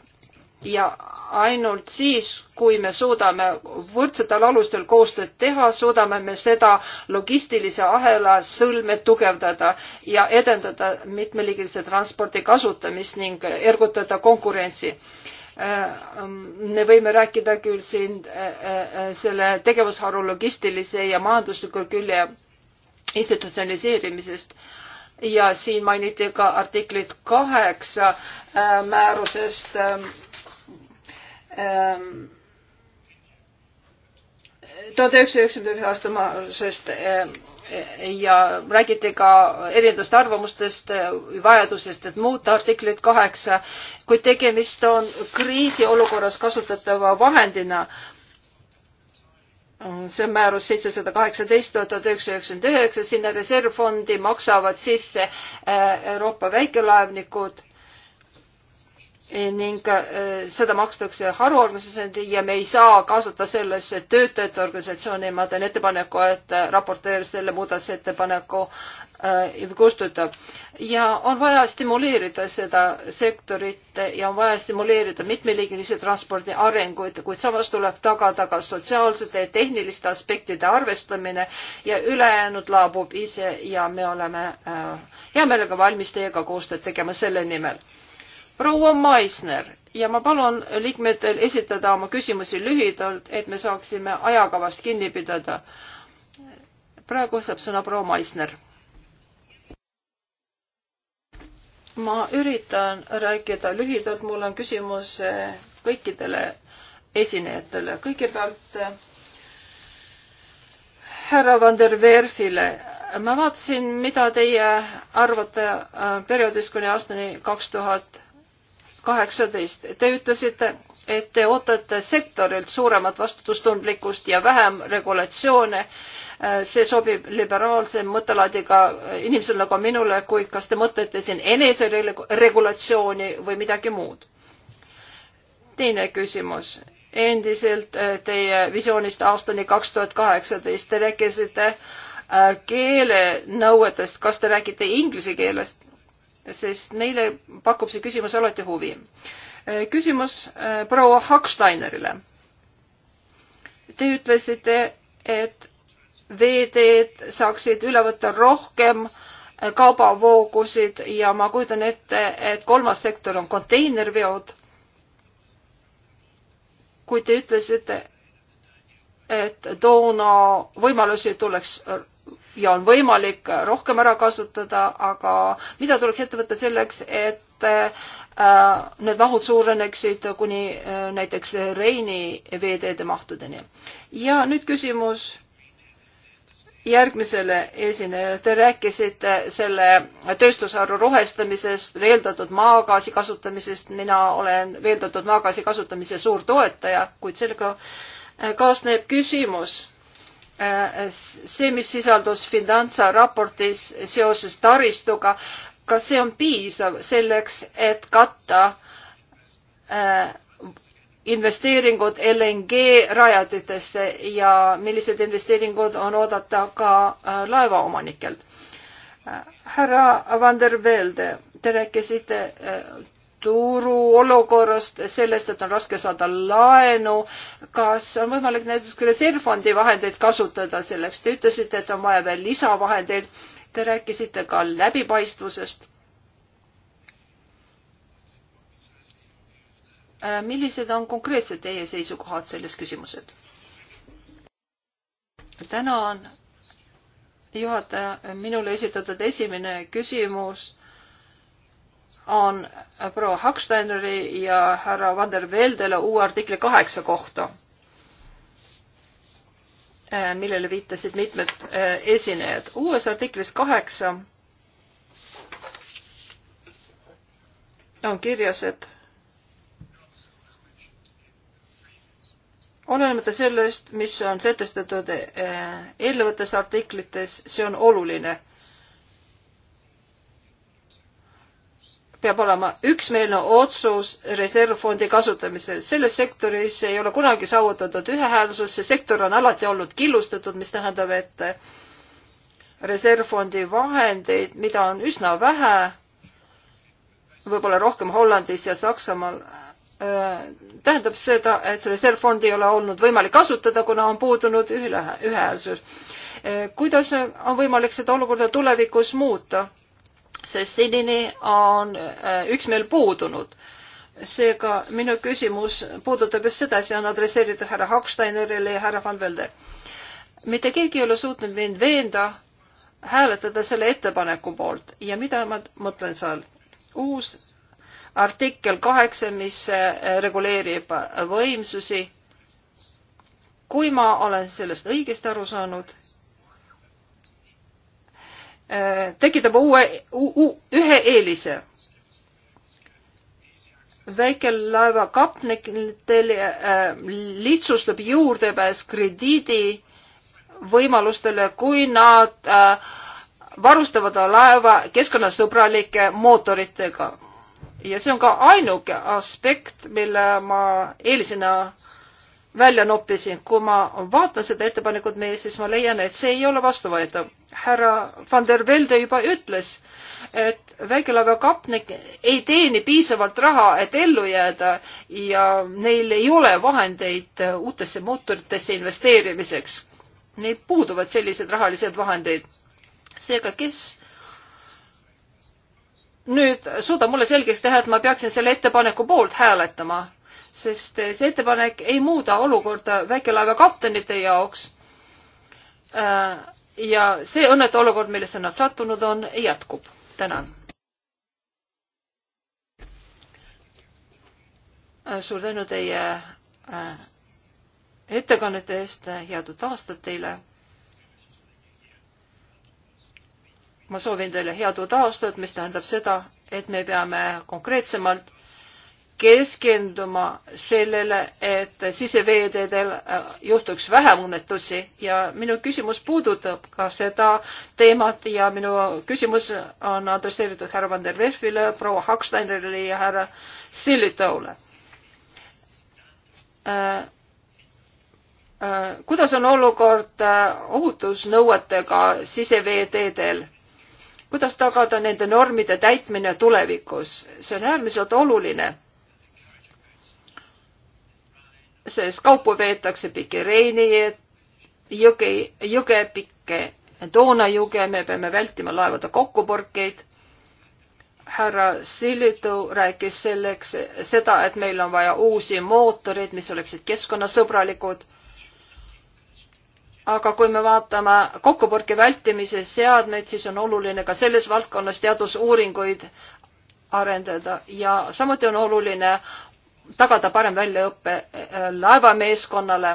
ja ainult siis, kui me suudame võrdsetel alustel koostööd teha, suudame me seda logistilise ahela sõlme tugevdada ja edendada mitmeliigilise transpordi kasutamist ning ergutada konkurentsi äh, me võime rääkida küll siin äh, äh, selle tegevusharu logistilise ja majandusliku külje institutsionaliseerimisest ja siin mainiti ka artiklit kaheksa määrusest Ähm, tuhande üheksasaja üheksakümne aasta maasest ähm, ja räägiti ka erinevatest arvamustest, äh, vajadusest, et muuta artiklit kaheksa, kuid tegemist on kriisiolukorras kasutatava vahendina. see on määrus seitsesada kaheksateist tuhat üheksasada üheksakümmend üheksa, sinna reservfondi maksavad sisse äh, Euroopa väikelaevnikud ning äh, seda makstakse haruorganisatsioonide ja me ei saa kaasata sellesse töötajate organisatsiooni. ma teen ettepaneku, et raportöör selle muudatusettepaneku äh, kustutab. ja on vaja stimuleerida seda sektorit ja on vaja stimuleerida mitmeliigilise transpordi arenguid, kuid samas tuleb tagada ka sotsiaalsete ja tehniliste aspektide arvestamine ja ülejäänud laabub ise ja me oleme äh, hea meelega valmis teiega koostööd tegema selle nimel proua Maisner ja ma palun liikmetel esitada oma küsimusi lühidalt, et me saaksime ajakavast kinni pidada. praegu saab sõna proua Maisner. ma üritan rääkida lühidalt, mul on küsimus eh, kõikidele esinejatele. kõigepealt eh, härra Van der Werfile ma vaatasin, mida teie arvate eh, perioodist kuni aastani kaks tuhat kaheksateist. Te ütlesite, et te ootate sektorilt suuremat vastutustundlikkust ja vähem regulatsioone. see sobib liberaalse mõttelaadiga inimesele nagu minule, kuid kas te mõtlete siin eneseregulatsiooni või midagi muud? teine küsimus. endiselt eh, teie visioonist aastani kaks tuhat kaheksateist te rääkisite eh, keelenõuetest, kas te räägite inglise keelest? sest neile pakub see küsimus alati huvi. Äh, küsimus äh, proua Haksteinerile. Te ütlesite, et veeteed saaksid üle võtta rohkem äh, kaubavoogusid ja ma kujutan ette, et kolmas sektor on konteinerveod. kui te ütlesite, et toona võimalusi tuleks ja on võimalik rohkem ära kasutada, aga mida tuleks ette võtta selleks, et äh, need mahud suureneksid kuni äh, näiteks Reini veeteede mahtudeni. ja nüüd küsimus järgmisele esinejale. Te rääkisite selle tööstusharu rohestamisest, veeldatud maagaasi kasutamisest. mina olen veeldatud maagaasi kasutamise suur toetaja, kuid sellega äh, kaasneb küsimus Äh, see, mis sisaldus Finantsa raportis seoses taristuga, kas see on piisav selleks, et katta äh, investeeringud LNG rajatitesse ja millised investeeringud on oodata ka äh, laevaomanikelt? härra Van der Velde, te rääkisite turu olukorrast, sellest, et on raske saada laenu. kas on võimalik näiteks reservfondi vahendeid kasutada selleks? Te ütlesite, et on vaja veel lisavahendeid. Te rääkisite ka läbipaistvusest. Äh, millised on konkreetselt teie seisukohad selles küsimuses? tänan, juhataja. minule esitatud esimene küsimus on proua Haksteineri ja härra Van der Veldele uue artikli kaheksa kohta, eh, millele viitasid mitmed eh, esinejad. uues artiklis kaheksa on kirjas, et olenemata sellest, mis on sätestatud eh, eelnevates artiklites, see on oluline peab olema üksmeelne otsus reservfondi kasutamisel. selles sektoris ei ole kunagi saavutatud ühehäälsust, see sektor on alati olnud killustatud, mis tähendab, et reservfondi vahendeid, mida on üsna vähe, võib-olla rohkem Hollandis ja Saksamaal, äh, tähendab seda, et reservfondi ei ole olnud võimalik kasutada, kuna on puudunud ühe, ühehäälsus. Äh, kuidas on võimalik seda olukorda tulevikus muuta? sest senini on äh, üksmeel puudunud. seega minu küsimus puudutab just seda, see on adresseeritud härra Hochsteinerile ja härra Van Velde. mitte keegi ei ole suutnud mind veenda hääletada selle ettepaneku poolt ja mida ma mõtlen seal? uus artikkel kaheksa, mis äh, reguleerib võimsusi. kui ma olen sellest õigesti aru saanud Äh, tekitab uue, ühe eelise. väikelaeva kapnikel äh, lihtsustab juurdepääs krediidi võimalustele, kui nad äh, varustavad laeva keskkonnasõbralike mootoritega. ja see on ka ainuke aspekt, mille ma eelisena välja noppisin. kui ma vaatan seda ettepanekut meie, siis ma leian, et see ei ole vastuvõetav. härra van der Velde juba ütles, et väikelaeva kapnik ei teeni piisavalt raha, et ellu jääda ja neil ei ole vahendeid uutesse mootoritesse investeerimiseks. Neil puuduvad sellised rahalised vahendeid. seega, kes nüüd suuda mulle selgeks teha, et ma peaksin selle ettepaneku poolt hääletama sest eh, see ettepanek ei muuda olukorda väikelaeva kaptenite jaoks. Eh, ja see õnnetu olukord, millesse nad sattunud on, jätkub. tänan. Eh, suur tänu teie ettekannete eest, head uut aastat teile. ma soovin teile head uut aastat, mis tähendab seda, et me peame konkreetsemalt äh, keskenduma sellele, et siseveeteedel äh, juhtuks vähem õnnetusi ja minu küsimus puudutab ka seda teemat ja minu küsimus on adresseeritud härra Van der Werfile, proua Haksteinerile ja härra Sillitoole äh,. Äh, kuidas on olukord äh, ohutusnõuetega siseveeteedel? kuidas tagada nende normide täitmine tulevikus, see on äärmiselt oluline sest kaupu veetakse pikki Reini jõge, jõge pikki Doonajuge, me peame vältima laevade kokkupurkeid. härra Silitu rääkis selleks seda, et meil on vaja uusi mootoreid, mis oleksid keskkonnasõbralikud aga kui me vaatame kokkupõrke vältimise seadmeid, siis on oluline ka selles valdkonnas teadusuuringuid arendada ja samuti on oluline tagada parem väljaõpe äh, laevameeskonnale.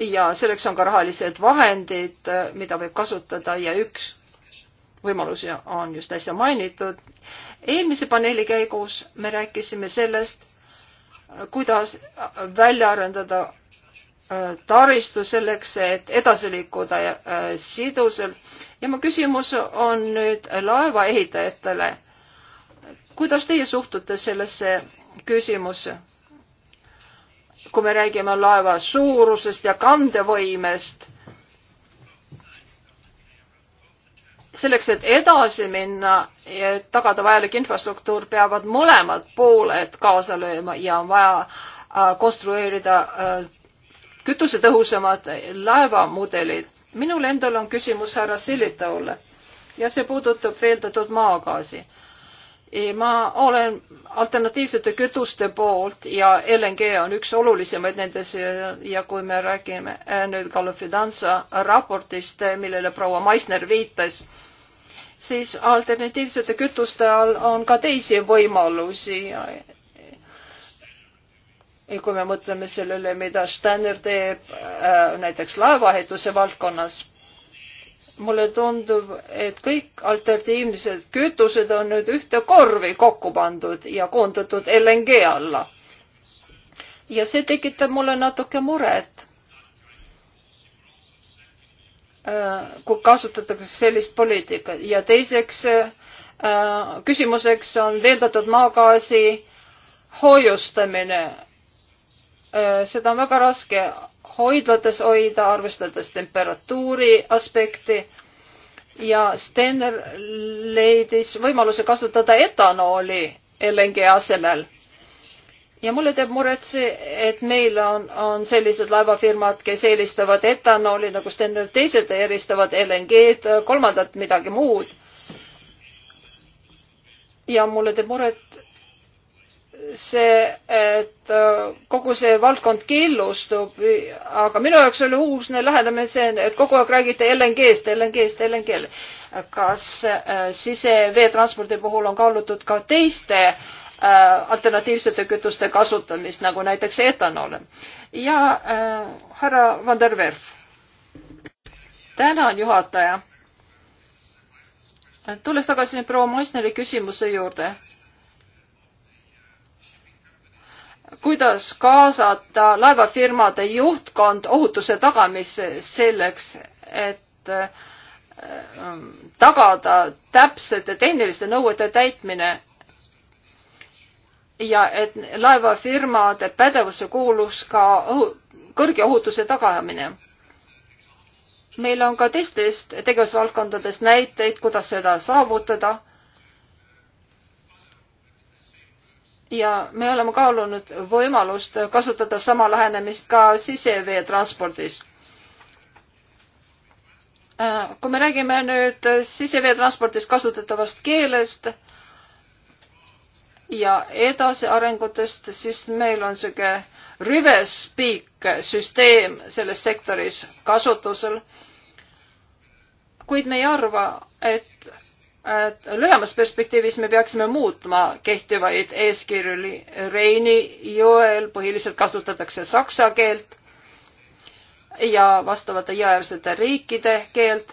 ja selleks on ka rahalised vahendid, äh, mida võib kasutada ja üks võimalusi on just äsja mainitud. eelmise paneeli käigus me rääkisime sellest, äh, kuidas välja arendada taristu selleks, et edasi liikuda sidusalt ja mu küsimus on nüüd laevaehitajatele kuidas teie suhtute sellesse küsimusse? kui me räägime laeva suurusest ja kandevõimest, selleks, et edasi minna ja tagada vajalik infrastruktuur, peavad mõlemad pooled kaasa lööma ja on vaja äh, konstrueerida äh, kütusetõhusamad laevamudelid. minul endal on küsimus härra Sillitaule ja see puudutab veeldatud maagaasi ma olen alternatiivsete kütuste poolt ja LNG on üks olulisemaid nendes ja kui me räägime äh, nüüd Galofidanza raportist, millele proua Maisner viitas, siis alternatiivsete kütuste all on ka teisi võimalusi. kui me mõtleme sellele, mida Stanner teeb äh, näiteks laevaehituse valdkonnas mulle tundub, et kõik alternatiivsed kütused on nüüd ühte korvi kokku pandud ja koondatud LNG alla. ja see tekitab mulle natuke muret. Äh, kui kasutatakse sellist poliitikat ja teiseks äh, küsimuseks on veeldatud maagaasi hoiustamine Äh, seda on väga raske hoidlates hoida, arvestades temperatuuri aspekti ja Stenner leidis võimaluse kasutada etanooli LNG asemel. ja mulle teeb muret see, et meil on, on sellised laevafirmad, kes eelistavad etanooli nagu Stenner, teised eelistavad LNG-d, kolmandad midagi muud. ja mulle teeb muret see, et äh, kogu see valdkond killustub, aga minu jaoks oli uusne lähenemine see, et kogu aeg räägite LNG-st, LNG-st, LNG-l. kas äh, siseveetranspordi puhul on kaalutud ka teiste äh, alternatiivsete kütuste kasutamist, nagu näiteks etanool? ja äh, härra Van der Werf. tänan, juhataja. tulles tagasi proua Maisneri küsimuse juurde kuidas kaasata laevafirmade juhtkond ohutuse tagamisse selleks, et äh, ähm, tagada täpsete tehniliste nõuete täitmine ja et laevafirmade pädevusse kuuluks ka õhu, kõrge ohutuse tagamine. meil on ka teistest tegevusvaldkondadest näiteid, kuidas seda saavutada ja me oleme kaalunud võimalust kasutada sama lähenemist ka siseveetranspordis. kui me räägime nüüd siseveetranspordis kasutatavast keelest ja edasiarengutest, siis meil on niisugune rüvespeak süsteem selles sektoris kasutusel. kuid me ei arva, et et lühemas perspektiivis me peaksime muutma kehtivaid eeskirju. Reini jõel põhiliselt kasutatakse saksa keelt ja vastavate jõeäärsete riikide keelt.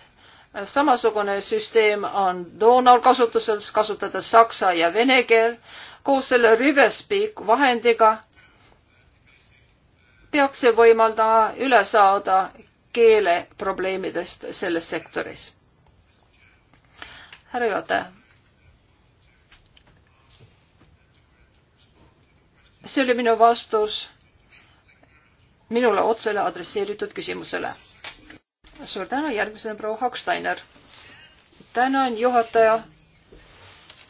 samasugune süsteem on Donaul kasutusel, kasutades saksa ja vene keel. koos selle Rivespeak vahendiga peaks see võimaldama üle saada keeleprobleemidest selles sektoris härra juhataja. see oli minu vastus minule otsele adresseeritud küsimusele. suur tänu, järgmisena proua Haksteiner. tänan, juhataja.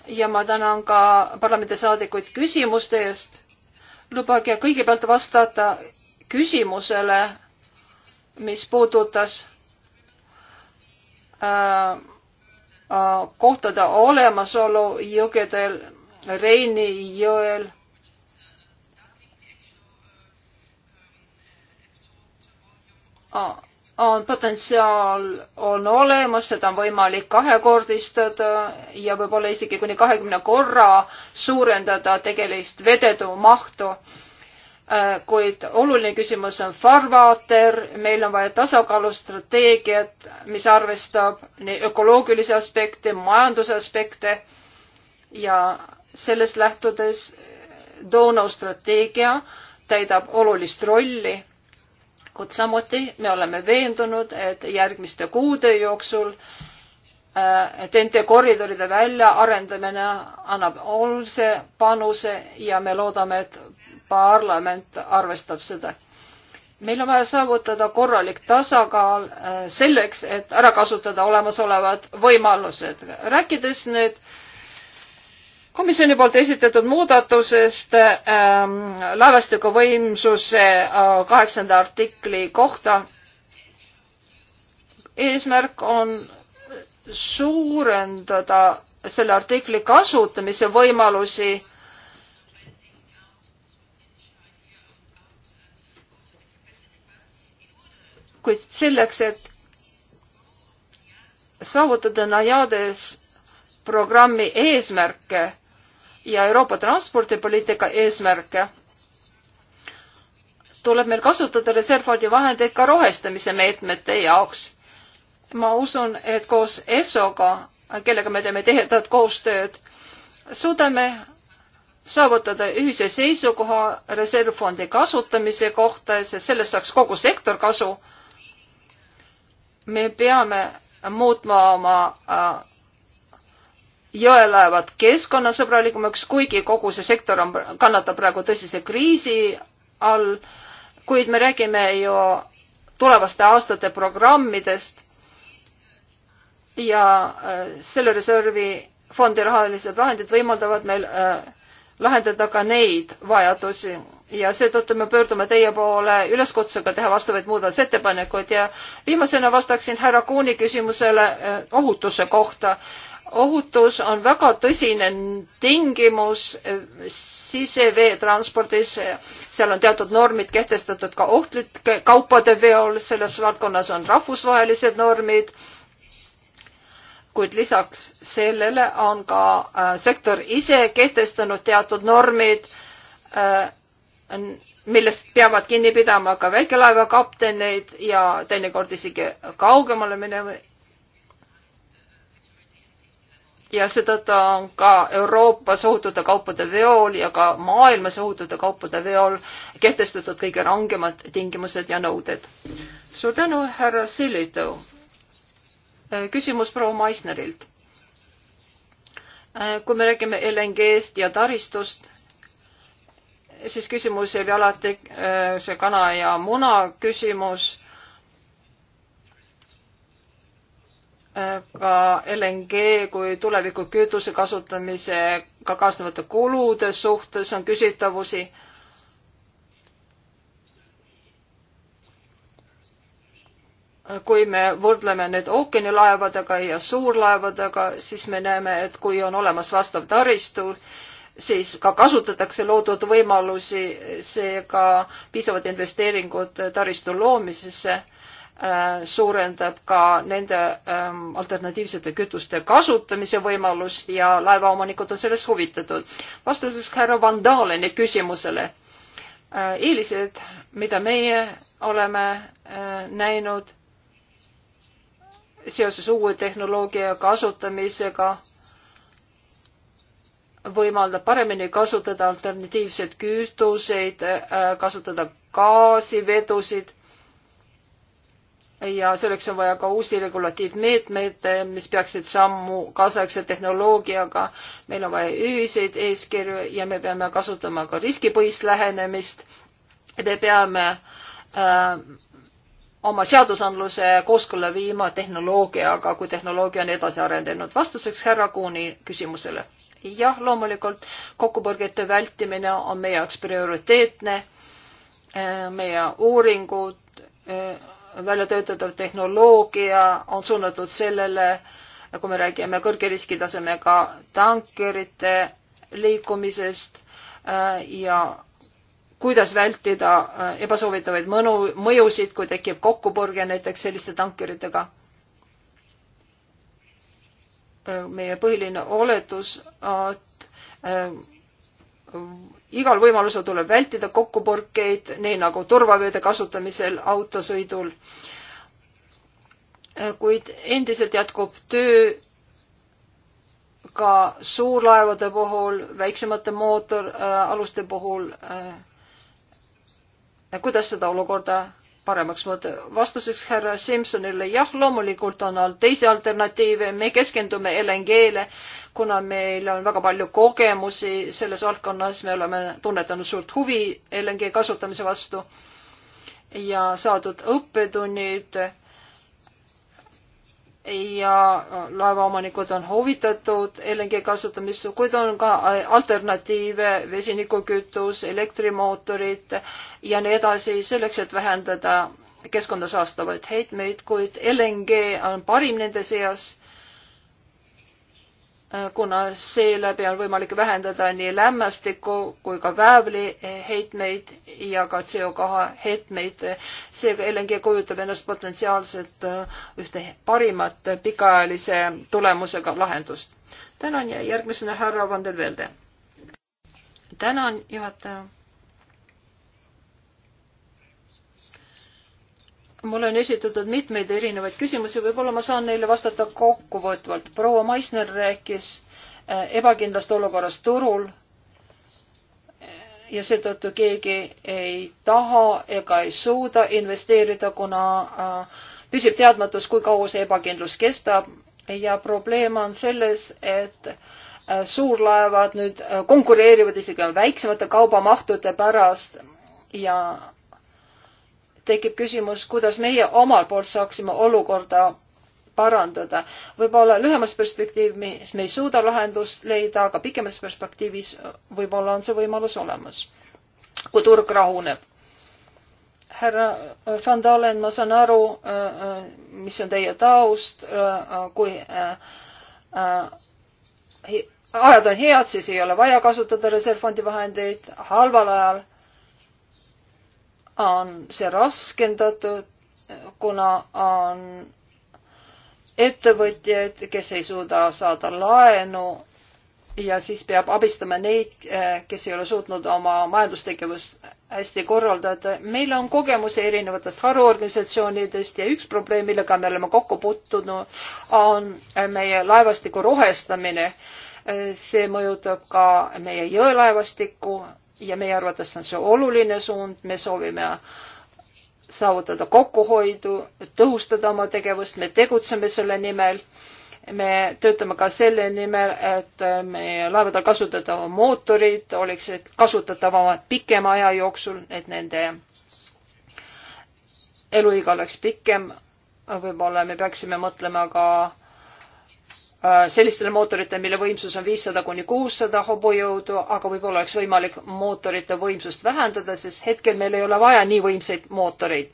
ja ma tänan ka parlamendisaadikuid küsimuste eest. lubage kõigepealt vastata küsimusele, mis puudutas äh, Äh, kohtade olemasolu jõgedel, Reini jõel. on potentsiaal on olemas, seda on võimalik kahekordistada ja võib-olla isegi kuni kahekümne korra suurendada tegelist vededu mahtu Äh, kuid oluline küsimus on farvaater, meil on vaja tasakaalustrateegiat, mis arvestab nii ökoloogilisi aspekte, majanduse aspekte ja sellest lähtudes Donau strateegia täidab olulist rolli. kuid samuti me oleme veendunud, et järgmiste kuude jooksul äh, TNT koridoride väljaarendamine annab olulise panuse ja me loodame, et parlament arvestab seda. meil on vaja saavutada korralik tasakaal äh, selleks, et ära kasutada olemasolevad võimalused. rääkides nüüd komisjoni poolt esitatud muudatusest ähm, laevastikuvõimsuse äh, kaheksanda äh, artikli kohta, eesmärk on suurendada selle artikli kasutamise võimalusi äh, kuid selleks, et saavutada Najades programmi eesmärke ja Euroopa transpordipoliitika eesmärke, tuleb meil kasutada reservfondi vahendeid ka rohestamise meetmete jaoks. ma usun, et koos ESO-ga, kellega me teeme tihedat koostööd, suudame saavutada ühise seisukoha reservfondi kasutamise kohta, sest sellest saaks kogu sektor kasu me peame muutma oma äh, jõelaevad keskkonnasõbralikumaks, kuigi kogu see sektor on, kannatab praegu tõsise kriisi all, kuid me räägime ju tulevaste aastate programmidest ja äh, selle reservi fondi rahalised vahendid võimaldavad meil äh, lahendada ka neid vajadusi ja seetõttu me pöördume teie poole üleskutsega teha vastavaid muudatusettepanekuid ja viimasena vastaksin härra Kuuni küsimusele eh, ohutuse kohta. ohutus on väga tõsine tingimus eh, siseveetranspordis, seal on teatud normid kehtestatud ka ohtlike kaupade veol, selles valdkonnas on rahvusvahelised normid kuid lisaks sellele on ka äh, sektor ise kehtestanud teatud normid, äh, millest peavad kinni pidama ka väikelaevakapteneid ja teinekord isegi kaugemale minevad ja seetõttu on ka Euroopas ohutute kaupade veol ja ka maailmas ohutute kaupade veol kehtestatud kõige rangemad tingimused ja nõuded. suur tänu, härra Sillitõu. Äh, küsimus proua Maisnerilt. Äh, kui me räägime LNG-st ja taristust, siis küsimus oli alati äh, see kana ja muna küsimus. ka LNG kui tuleviku kütuse kasutamisega ka kaasnevate kulude suhtes on küsitavusi kui me võrdleme nüüd ookeanilaevadega ja suurlaevadega, siis me näeme, et kui on olemas vastav taristu, siis ka kasutatakse loodud võimalusi, seega piisavad investeeringud taristu loomisesse äh, suurendab ka nende ähm, alternatiivsete kütuste kasutamise võimalust ja laevaomanikud on sellest huvitatud. vastuseks härra Van Daleni küsimusele. Äh, eelised, mida meie oleme äh, näinud seoses uue tehnoloogia kasutamisega võimaldab paremini kasutada alternatiivseid kütuseid, äh, kasutada gaasivedusid ja selleks on vaja ka uusi regulatiivmeetmeid, mis peaksid sammu kaasaegse tehnoloogiaga. meil on vaja ühiseid eeskirju ja me peame kasutama ka riskipõhist lähenemist. me peame äh, oma seadusandluse kooskõlla viima tehnoloogiaga, kui tehnoloogia on edasi arenenud. vastuseks härra Kuuni küsimusele. jah, loomulikult kokkupõrgete vältimine on meie jaoks prioriteetne. Äh, meie uuringud, äh, välja töötatav tehnoloogia on suunatud sellele, kui me räägime kõrge riskitasemega tankerite liikumisest äh, ja kuidas vältida äh, ebasoovitavaid mõnu, mõjusid, kui tekib kokkupõrge näiteks selliste tankeritega. Äh, meie põhiline oletus, et äh, igal võimalusel tuleb vältida kokkupõrkeid, nii nagu turvavööde kasutamisel autosõidul. kuid endiselt jätkub töö ka suurlaevade puhul, väiksemate mootoraluste puhul äh, kuidas seda olukorda paremaks muuta. vastuseks härra Simsonile, jah, loomulikult on olnud teisi alternatiive, me keskendume LNG-le, kuna meil on väga palju kogemusi selles valdkonnas, me oleme tunnetanud suurt huvi LNG kasutamise vastu ja saadud õppetunnid ja äh, laevaomanikud on huvitatud LNG kasutamist, kuid on ka äh, alternatiive, vesinikukütus, elektrimootorid ja nii edasi, selleks et vähendada keskkonda saastavaid heitmeid, kuid LNG on parim nende seas Äh, kuna seeläbi on võimalik vähendada nii lämmastiku kui ka väävli heitmeid ja ka CO2 heitmeid. seega LNG kujutab endast potentsiaalselt äh, ühte parimat pikaajalise tulemusega lahendust. tänan ja järgmisena härra Van der Velde. tänan, juhataja mulle on esitatud mitmeid erinevaid küsimusi, võib-olla ma saan neile vastata kokkuvõtvalt. proua Maisner rääkis äh, ebakindlast olukorrast turul äh, ja seetõttu keegi ei taha ega ei suuda investeerida, kuna äh, püsib teadmatus, kui kaua see ebakindlus kestab ja probleem on selles, et suurlaevad nüüd konkureerivad isegi väiksemate kaubamahtude pärast ja tekib küsimus, kuidas meie omalt poolt saaksime olukorda parandada. võib-olla lühemas perspektiivis me ei suuda lahendust leida, aga pikemas perspektiivis võib-olla on see võimalus olemas, kui turg rahuneb. härra äh, Van Dalen, ma saan aru, äh, äh, mis on teie taust, kui ajad on head, siis ei ole vaja kasutada reservfondi vahendeid, halval ajal on see raskendatud, kuna on ettevõtjaid, kes ei suuda saada laenu ja siis peab abistama neid, kes ei ole suutnud oma majandustegevust hästi korraldada. meil on kogemusi erinevatest haruorganisatsioonidest ja üks probleem, millega me oleme kokku puutunud, on meie laevastiku rohestamine. see mõjutab ka meie jõelaevastikku ja meie arvates on see oluline suund, me soovime saavutada kokkuhoidu, tõhustada oma tegevust, me tegutseme selle nimel. me töötame ka selle nimel, et meie laevadel kasutatavad mootorid oleksid kasutatavamad pikema aja jooksul, et nende eluiga oleks pikem. võib-olla me peaksime mõtlema ka äh, Äh, sellistele mootoritele, mille võimsus on viissada kuni kuussada hobujõudu, aga võib-olla oleks võimalik mootorite võimsust vähendada, sest hetkel meil ei ole vaja nii võimsaid mootoreid.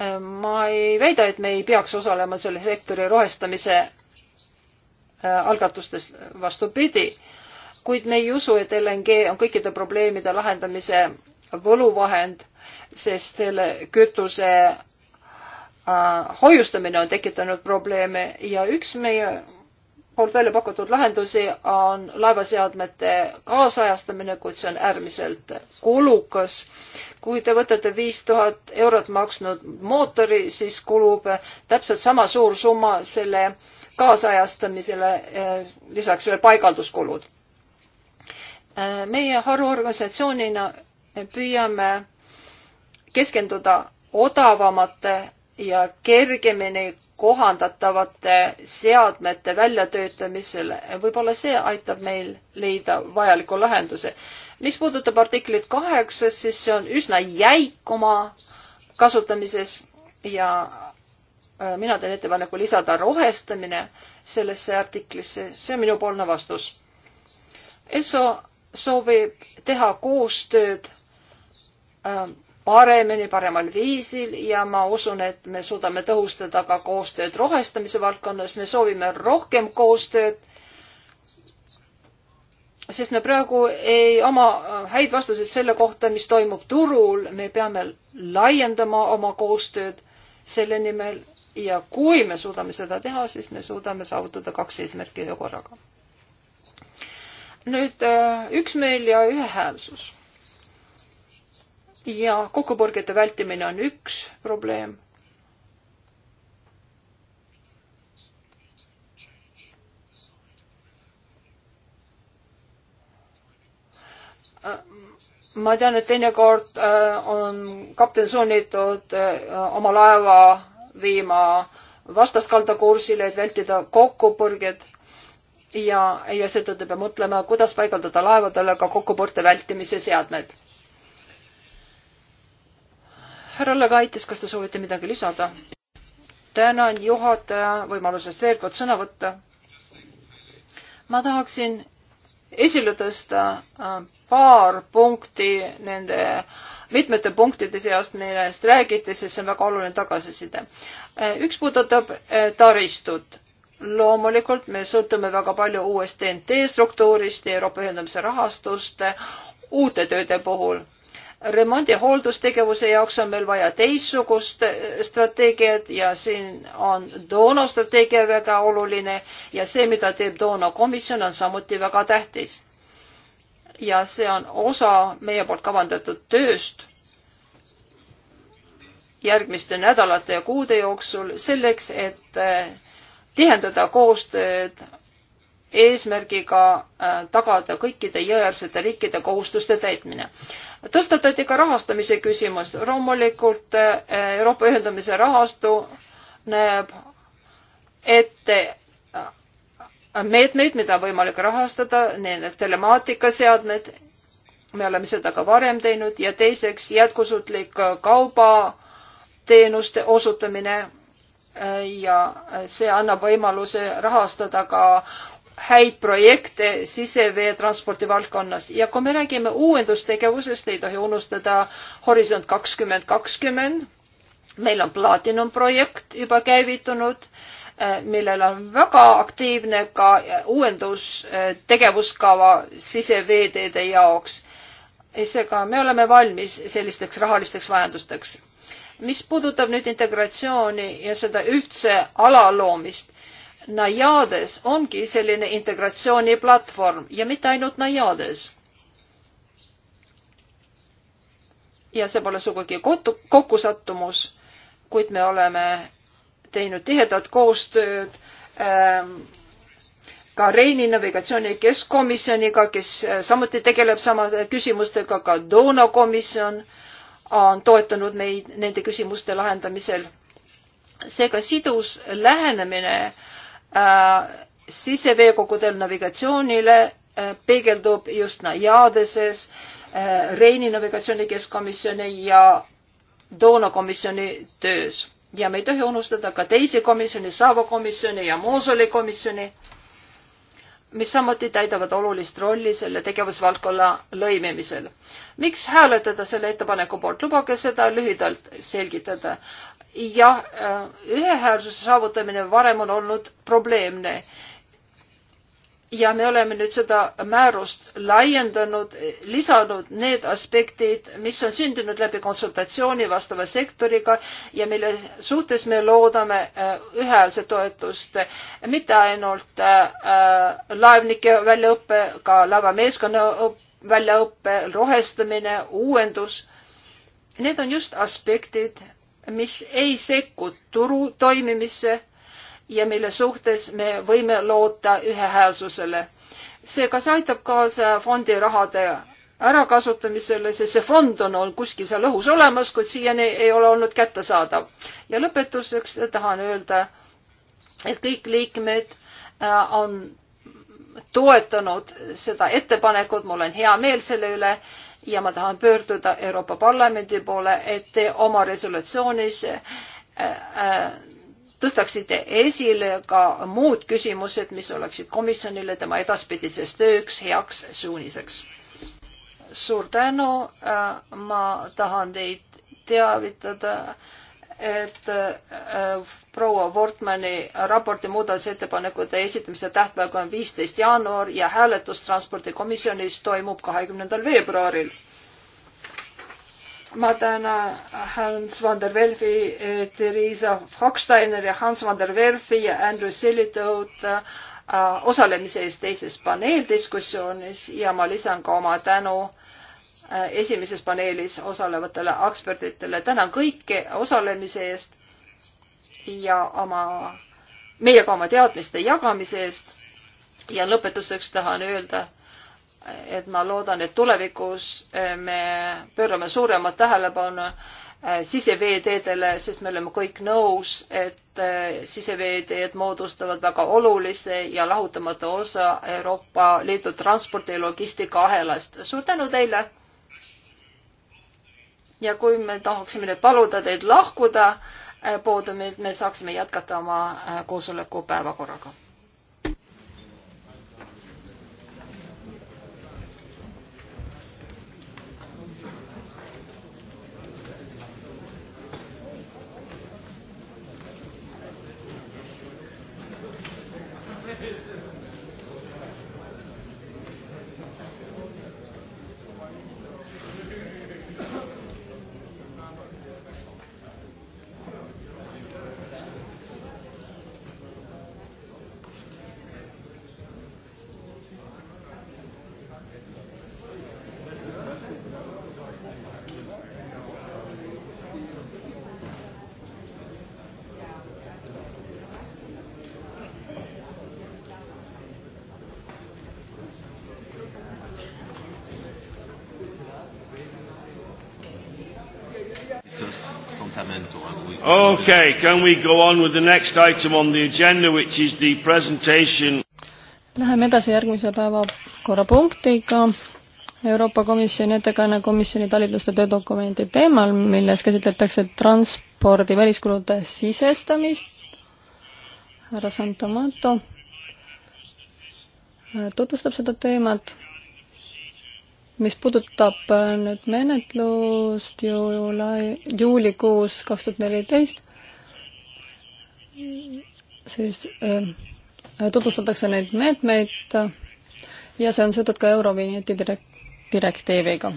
Äh, ma ei väida, et me ei peaks osalema selle sektori rohestamise äh, algatustes, vastupidi, kuid me ei usu, et LNG on kõikide probleemide lahendamise võluvahend, sest selle kütuse Äh, hoiustamine on tekitanud probleeme ja üks meie poolt välja pakutud lahendusi on laevaseadmete kaasajastamine, kuid see on äärmiselt kulukas. kui te võtate viis tuhat eurot maksnud mootori, siis kulub täpselt sama suur summa selle kaasajastamisele, eh, lisaks veel paigalduskulud. Eh, meie haruorganisatsioonina püüame keskenduda odavamate ja kergemini kohandatavate seadmete väljatöötamisel. võib-olla see aitab meil leida vajaliku lahenduse. mis puudutab artiklit kaheksas, siis see on üsna jäik oma kasutamises ja äh, mina teen ettepaneku lisada rohestamine sellesse artiklisse, see on minupoolne vastus. ESO soovib teha koostööd äh, paremini, paremal viisil ja ma usun, et me suudame tõhustada ka koostööd rohestamise valdkonnas, me soovime rohkem koostööd. sest me praegu ei oma häid vastuseid selle kohta, mis toimub turul, me peame laiendama oma koostööd selle nimel ja kui me suudame seda teha, siis me suudame saavutada kaks eesmärki ühe korraga. nüüd äh, üksmeel ja ühehäälsus ja kokkupõrgete vältimine on üks probleem. ma tean, et teinekord äh, on kapten sunnitud äh, oma laeva viima vastaskalda kursile, et vältida kokkupõrged ja, ja seetõttu peab mõtlema, kuidas paigaldada laevadele ka kokkupõrte vältimise seadmed härra Lõgaitis, kas te soovite midagi lisada? tänan juhataja võimalusest veel kord sõna võtta. ma tahaksin esile tõsta äh, paar punkti nende mitmete punktide seast, millest räägiti, sest see on väga oluline tagasiside. Äh, üks puudutab äh, taristut loomulikult me sõltume väga palju uuest TNT struktuurist ja Euroopa ühendamise rahastust uute tööde puhul remondi hooldustegevuse jaoks on meil vaja teistsugust eh, strateegiat ja siin on Doono strateegia väga oluline ja see, mida teeb Doono komisjon, on samuti väga tähtis. ja see on osa meie poolt kavandatud tööst järgmiste nädalate ja kuude jooksul selleks, et eh, tihendada koostööd eesmärgiga eh, tagada kõikide jõeäärsete riikide kohustuste täitmine tõstatati ka rahastamise küsimus. loomulikult eh, Euroopa ühendamise rahastu näeb ette eh, meetmeid, mida on võimalik rahastada, need telemaatikaseadmed, me oleme seda ka varem teinud ja teiseks jätkusuutlik kaubateenuste osutamine eh, ja see annab võimaluse rahastada ka häid projekte siseveetranspordi valdkonnas ja kui me räägime uuendustegevusest, ei tohi unustada Horisont kakskümmend kakskümmend. meil on Platinum projekt juba käivitunud, eh, millel on väga aktiivne ka uuendustegevuskava eh, siseveeteede jaoks. seega me oleme valmis sellisteks rahalisteks vajadusteks mis puudutab nüüd integratsiooni ja seda ühtse ala loomist, Najades ongi selline integratsiooniplatvorm ja mitte ainult Najades. ja see pole sugugi kotu-, kokkusattumus, kuid me oleme teinud tihedat koostööd ähm, ka Reini navigatsiooni keskkomisjoniga, kes äh, samuti tegeleb samade äh, küsimustega, ka Doona komisjon on toetanud meid nende küsimuste lahendamisel. seega sidus lähenemine Äh, siseveekogudel navigatsioonile äh, peegeldub just Najadeses äh, Reini navigatsiooni keskkomisjoni ja Doona komisjoni töös ja me ei tohi unustada ka teisi komisjoni, Saavo komisjoni ja Moosoli komisjoni, mis samuti täidavad olulist rolli selle tegevusvaldkonna lõimimisel. miks hääletada selle ettepaneku poolt, lubage seda lühidalt selgitada jah, äh, ühehäälsuse saavutamine varem on olnud probleemne. ja me oleme nüüd seda määrust laiendanud, lisanud need aspektid, mis on sündinud läbi konsultatsiooni vastava sektoriga ja mille suhtes me loodame äh, ühehäälset toetust. mitte ainult äh, laevnike väljaõpe, ka laevameeskonna väljaõpe, rohestamine, uuendus. Need on just aspektid, mis ei sekku turu toimimisse ja mille suhtes me võime loota ühehäälsusele. seega see aitab kaasa fondi rahade ärakasutamisele, sest see fond on, on kuskil seal õhus olemas, kuid siiani ei ole olnud kättesaadav. ja lõpetuseks tahan öelda, et kõik liikmed äh, on toetanud seda ettepanekut, mul on hea meel selle üle ja ma tahan pöörduda Euroopa Parlamendi poole, et te oma resolutsioonis äh, äh, tõstaksite esile ka muud küsimused, mis oleksid komisjonile tema edaspidises tööks heaks suuniseks. suur tänu, äh, ma tahan teid teavitada, et proua Wortmanni raporti muudatusettepanekute esitamise tähtpäev on viisteist jaanuar ja hääletus transpordikomisjonis toimub kahekümnendal veebruaril. ma tänan Hans van der Werfi, Theresa Hochsteiner ja Hans van der Werfi ja Andrew Sillitood äh, osalemise eest teises paneeldiskussioonis ja ma lisan ka oma tänu äh, esimeses paneelis osalevatele ekspertidele. tänan kõiki osalemise eest ja oma, meiega oma teadmiste jagamise eest. ja lõpetuseks tahan öelda, et ma loodan, et tulevikus äh, me pöörame suuremat tähelepanu äh, siseveeteedele, sest me oleme kõik nõus, et äh, siseveeteed moodustavad väga olulise ja lahutamatu osa Euroopa Liidu transpordi ja logistika ahelast. suur tänu teile! ja kui me tahaksime nüüd paluda teid lahkuda, poodumilt me saaksime jätkata oma äh, koosoleku päevakorraga. Okay, can we go on with the next item on the agenda, which is the presentation? Läheme edasi järgmise päevakorrapunktiga. Euroopa Komisjoni ettekanne komisjoni talitluste töödokumendi teemal, milles käsitletakse transpordi väliskulude sisestamist. härra Santamato tutvustab seda teemat mis puudutab äh, nüüd menetlust juuli, juulikuus kaks tuhat neliteist, siis äh, tutvustatakse neid meetmeid ja see on seotud ka Eurovinjeti direk-, direktiiviga.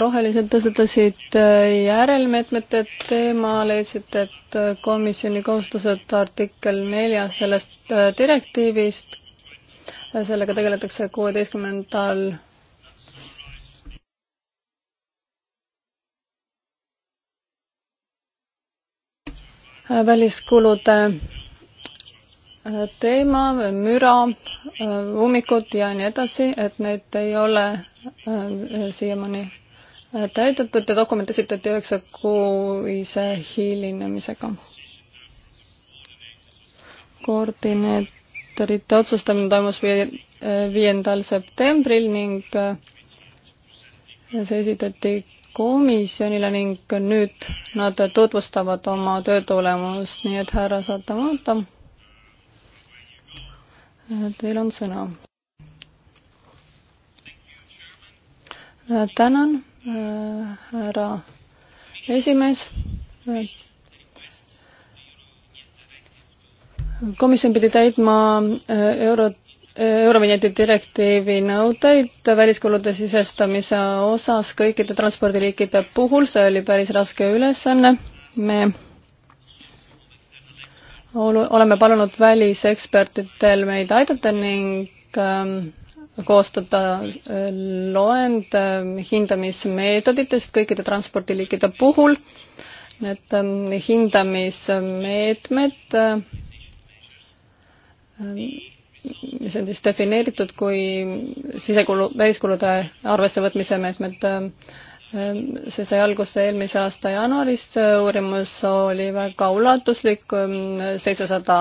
rohelised tõstatasid äh, järelmeetmete teema, leidsid, et komisjoni kohustused artikkel nelja sellest direktiivist sellega tegeletakse kuueteistkümnendal väliskulude teema, müra, ummikud ja nii edasi, et need ei ole äh, siiamaani täidetud ja dokument esitati üheksakuise hilinemisega. koordineet-, koordinaatorite otsustamine toimus viiendal septembril ning äh, see esitati komisjonile ning nüüd nad tutvustavad oma töö tulemust, nii et härra Satamata, äh, teil on sõna. Äh, tänan, härra esimees komisjon pidi täitma äh, euro, äh, Eurovinjeti direktiivi nõudeid väliskulude sisestamise osas kõikide transpordiliikide puhul, see oli päris raske ülesanne. me oleme palunud välisekspertidel meid aidata ning ähm, koostada äh, loend hindamismeetoditest kõikide transpordiliikide puhul. Need ähm, hindamismeetmed mis ähm, on siis defineeritud kui sisekulu, väliskulude arvesse võtmise meetmed. Ähm, ähm, see sai alguse eelmise aasta jaanuaris, uurimus oli väga ulatuslik, seitsesada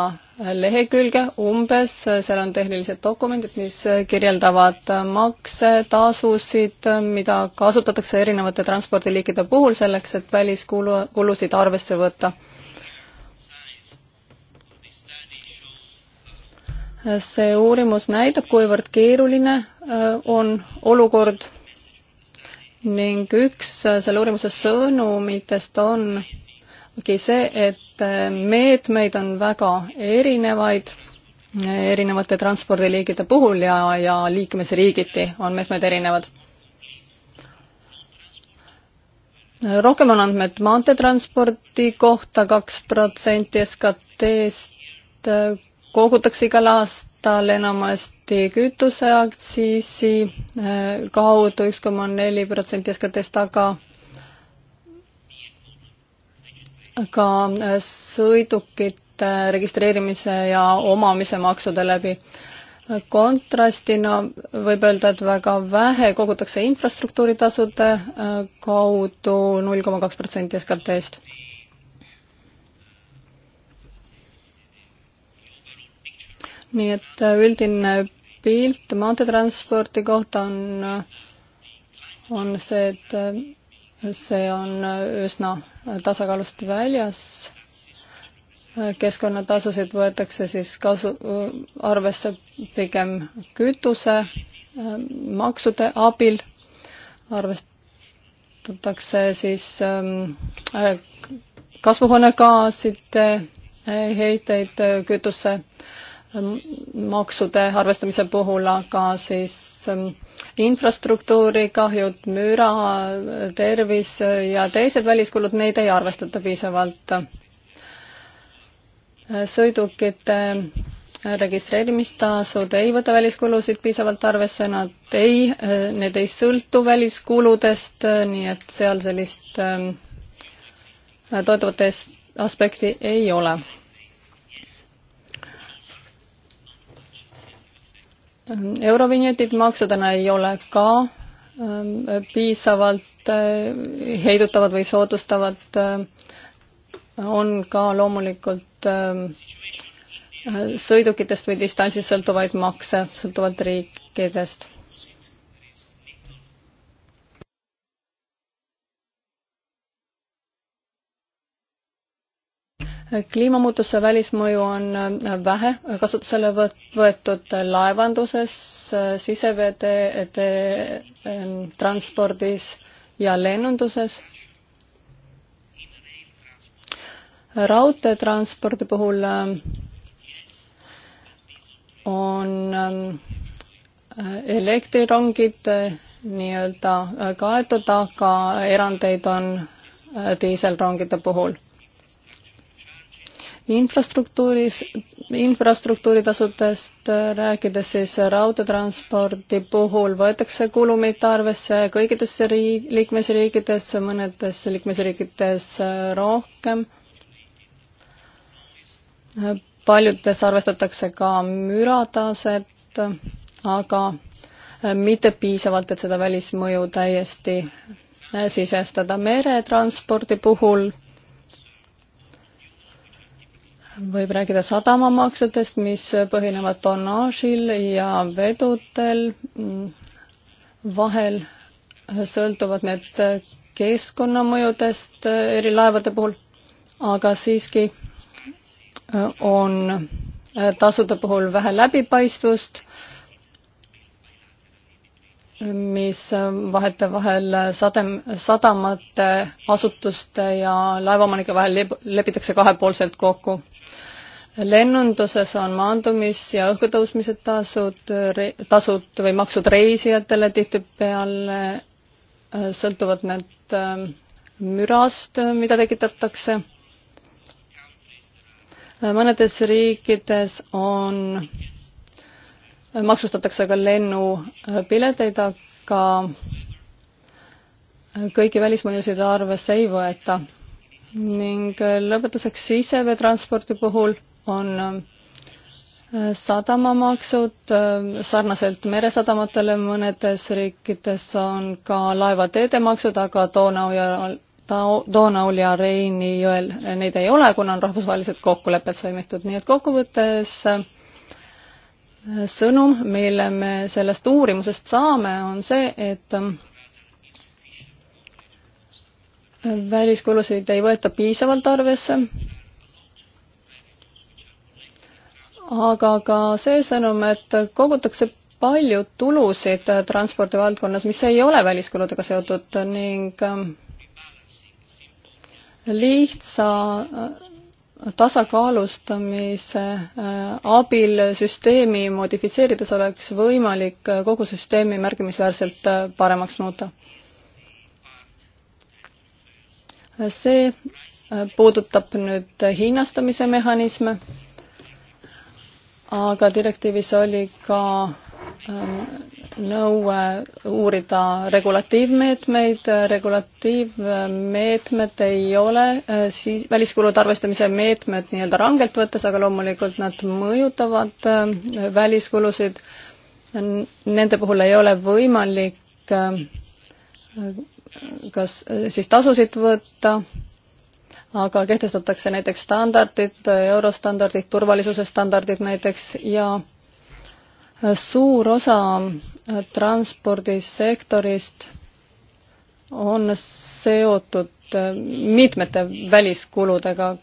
lehekülge umbes, seal on tehnilised dokumendid, mis kirjeldavad makse, tasusid, mida kasutatakse erinevate transpordiliikide puhul selleks, et väliskulu, kulusid arvesse võtta see uurimus näitab, kuivõrd keeruline äh, on olukord ning üks äh, selle uurimuse sõnumitest ongi see, et äh, meetmeid on väga erinevaid erinevate transpordiliigide puhul ja, ja liikmesriigiti on meetmed erinevad rohkem on andmed maanteetranspordi kohta kaks protsenti SKT-st, kogutakse igal aastal enamasti kütuseaktsiisi eh, kaudu üks koma neli protsenti SKT-st, aga ka eh, sõidukite registreerimise ja omamise maksude läbi. kontrastina võib öelda, et väga vähe kogutakse infrastruktuuritasude eh, kaudu null koma kaks protsenti SKT-st nii et äh, üldine pilt maanteetranspordi kohta on, äh, on see, et äh, see on üsna tasakaalust väljas. keskkonnatasusid võetakse siis kasu, arvesse pigem kütuse maksude abil, arvestatakse siis ähm, kasvuhoonegaaside heiteid kütuse Ähm, maksude arvestamise puhul, aga siis ähm, infrastruktuuri kahjud, müra, tervis ja teised väliskulud, neid ei arvestata piisavalt. Äh, sõidukite registreerimistasud ei võta väliskulusid piisavalt arvesse, nad ei, äh, need ei sõltu väliskuludest, äh, nii et seal sellist ähm, toetavat aspekti ei ole eurovinjetid, maksudena ei ole ka ähm, piisavalt äh, heidutavad või soodustavad, äh, on ka loomulikult ähm, äh, sõidukitest või distantsist sõltuvaid makse, sõltuvalt riikidest kliimamuutuse välismõju on äh, vähe kasutusele võetud laevanduses, äh, sisevede, ähm, transpordis ja lennunduses. raudteetranspordi puhul äh, on elektrirongid nii-öelda kaetud, aga erandeid on diiselrongide puhul infrastruktuuris, infrastruktuuritasudest rääkides, siis raudteetranspordi puhul võetakse kulumeid arvesse kõikidesse riik-, liikmesriikides, mõnedes liikmesriikides rohkem. paljudes arvestatakse ka mürataset, aga mitte piisavalt, et seda välismõju täiesti sisestada. meretranspordi puhul võib rääkida sadamamaksudest, mis põhinevad tonnaažil ja vedudel. Mm, vahel sõltuvad need keskkonnamõjudest eri laevade puhul, aga siiski äh, on äh, tasude puhul vähe läbipaistvust, mis äh, vahetevahel sadem, sadamate asutuste ja laevaomanike vahel lepitakse kahepoolselt kokku lennunduses on maandumis- ja õhkutõusmise tasud, tasud või maksud reisijatele tihtipeale äh, sõltuvad need äh, mürast, äh, mida tekitatakse. mõnedes riikides on, maksustatakse ka lennupileteid, aga kõiki välismõjusid arvesse ei võeta. ning lõpetuseks siseveetranspordi puhul on äh, sadamamaksud, äh, sarnaselt meresadamatele mõnedes riikides on ka laevateede maksud, aga Donau ja Donaul ja Reini jõel neid ei ole, kuna on rahvusvahelised kokkulepped sõlmitud, nii et kokkuvõttes äh, sõnum, mille me sellest uurimusest saame, on see, et väliskulusid ei võeta piisavalt arvesse aga ka see sõnum, et kogutakse palju tulusid transpordi valdkonnas, mis ei ole väliskuludega seotud ning ähm, lihtsa äh, tasakaalustamise äh, abil süsteemi modifitseerides oleks võimalik kogu süsteemi märkimisväärselt äh, paremaks muuta. see puudutab nüüd hinnastamise mehhanisme aga direktiivis oli ka ähm, nõue uurida regulatiivmeetmeid, regulatiivmeetmed ei ole äh, siis väliskulude arvestamise meetmed nii-öelda rangelt võttes, aga loomulikult nad mõjutavad äh, väliskulusid. Nende puhul ei ole võimalik äh, kas siis tasusid võtta aga kehtestatakse näiteks standardid, eurostandardid, turvalisuse standardid näiteks ja suur osa transpordisektorist on seotud mitmete väliskuludega.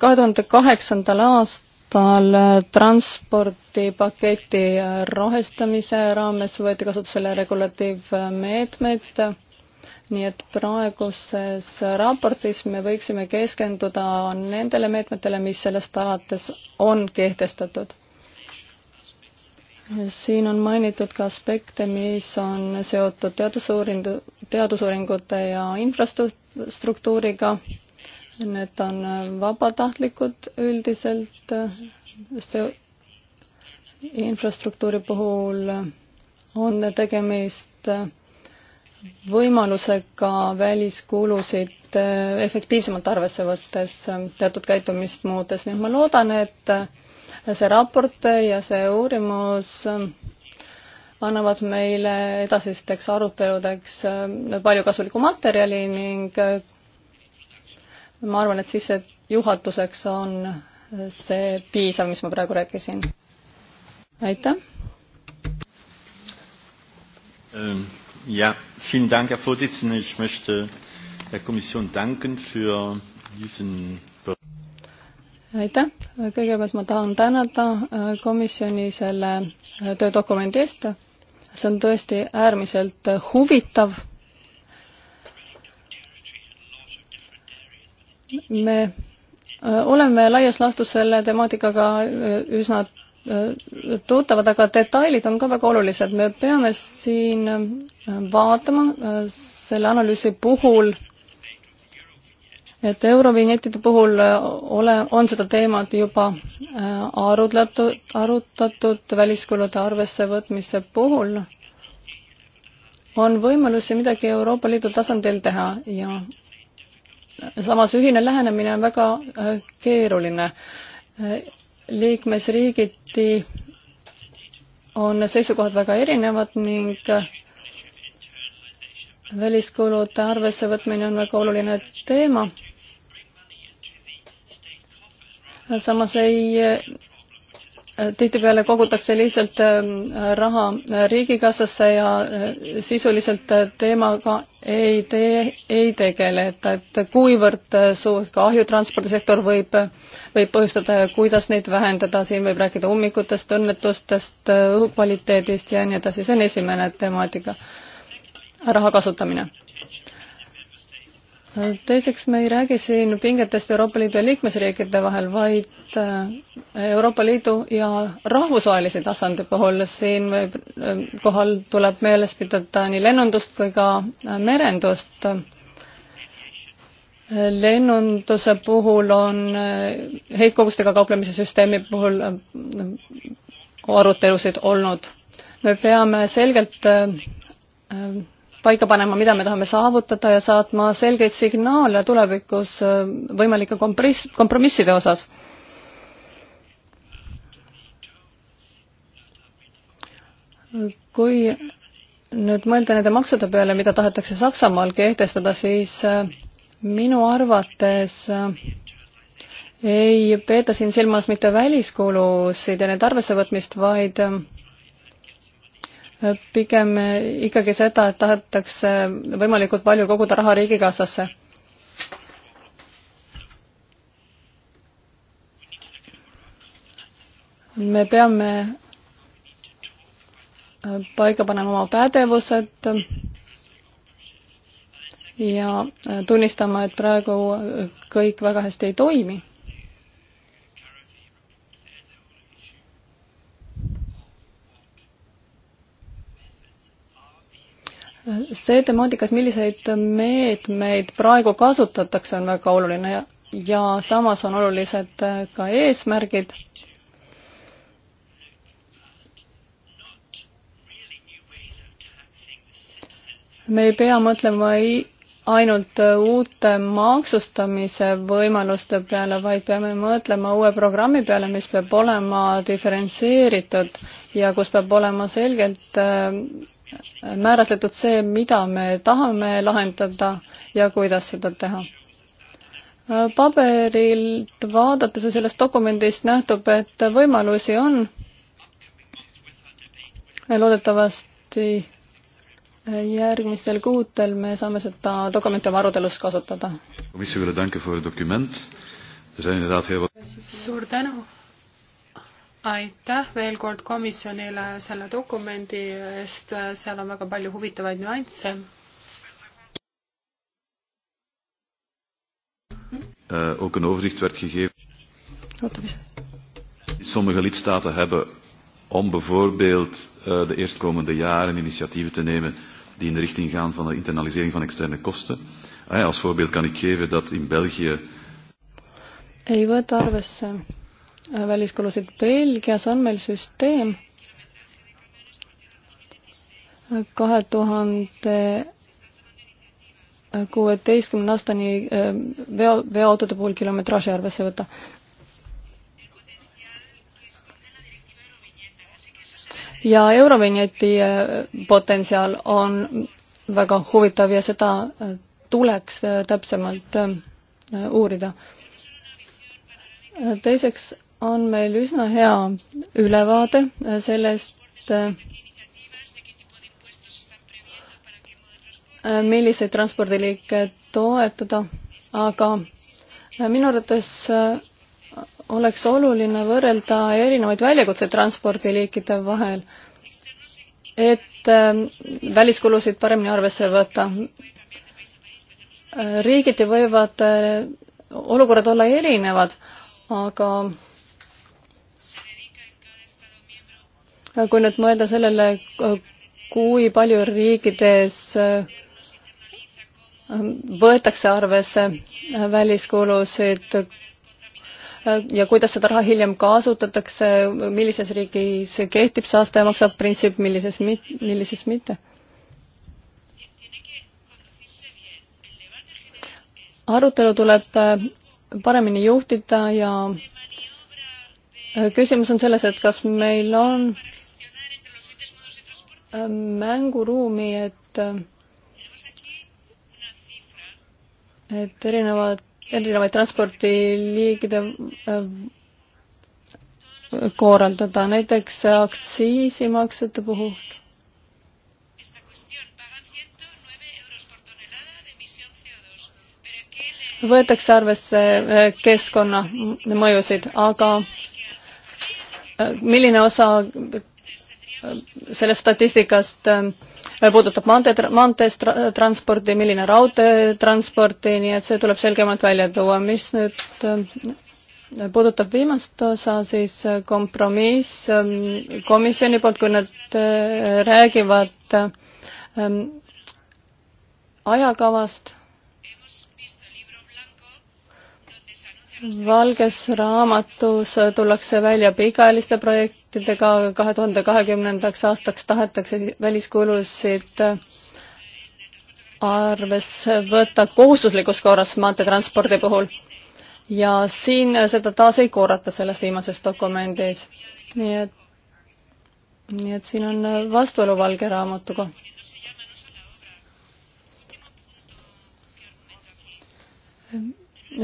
kahe tuhande kaheksandal aastal transpordipaketi rohestamise raames võeti kasutusele regulatiivmeetmed nii et praeguses raportis me võiksime keskenduda nendele meetmetele, mis sellest alates on kehtestatud. siin on mainitud ka aspekte, mis on seotud teadusuuringu, teadusuuringute ja infrastruktuuriga need on vabatahtlikud üldiselt, see infrastruktuuri puhul on tegemist võimalusega väliskulusid äh, efektiivsemalt arvesse võttes äh, teatud käitumist muutes, nii et ma loodan, et äh, see raport ja see uurimus annavad meile edasisteks aruteludeks palju kasulikku materjali ning ma arvan, et sissejuhatuseks on see piisav, mis ma praegu rääkisin. aitäh ähm.. Ja, vielen Dank, Herr Vorsitzender. Ich möchte der Kommission danken für diesen aitäh, kõigepealt ma tahan tänada äh, komisjoni selle äh, töödokumendi eest. see on tõesti äärmiselt äh, huvitav. me oleme laias laastus selle temaatikaga üsna Äh, tuttavad, aga detailid on ka väga olulised, me peame siin äh, vaatama äh, selle analüüsi puhul, et Eurovinjettide puhul ole, on seda teemat juba arutletud, arutatud väliskulude arvessevõtmise puhul, on võimalusi midagi Euroopa Liidu tasandil teha ja samas ühine lähenemine on väga keeruline liikmesriigid samuti on seisukohad väga erinevad ning väliskulude arvesse võtmine on väga oluline teema. samas ei tihtipeale kogutakse lihtsalt ähm, raha äh, riigikassasse ja äh, sisuliselt äh, teemaga ei tee, ei tegeleta, et kuivõrd suurt kahju transpordisektor võib, võib põhjustada ja kuidas neid vähendada, siin võib rääkida ummikutest, õnnetustest, õhukvaliteedist ja nii edasi, see on esimene temaatika, raha kasutamine teiseks, me ei räägi siin pingetest Euroopa Liidu ja liikmesriikide vahel, vaid äh, Euroopa Liidu ja rahvusvahelise tasandi puhul, siin äh, kohal tuleb meeles pidada nii lennundust kui ka äh, merendust. lennunduse puhul on heitkogustega kauplemise süsteemi puhul arutelusid olnud. me peame selgelt paika panema, mida me tahame saavutada ja saatma selgeid signaale tulevikus äh, võimalike kompromiss, kompromisside osas. kui nüüd mõelda nende maksude peale, mida tahetakse Saksamaal kehtestada, siis äh, minu arvates äh, ei peeta siin silmas mitte väliskulusid ja nende arvessevõtmist, vaid pigem ikkagi seda, et tahetakse võimalikult palju koguda raha Riigikassasse. me peame äh, paika panema oma pädevused ja äh, tunnistama, et praegu kõik väga hästi ei toimi see temaatika, et milliseid meetmeid praegu kasutatakse, on väga oluline ja, ja samas on olulised ka eesmärgid. me ei pea mõtlema ei, ainult uute maksustamise võimaluste peale, vaid peame mõtlema uue programmi peale, mis peab olema diferentseeritud ja kus peab olema selgelt äh, määratletud see, mida me tahame lahendada ja kuidas seda teha. paberilt vaadates ja sellest dokumendist nähtub, et võimalusi on. loodetavasti järgmistel kuudel me saame seda dokumenti oma arutelus kasutada. Er suur tänu aitäh veel kord komisjonile selle dokumendi eest, seal on väga palju huvitavaid nüansse. Uh, ook een overzicht werd gegeven. Sommige lidstaten hebben om bijvoorbeeld uh, de eerstkomende jaren initiatieven te nemen die in de richting gaan van de internalisering van externe kosten. Uh, als voorbeeld kan ik geven dat in België. Ei võta arvesse väliskulusid. Belgias on meil süsteem kahe tuhande kuueteistkümne aastani eh, veo, veoautode puhul kilometraaži arvesse võtta. ja Eurovinjeti eh, potentsiaal on väga huvitav ja seda eh, tuleks täpsemalt uurida. teiseks on meil üsna hea ülevaade äh, sellest, äh, äh, milliseid transpordiliike toetada, aga minu arvates oleks oluline võrrelda erinevaid väljakutseid transpordiliikide vahel, et väliskulusid paremini arvesse võtta. riigiti võivad olukorrad olla erinevad, aga kui nüüd mõelda sellele, kui palju riikides äh, võetakse arvesse väliskulusid ja kuidas seda raha hiljem kasutatakse, millises riigis kehtib saastaja maksab printsiip, millises mit-, millises mitte? arutelu tuleb äh, paremini juhtida ja küsimus on selles, et kas meil on äh, mänguruumi, et äh, et erinevad, erinevaid transpordiliigide äh, korraldada, näiteks aktsiisimaksete puhul. võetakse arvesse keskkonnamõjusid, aga milline osa sellest statistikast äh, puudutab maantee, maanteetransporti, milline raudteetransporti, nii et see tuleb selgemalt välja tuua. mis nüüd äh, puudutab viimast osa, siis äh, kompromiss ähm, komisjoni poolt, kui nad räägivad ähm, ajakavast valges raamatus tullakse välja pikaajaliste projektidega, kahe tuhande kahekümnendaks aastaks tahetakse väliskulusid arvesse võtta kohustuslikus korras maanteetranspordi puhul. ja siin seda taas ei korrata selles viimases dokumendis. nii et, nii et siin on vastuolu valge raamatuga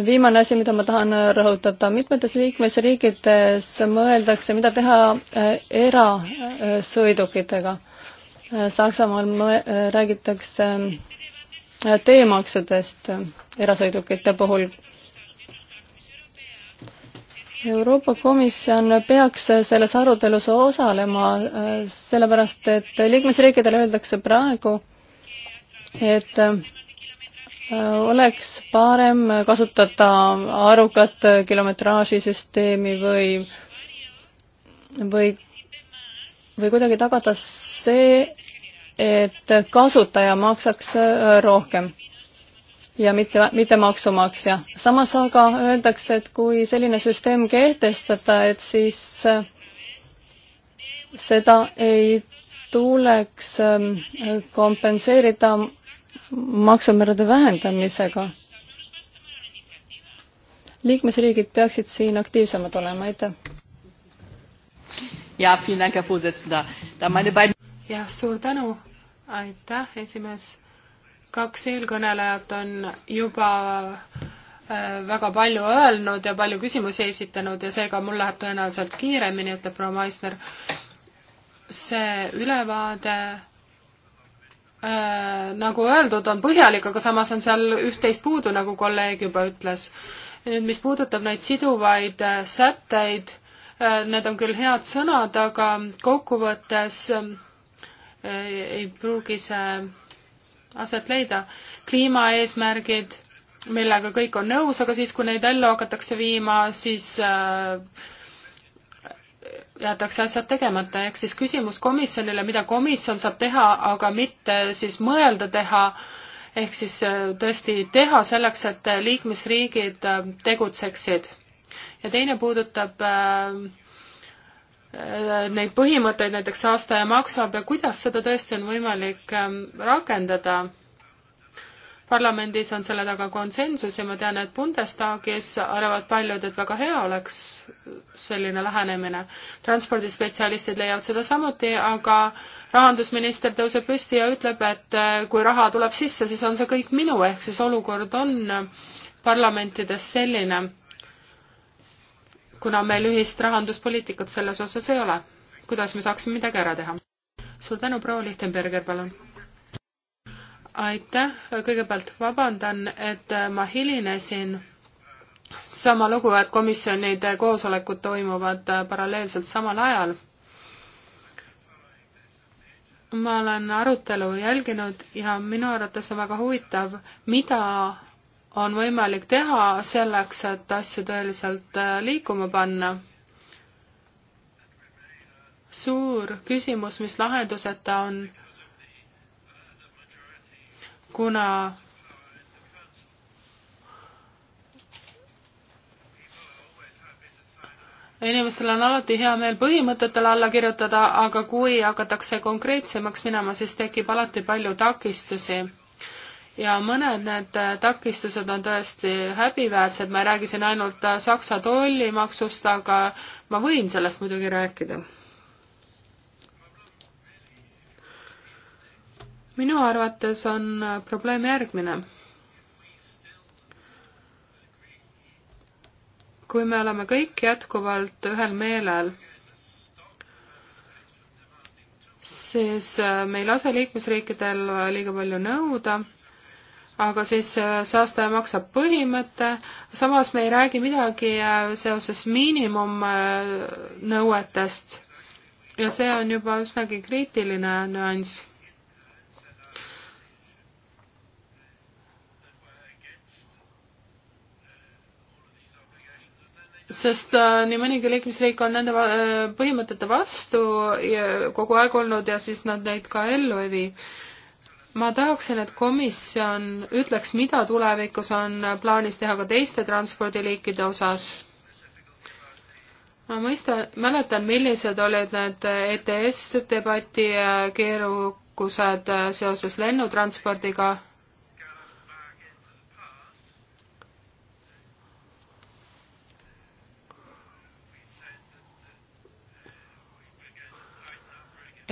viimane asi, mida ma tahan rõhutada, mitmetes liikmesriikides mõeldakse, mida teha äh, erasõidukitega. Äh, Saksamaal äh, räägitakse teemaksudest erasõidukite puhul. Euroopa Komisjon peaks selles arutelus osalema, sellepärast et liikmesriikidele öeldakse praegu, et oleks parem kasutada arukat kilometraaži süsteemi või, või, või kuidagi tagada see, et kasutaja maksaks rohkem ja mitte, mitte maksumaksja. samas aga öeldakse, et kui selline süsteem kehtestada, et siis seda ei tuleks ähm, kompenseerida maksumäärade vähendamisega. liikmesriigid peaksid siin aktiivsemad olema, aitäh. jah, suur tänu, aitäh, esimees. kaks eelkõnelejat on juba äh, väga palju öelnud ja palju küsimusi esitanud ja seega mul läheb tõenäoliselt kiiremini, ütleb proua Maisner. see ülevaade Äh, nagu öeldud, on põhjalik, aga samas on seal üht-teist puudu, nagu kolleeg juba ütles. nüüd, mis puudutab neid siduvaid äh, sätteid, äh, need on küll head sõnad, aga kokkuvõttes ähm, ei pruugi see aset leida. kliimaeesmärgid, millega kõik on nõus, aga siis, kui neid ellu hakatakse viima, siis jäetakse asjad tegemata, ehk siis küsimus komisjonile, mida komisjon saab teha, aga mitte siis mõelda teha, ehk siis äh, tõesti teha selleks, et liikmesriigid äh, tegutseksid. ja teine puudutab äh, neid põhimõtteid, näiteks saastaja maksab ja kuidas seda tõesti on võimalik ähm, rakendada parlamendis on selle taga konsensus ja ma tean, et Bundestagis arvavad paljud, et väga hea oleks selline lähenemine. transpordispetsialistid leiavad seda samuti, aga rahandusminister tõuseb püsti ja ütleb, et eh, kui raha tuleb sisse, siis on see kõik minu, ehk siis olukord on parlamentides selline, kuna meil ühist rahanduspoliitikat selles osas ei ole. kuidas me saaksime midagi ära teha? suur tänu, proua Lichtenberger, palun! aitäh, kõigepealt vabandan, et äh, ma hilinesin. sama lugu, et komisjonide koosolekud toimuvad äh, paralleelselt samal ajal. ma olen arutelu jälginud ja minu arvates on väga huvitav, mida on võimalik teha selleks, et asju tõeliselt äh, liikuma panna. suur küsimus, mis lahenduseta on kuna inimestel on alati hea meel põhimõtetele alla kirjutada, aga kui hakatakse konkreetsemaks minema, siis tekib alati palju takistusi. ja mõned need takistused on tõesti häbiväärsed, ma ei räägi siin ainult Saksa tollimaksust, aga ma võin sellest muidugi rääkida minu arvates on äh, probleem järgmine. kui me oleme kõik jätkuvalt ühel meelel, siis äh, me ei lase liikmesriikidel äh, liiga palju nõuda, aga siis saastaja maksab põhimõte, samas me ei räägi midagi seoses miinimumnõuetest ja see on juba üsnagi kriitiline nüanss sest äh, nii mõnigi liikmesriik on nende äh, põhimõtete vastu kogu aeg olnud ja siis nad neid ka ellu ei vii. ma tahaksin, et komisjon ütleks, mida tulevikus on plaanis teha ka teiste transpordiliikide osas. ma mõistan, mäletan, millised olid need ETS debati äh, keerukused seoses lennutranspordiga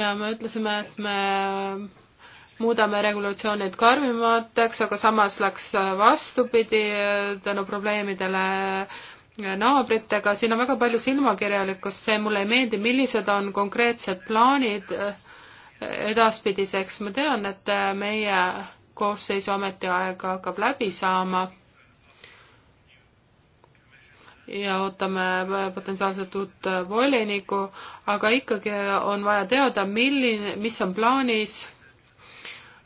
ja me ütlesime, et me muudame regulatsioonid karmimateks, aga samas läks vastupidi tänu probleemidele naabritega, siin on väga palju silmakirjalikkust, see mulle ei meeldi, millised on konkreetsed plaanid edaspidiseks, ma tean, et meie koosseisu ametiaeg hakkab läbi saama ja ootame potentsiaalselt uut volinikku, aga ikkagi on vaja teada, milline, mis on plaanis,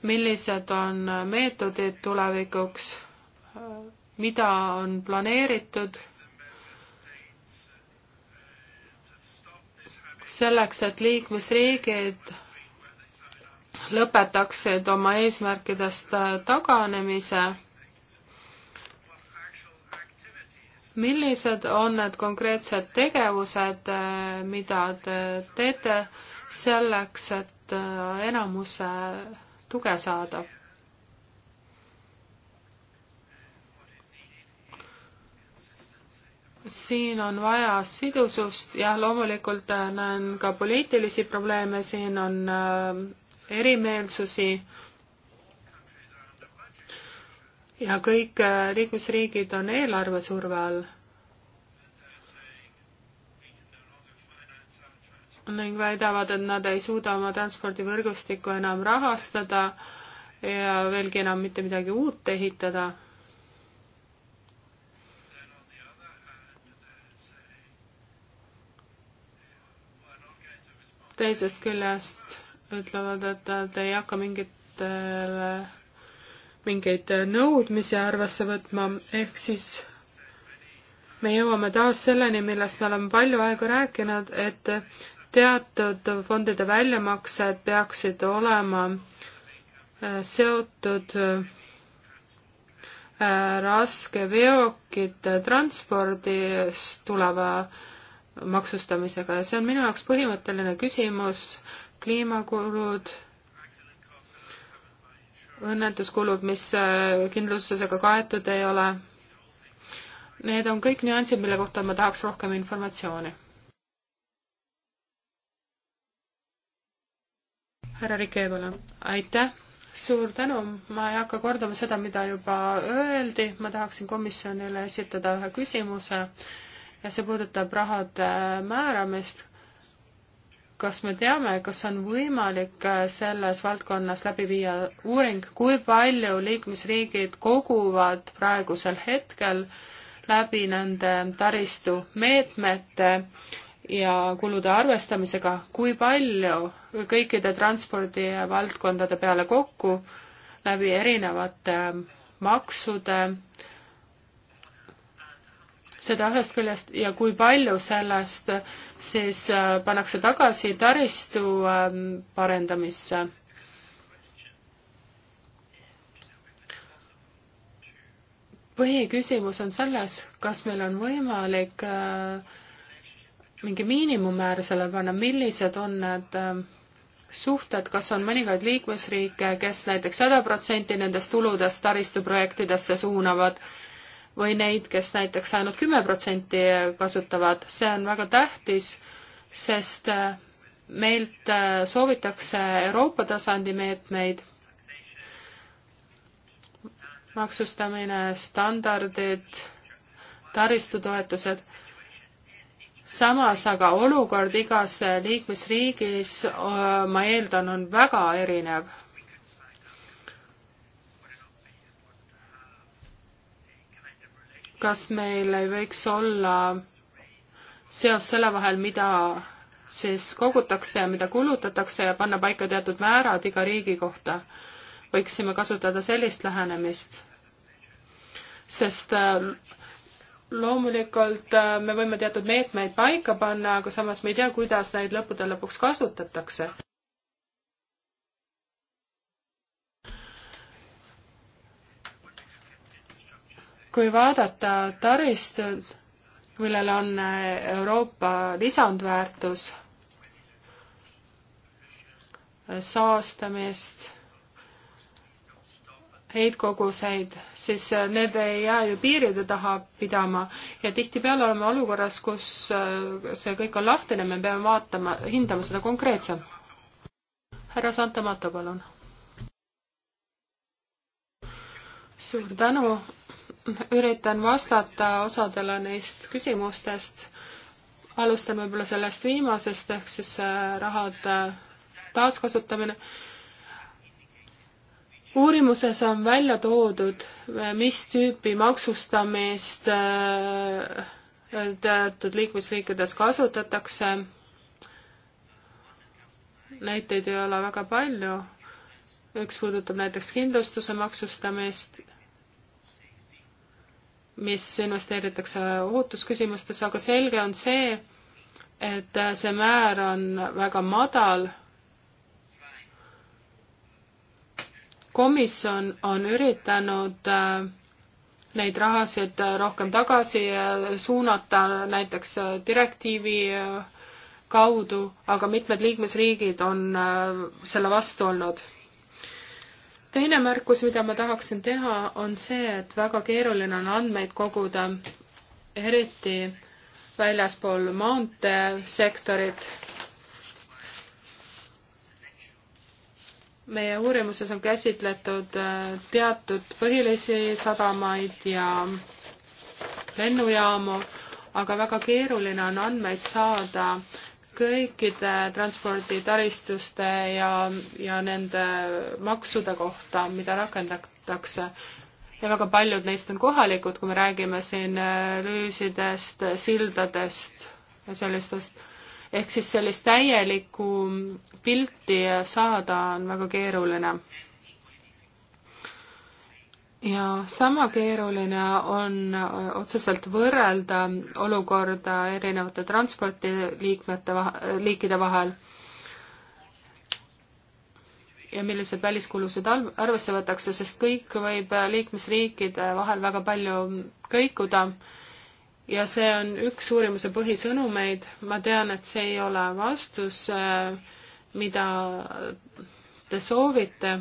millised on meetodid tulevikuks, mida on planeeritud selleks, et liikmesriigid lõpetaksid oma eesmärkidest taganemise millised on need konkreetsed tegevused, äh, mida te teete selleks, et äh, enamuse tuge saada? siin on vaja sidusust, jah, loomulikult äh, näen ka poliitilisi probleeme, siin on erimeelsusi äh, ja kõik äh, liikmesriigid on eelarvesurve all. ning väidavad, et nad ei suuda oma transpordivõrgustikku enam rahastada ja veelgi enam mitte midagi uut ehitada teisest küljest ütlevad, et nad ei hakka mingitele mingeid nõudmisi arvesse võtma, ehk siis me jõuame taas selleni, millest me oleme palju aega rääkinud, et teatud fondide väljamaksed peaksid olema äh, seotud äh, raskeveokite transpordist tuleva maksustamisega ja see on minu jaoks põhimõtteline küsimus, kliimakulud õnnetuskulud, mis äh, kindlustusega kaetud ei ole. Need on kõik nüansid, mille kohta ma tahaks rohkem informatsiooni. härra Rike, palun. aitäh, suur tänu, ma ei hakka kordama seda, mida juba öeldi, ma tahaksin komisjonile esitada ühe küsimuse ja see puudutab rahade määramist kas me teame, kas on võimalik äh, selles valdkonnas läbi viia uuring, kui palju liikmesriigid koguvad praegusel hetkel läbi nende taristu meetmete ja kulude arvestamisega, kui palju kõikide transpordivaldkondade peale kokku läbi erinevate maksude äh, seda ühest küljest ja kui palju sellest siis äh, pannakse tagasi taristu ähm, parendamisse. põhiküsimus on selles, kas meil on võimalik äh, mingi miinimummäär selle panna, millised on need ähm, suhted, kas on mõningaid liikmesriike, kes näiteks sada protsenti nendest tuludest taristuprojektidesse suunavad või neid, kes näiteks ainult kümme protsenti kasutavad, see on väga tähtis, sest äh, meilt äh, soovitakse Euroopa tasandi meetmeid, maksustamine, standardid, taristutoetused samas aga olukord igas liikmesriigis, äh, ma eeldan, on väga erinev. kas meil ei võiks olla seos selle vahel, mida siis kogutakse ja mida kulutatakse ja panna paika teatud määrad iga riigi kohta. võiksime kasutada sellist lähenemist. sest äh, loomulikult äh, me võime teatud meetmeid paika panna, aga samas me ei tea, kuidas neid lõppude lõpuks kasutatakse. kui vaadata taristut, millel on eh, Euroopa lisandväärtus, eh, saastamist, heitkoguseid, siis eh, need ei jää ju piiride taha pidama ja tihtipeale oleme olukorras, kus see kõik on lahtine, me peame vaatama, hindama seda konkreetselt. härra Santamato, palun. suur tänu üritan vastata osadele neist küsimustest. alustan võib-olla sellest viimasest ehk siis äh, rahade äh, taaskasutamine. uurimuses on välja toodud, äh, mis tüüpi maksustamist teatud liikmesriikides kasutatakse. näiteid ei ole väga palju. üks puudutab näiteks kindlustuse maksustamist mis investeeritakse ohutusküsimustesse, aga selge on see, et see määr on väga madal. komisjon on üritanud äh, neid rahasid rohkem tagasi äh, suunata näiteks äh, direktiivi kaudu, aga mitmed liikmesriigid on selle vastu olnud teine märkus, mida ma tahaksin teha, on see, et väga keeruline on andmeid koguda, eriti väljaspool maanteesektorit. meie uurimuses on käsitletud äh, teatud põhilisi sadamaid ja lennujaamu, aga väga keeruline on andmeid saada kõikide transporditaristuste ja, ja nende maksude kohta, mida rakendatakse. ja väga paljud neist on kohalikud, kui me räägime siin lüüsidest, äh, sildadest ja sellistest. ehk siis sellist täielikku pilti saada on väga keeruline ja sama keeruline on äh, otseselt võrrelda olukorda erinevate transpordiliikmete, äh, liikide vahel ja millised väliskulusid arvesse võetakse, sest kõik võib äh, liikmesriikide vahel väga palju kõikuda. ja see on üks uurimuse põhisõnumeid. ma tean, et see ei ole vastus, mida te soovite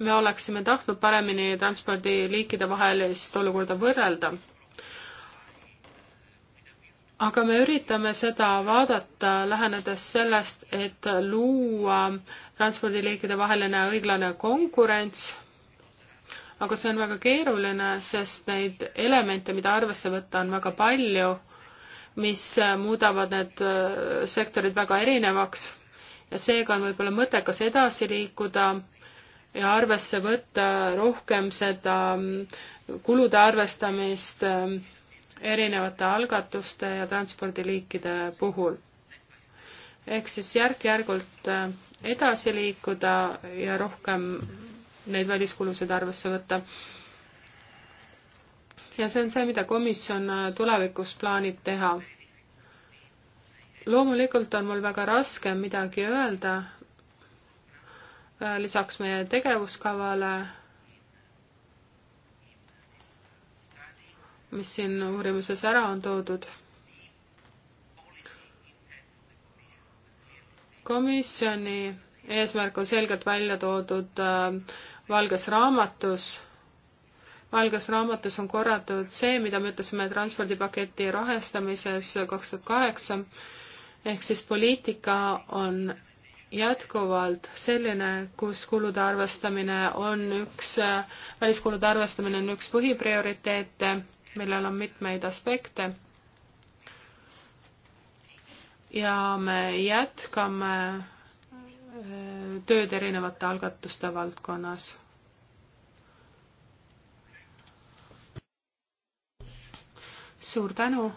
me oleksime tahtnud paremini transpordiliikide vahelist olukorda võrrelda. aga me üritame seda vaadata lähenedes sellest, et luua transpordiliikide vaheline õiglane konkurents, aga see on väga keeruline, sest neid elemente, mida arvesse võtta, on väga palju, mis muudavad need äh, sektorid väga erinevaks ja seega on võib-olla mõttekas edasi liikuda ja arvesse võtta rohkem seda mm, kulude arvestamist mm, erinevate algatuste ja transpordiliikide puhul. ehk siis järk-järgult mm, edasi liikuda ja rohkem neid väliskulusid arvesse võtta. ja see on see, mida komisjon tulevikus plaanib teha. loomulikult on mul väga raske midagi öelda, Äh, lisaks meie tegevuskavale, mis siin uurimuses ära on toodud. komisjoni eesmärk on selgelt välja toodud äh, valges raamatus valges raamatus on korratud see, mida me ütlesime transpordipaketi rahastamises kaks tuhat kaheksa, ehk siis poliitika on jätkuvalt selline, kus kulude arvestamine on üks, väliskulude arvestamine on üks põhiprioriteete, millel on mitmeid aspekte. ja me jätkame äh, tööd erinevate algatuste valdkonnas. suur tänu!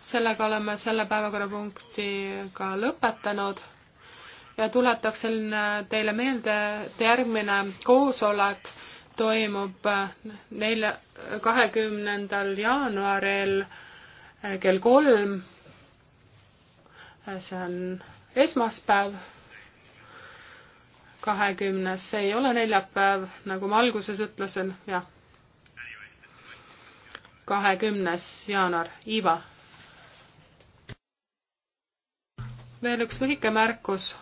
sellega oleme selle päevakorrapunkti ka lõpetanud ja tuletaksin teile meelde, et järgmine koosolek toimub nelja, kahekümnendal jaanuaril kell kolm. see on esmaspäev. kahekümnes, see ei ole neljapäev, nagu ma alguses ütlesin, jah. kahekümnes jaanuar, Iva. veel üks lühike märkus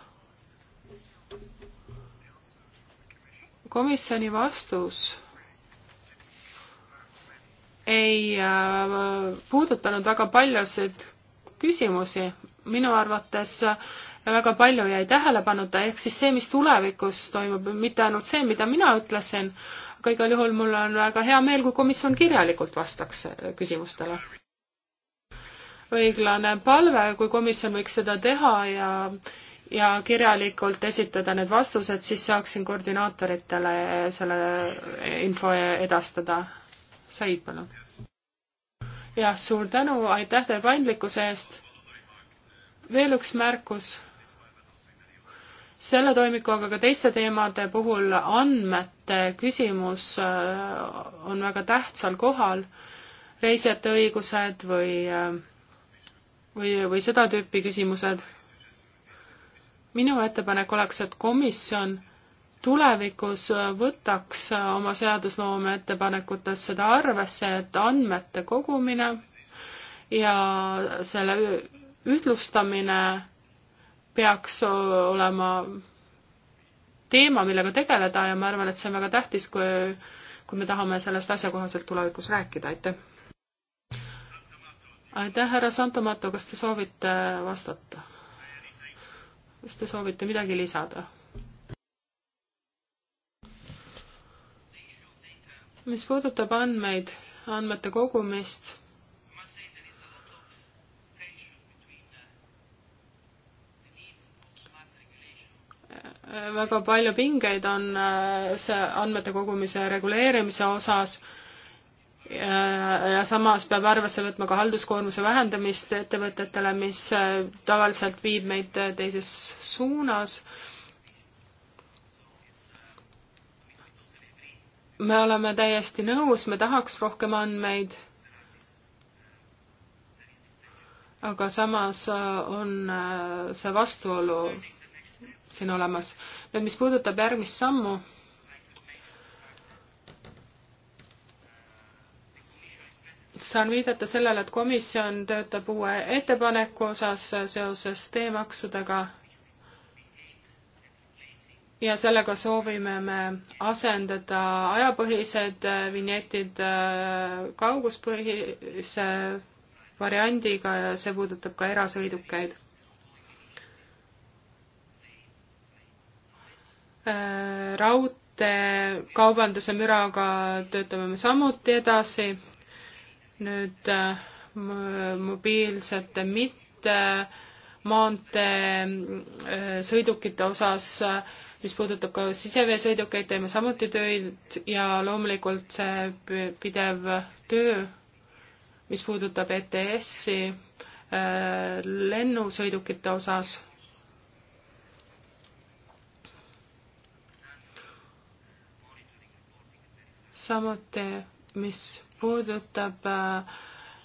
komisjoni vastus ei äh, puudutanud väga paljusid küsimusi. minu arvates äh, väga palju jäi tähelepanuta, ehk siis see, mis tulevikus toimub, mitte ainult see, mida mina ütlesin, aga igal juhul mul on väga hea meel, kui komisjon kirjalikult vastaks äh, küsimustele. õiglane palve, kui komisjon võiks seda teha ja äh, ja kirjalikult esitada need vastused, siis saaksin koordinaatoritele selle info edastada. Said, palun. jah, suur tänu, aitäh teile paindlikkuse eest. veel üks märkus. selle toimiku, aga ka teiste teemade puhul andmete küsimus äh, on väga tähtsal kohal. reisijate õigused või, äh, või, või seda tüüpi küsimused minu ettepanek oleks, et komisjon tulevikus võtaks oma seadusloome ettepanekutes seda arvesse, et andmete kogumine ja selle ühtlustamine peaks olema teema, millega tegeleda ja ma arvan, et see on väga tähtis, kui, kui me tahame sellest asjakohaselt tulevikus rääkida, aitäh. aitäh, härra Santomato, kas te soovite vastata? kas te soovite midagi lisada? mis puudutab andmeid, andmete kogumist, väga palju pingeid on äh, see andmete kogumise reguleerimise osas ja samas peab arvesse võtma ka halduskoormuse vähendamist ettevõtetele, mis äh, tavaliselt viib meid äh, teises suunas. me oleme täiesti nõus, me tahaks rohkem andmeid. aga samas äh, on see vastuolu siin olemas. nüüd, mis puudutab järgmist sammu saan viidata sellele, et komisjon töötab uue ettepaneku osas seoses teemaksudega ja sellega soovime me asendada ajapõhised vinjetid äh, kauguspõhise variandiga ja see puudutab ka erasõidukeid. Äh, raudteekaubanduse müraga töötame me samuti edasi nüüd äh, mobiilsete mitte maanteesõidukite äh, osas, äh, mis puudutab ka siseveesõidukeid, teeme samuti töid ja loomulikult see pidev töö, mis puudutab ETS-i lennusõidukite osas. samuti mis puudutab äh,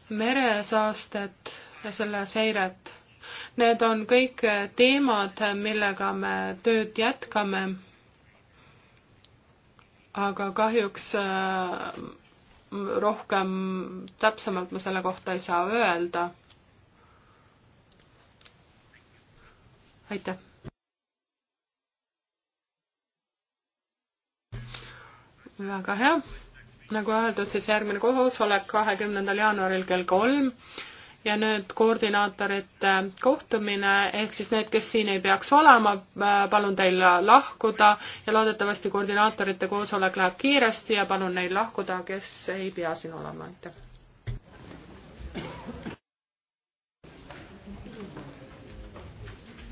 meresaastet ja selle seiret. Need on kõik teemad, millega me tööd jätkame. aga kahjuks äh, rohkem täpsemalt ma selle kohta ei saa öelda. aitäh. väga hea nagu öeldud, siis järgmine koosolek kahekümnendal jaanuaril kell kolm ja nüüd koordinaatorite kohtumine, ehk siis need, kes siin ei peaks olema, äh, palun teil lahkuda ja loodetavasti koordinaatorite koosolek läheb kiiresti ja palun neil lahkuda, kes ei pea siin olema, aitäh.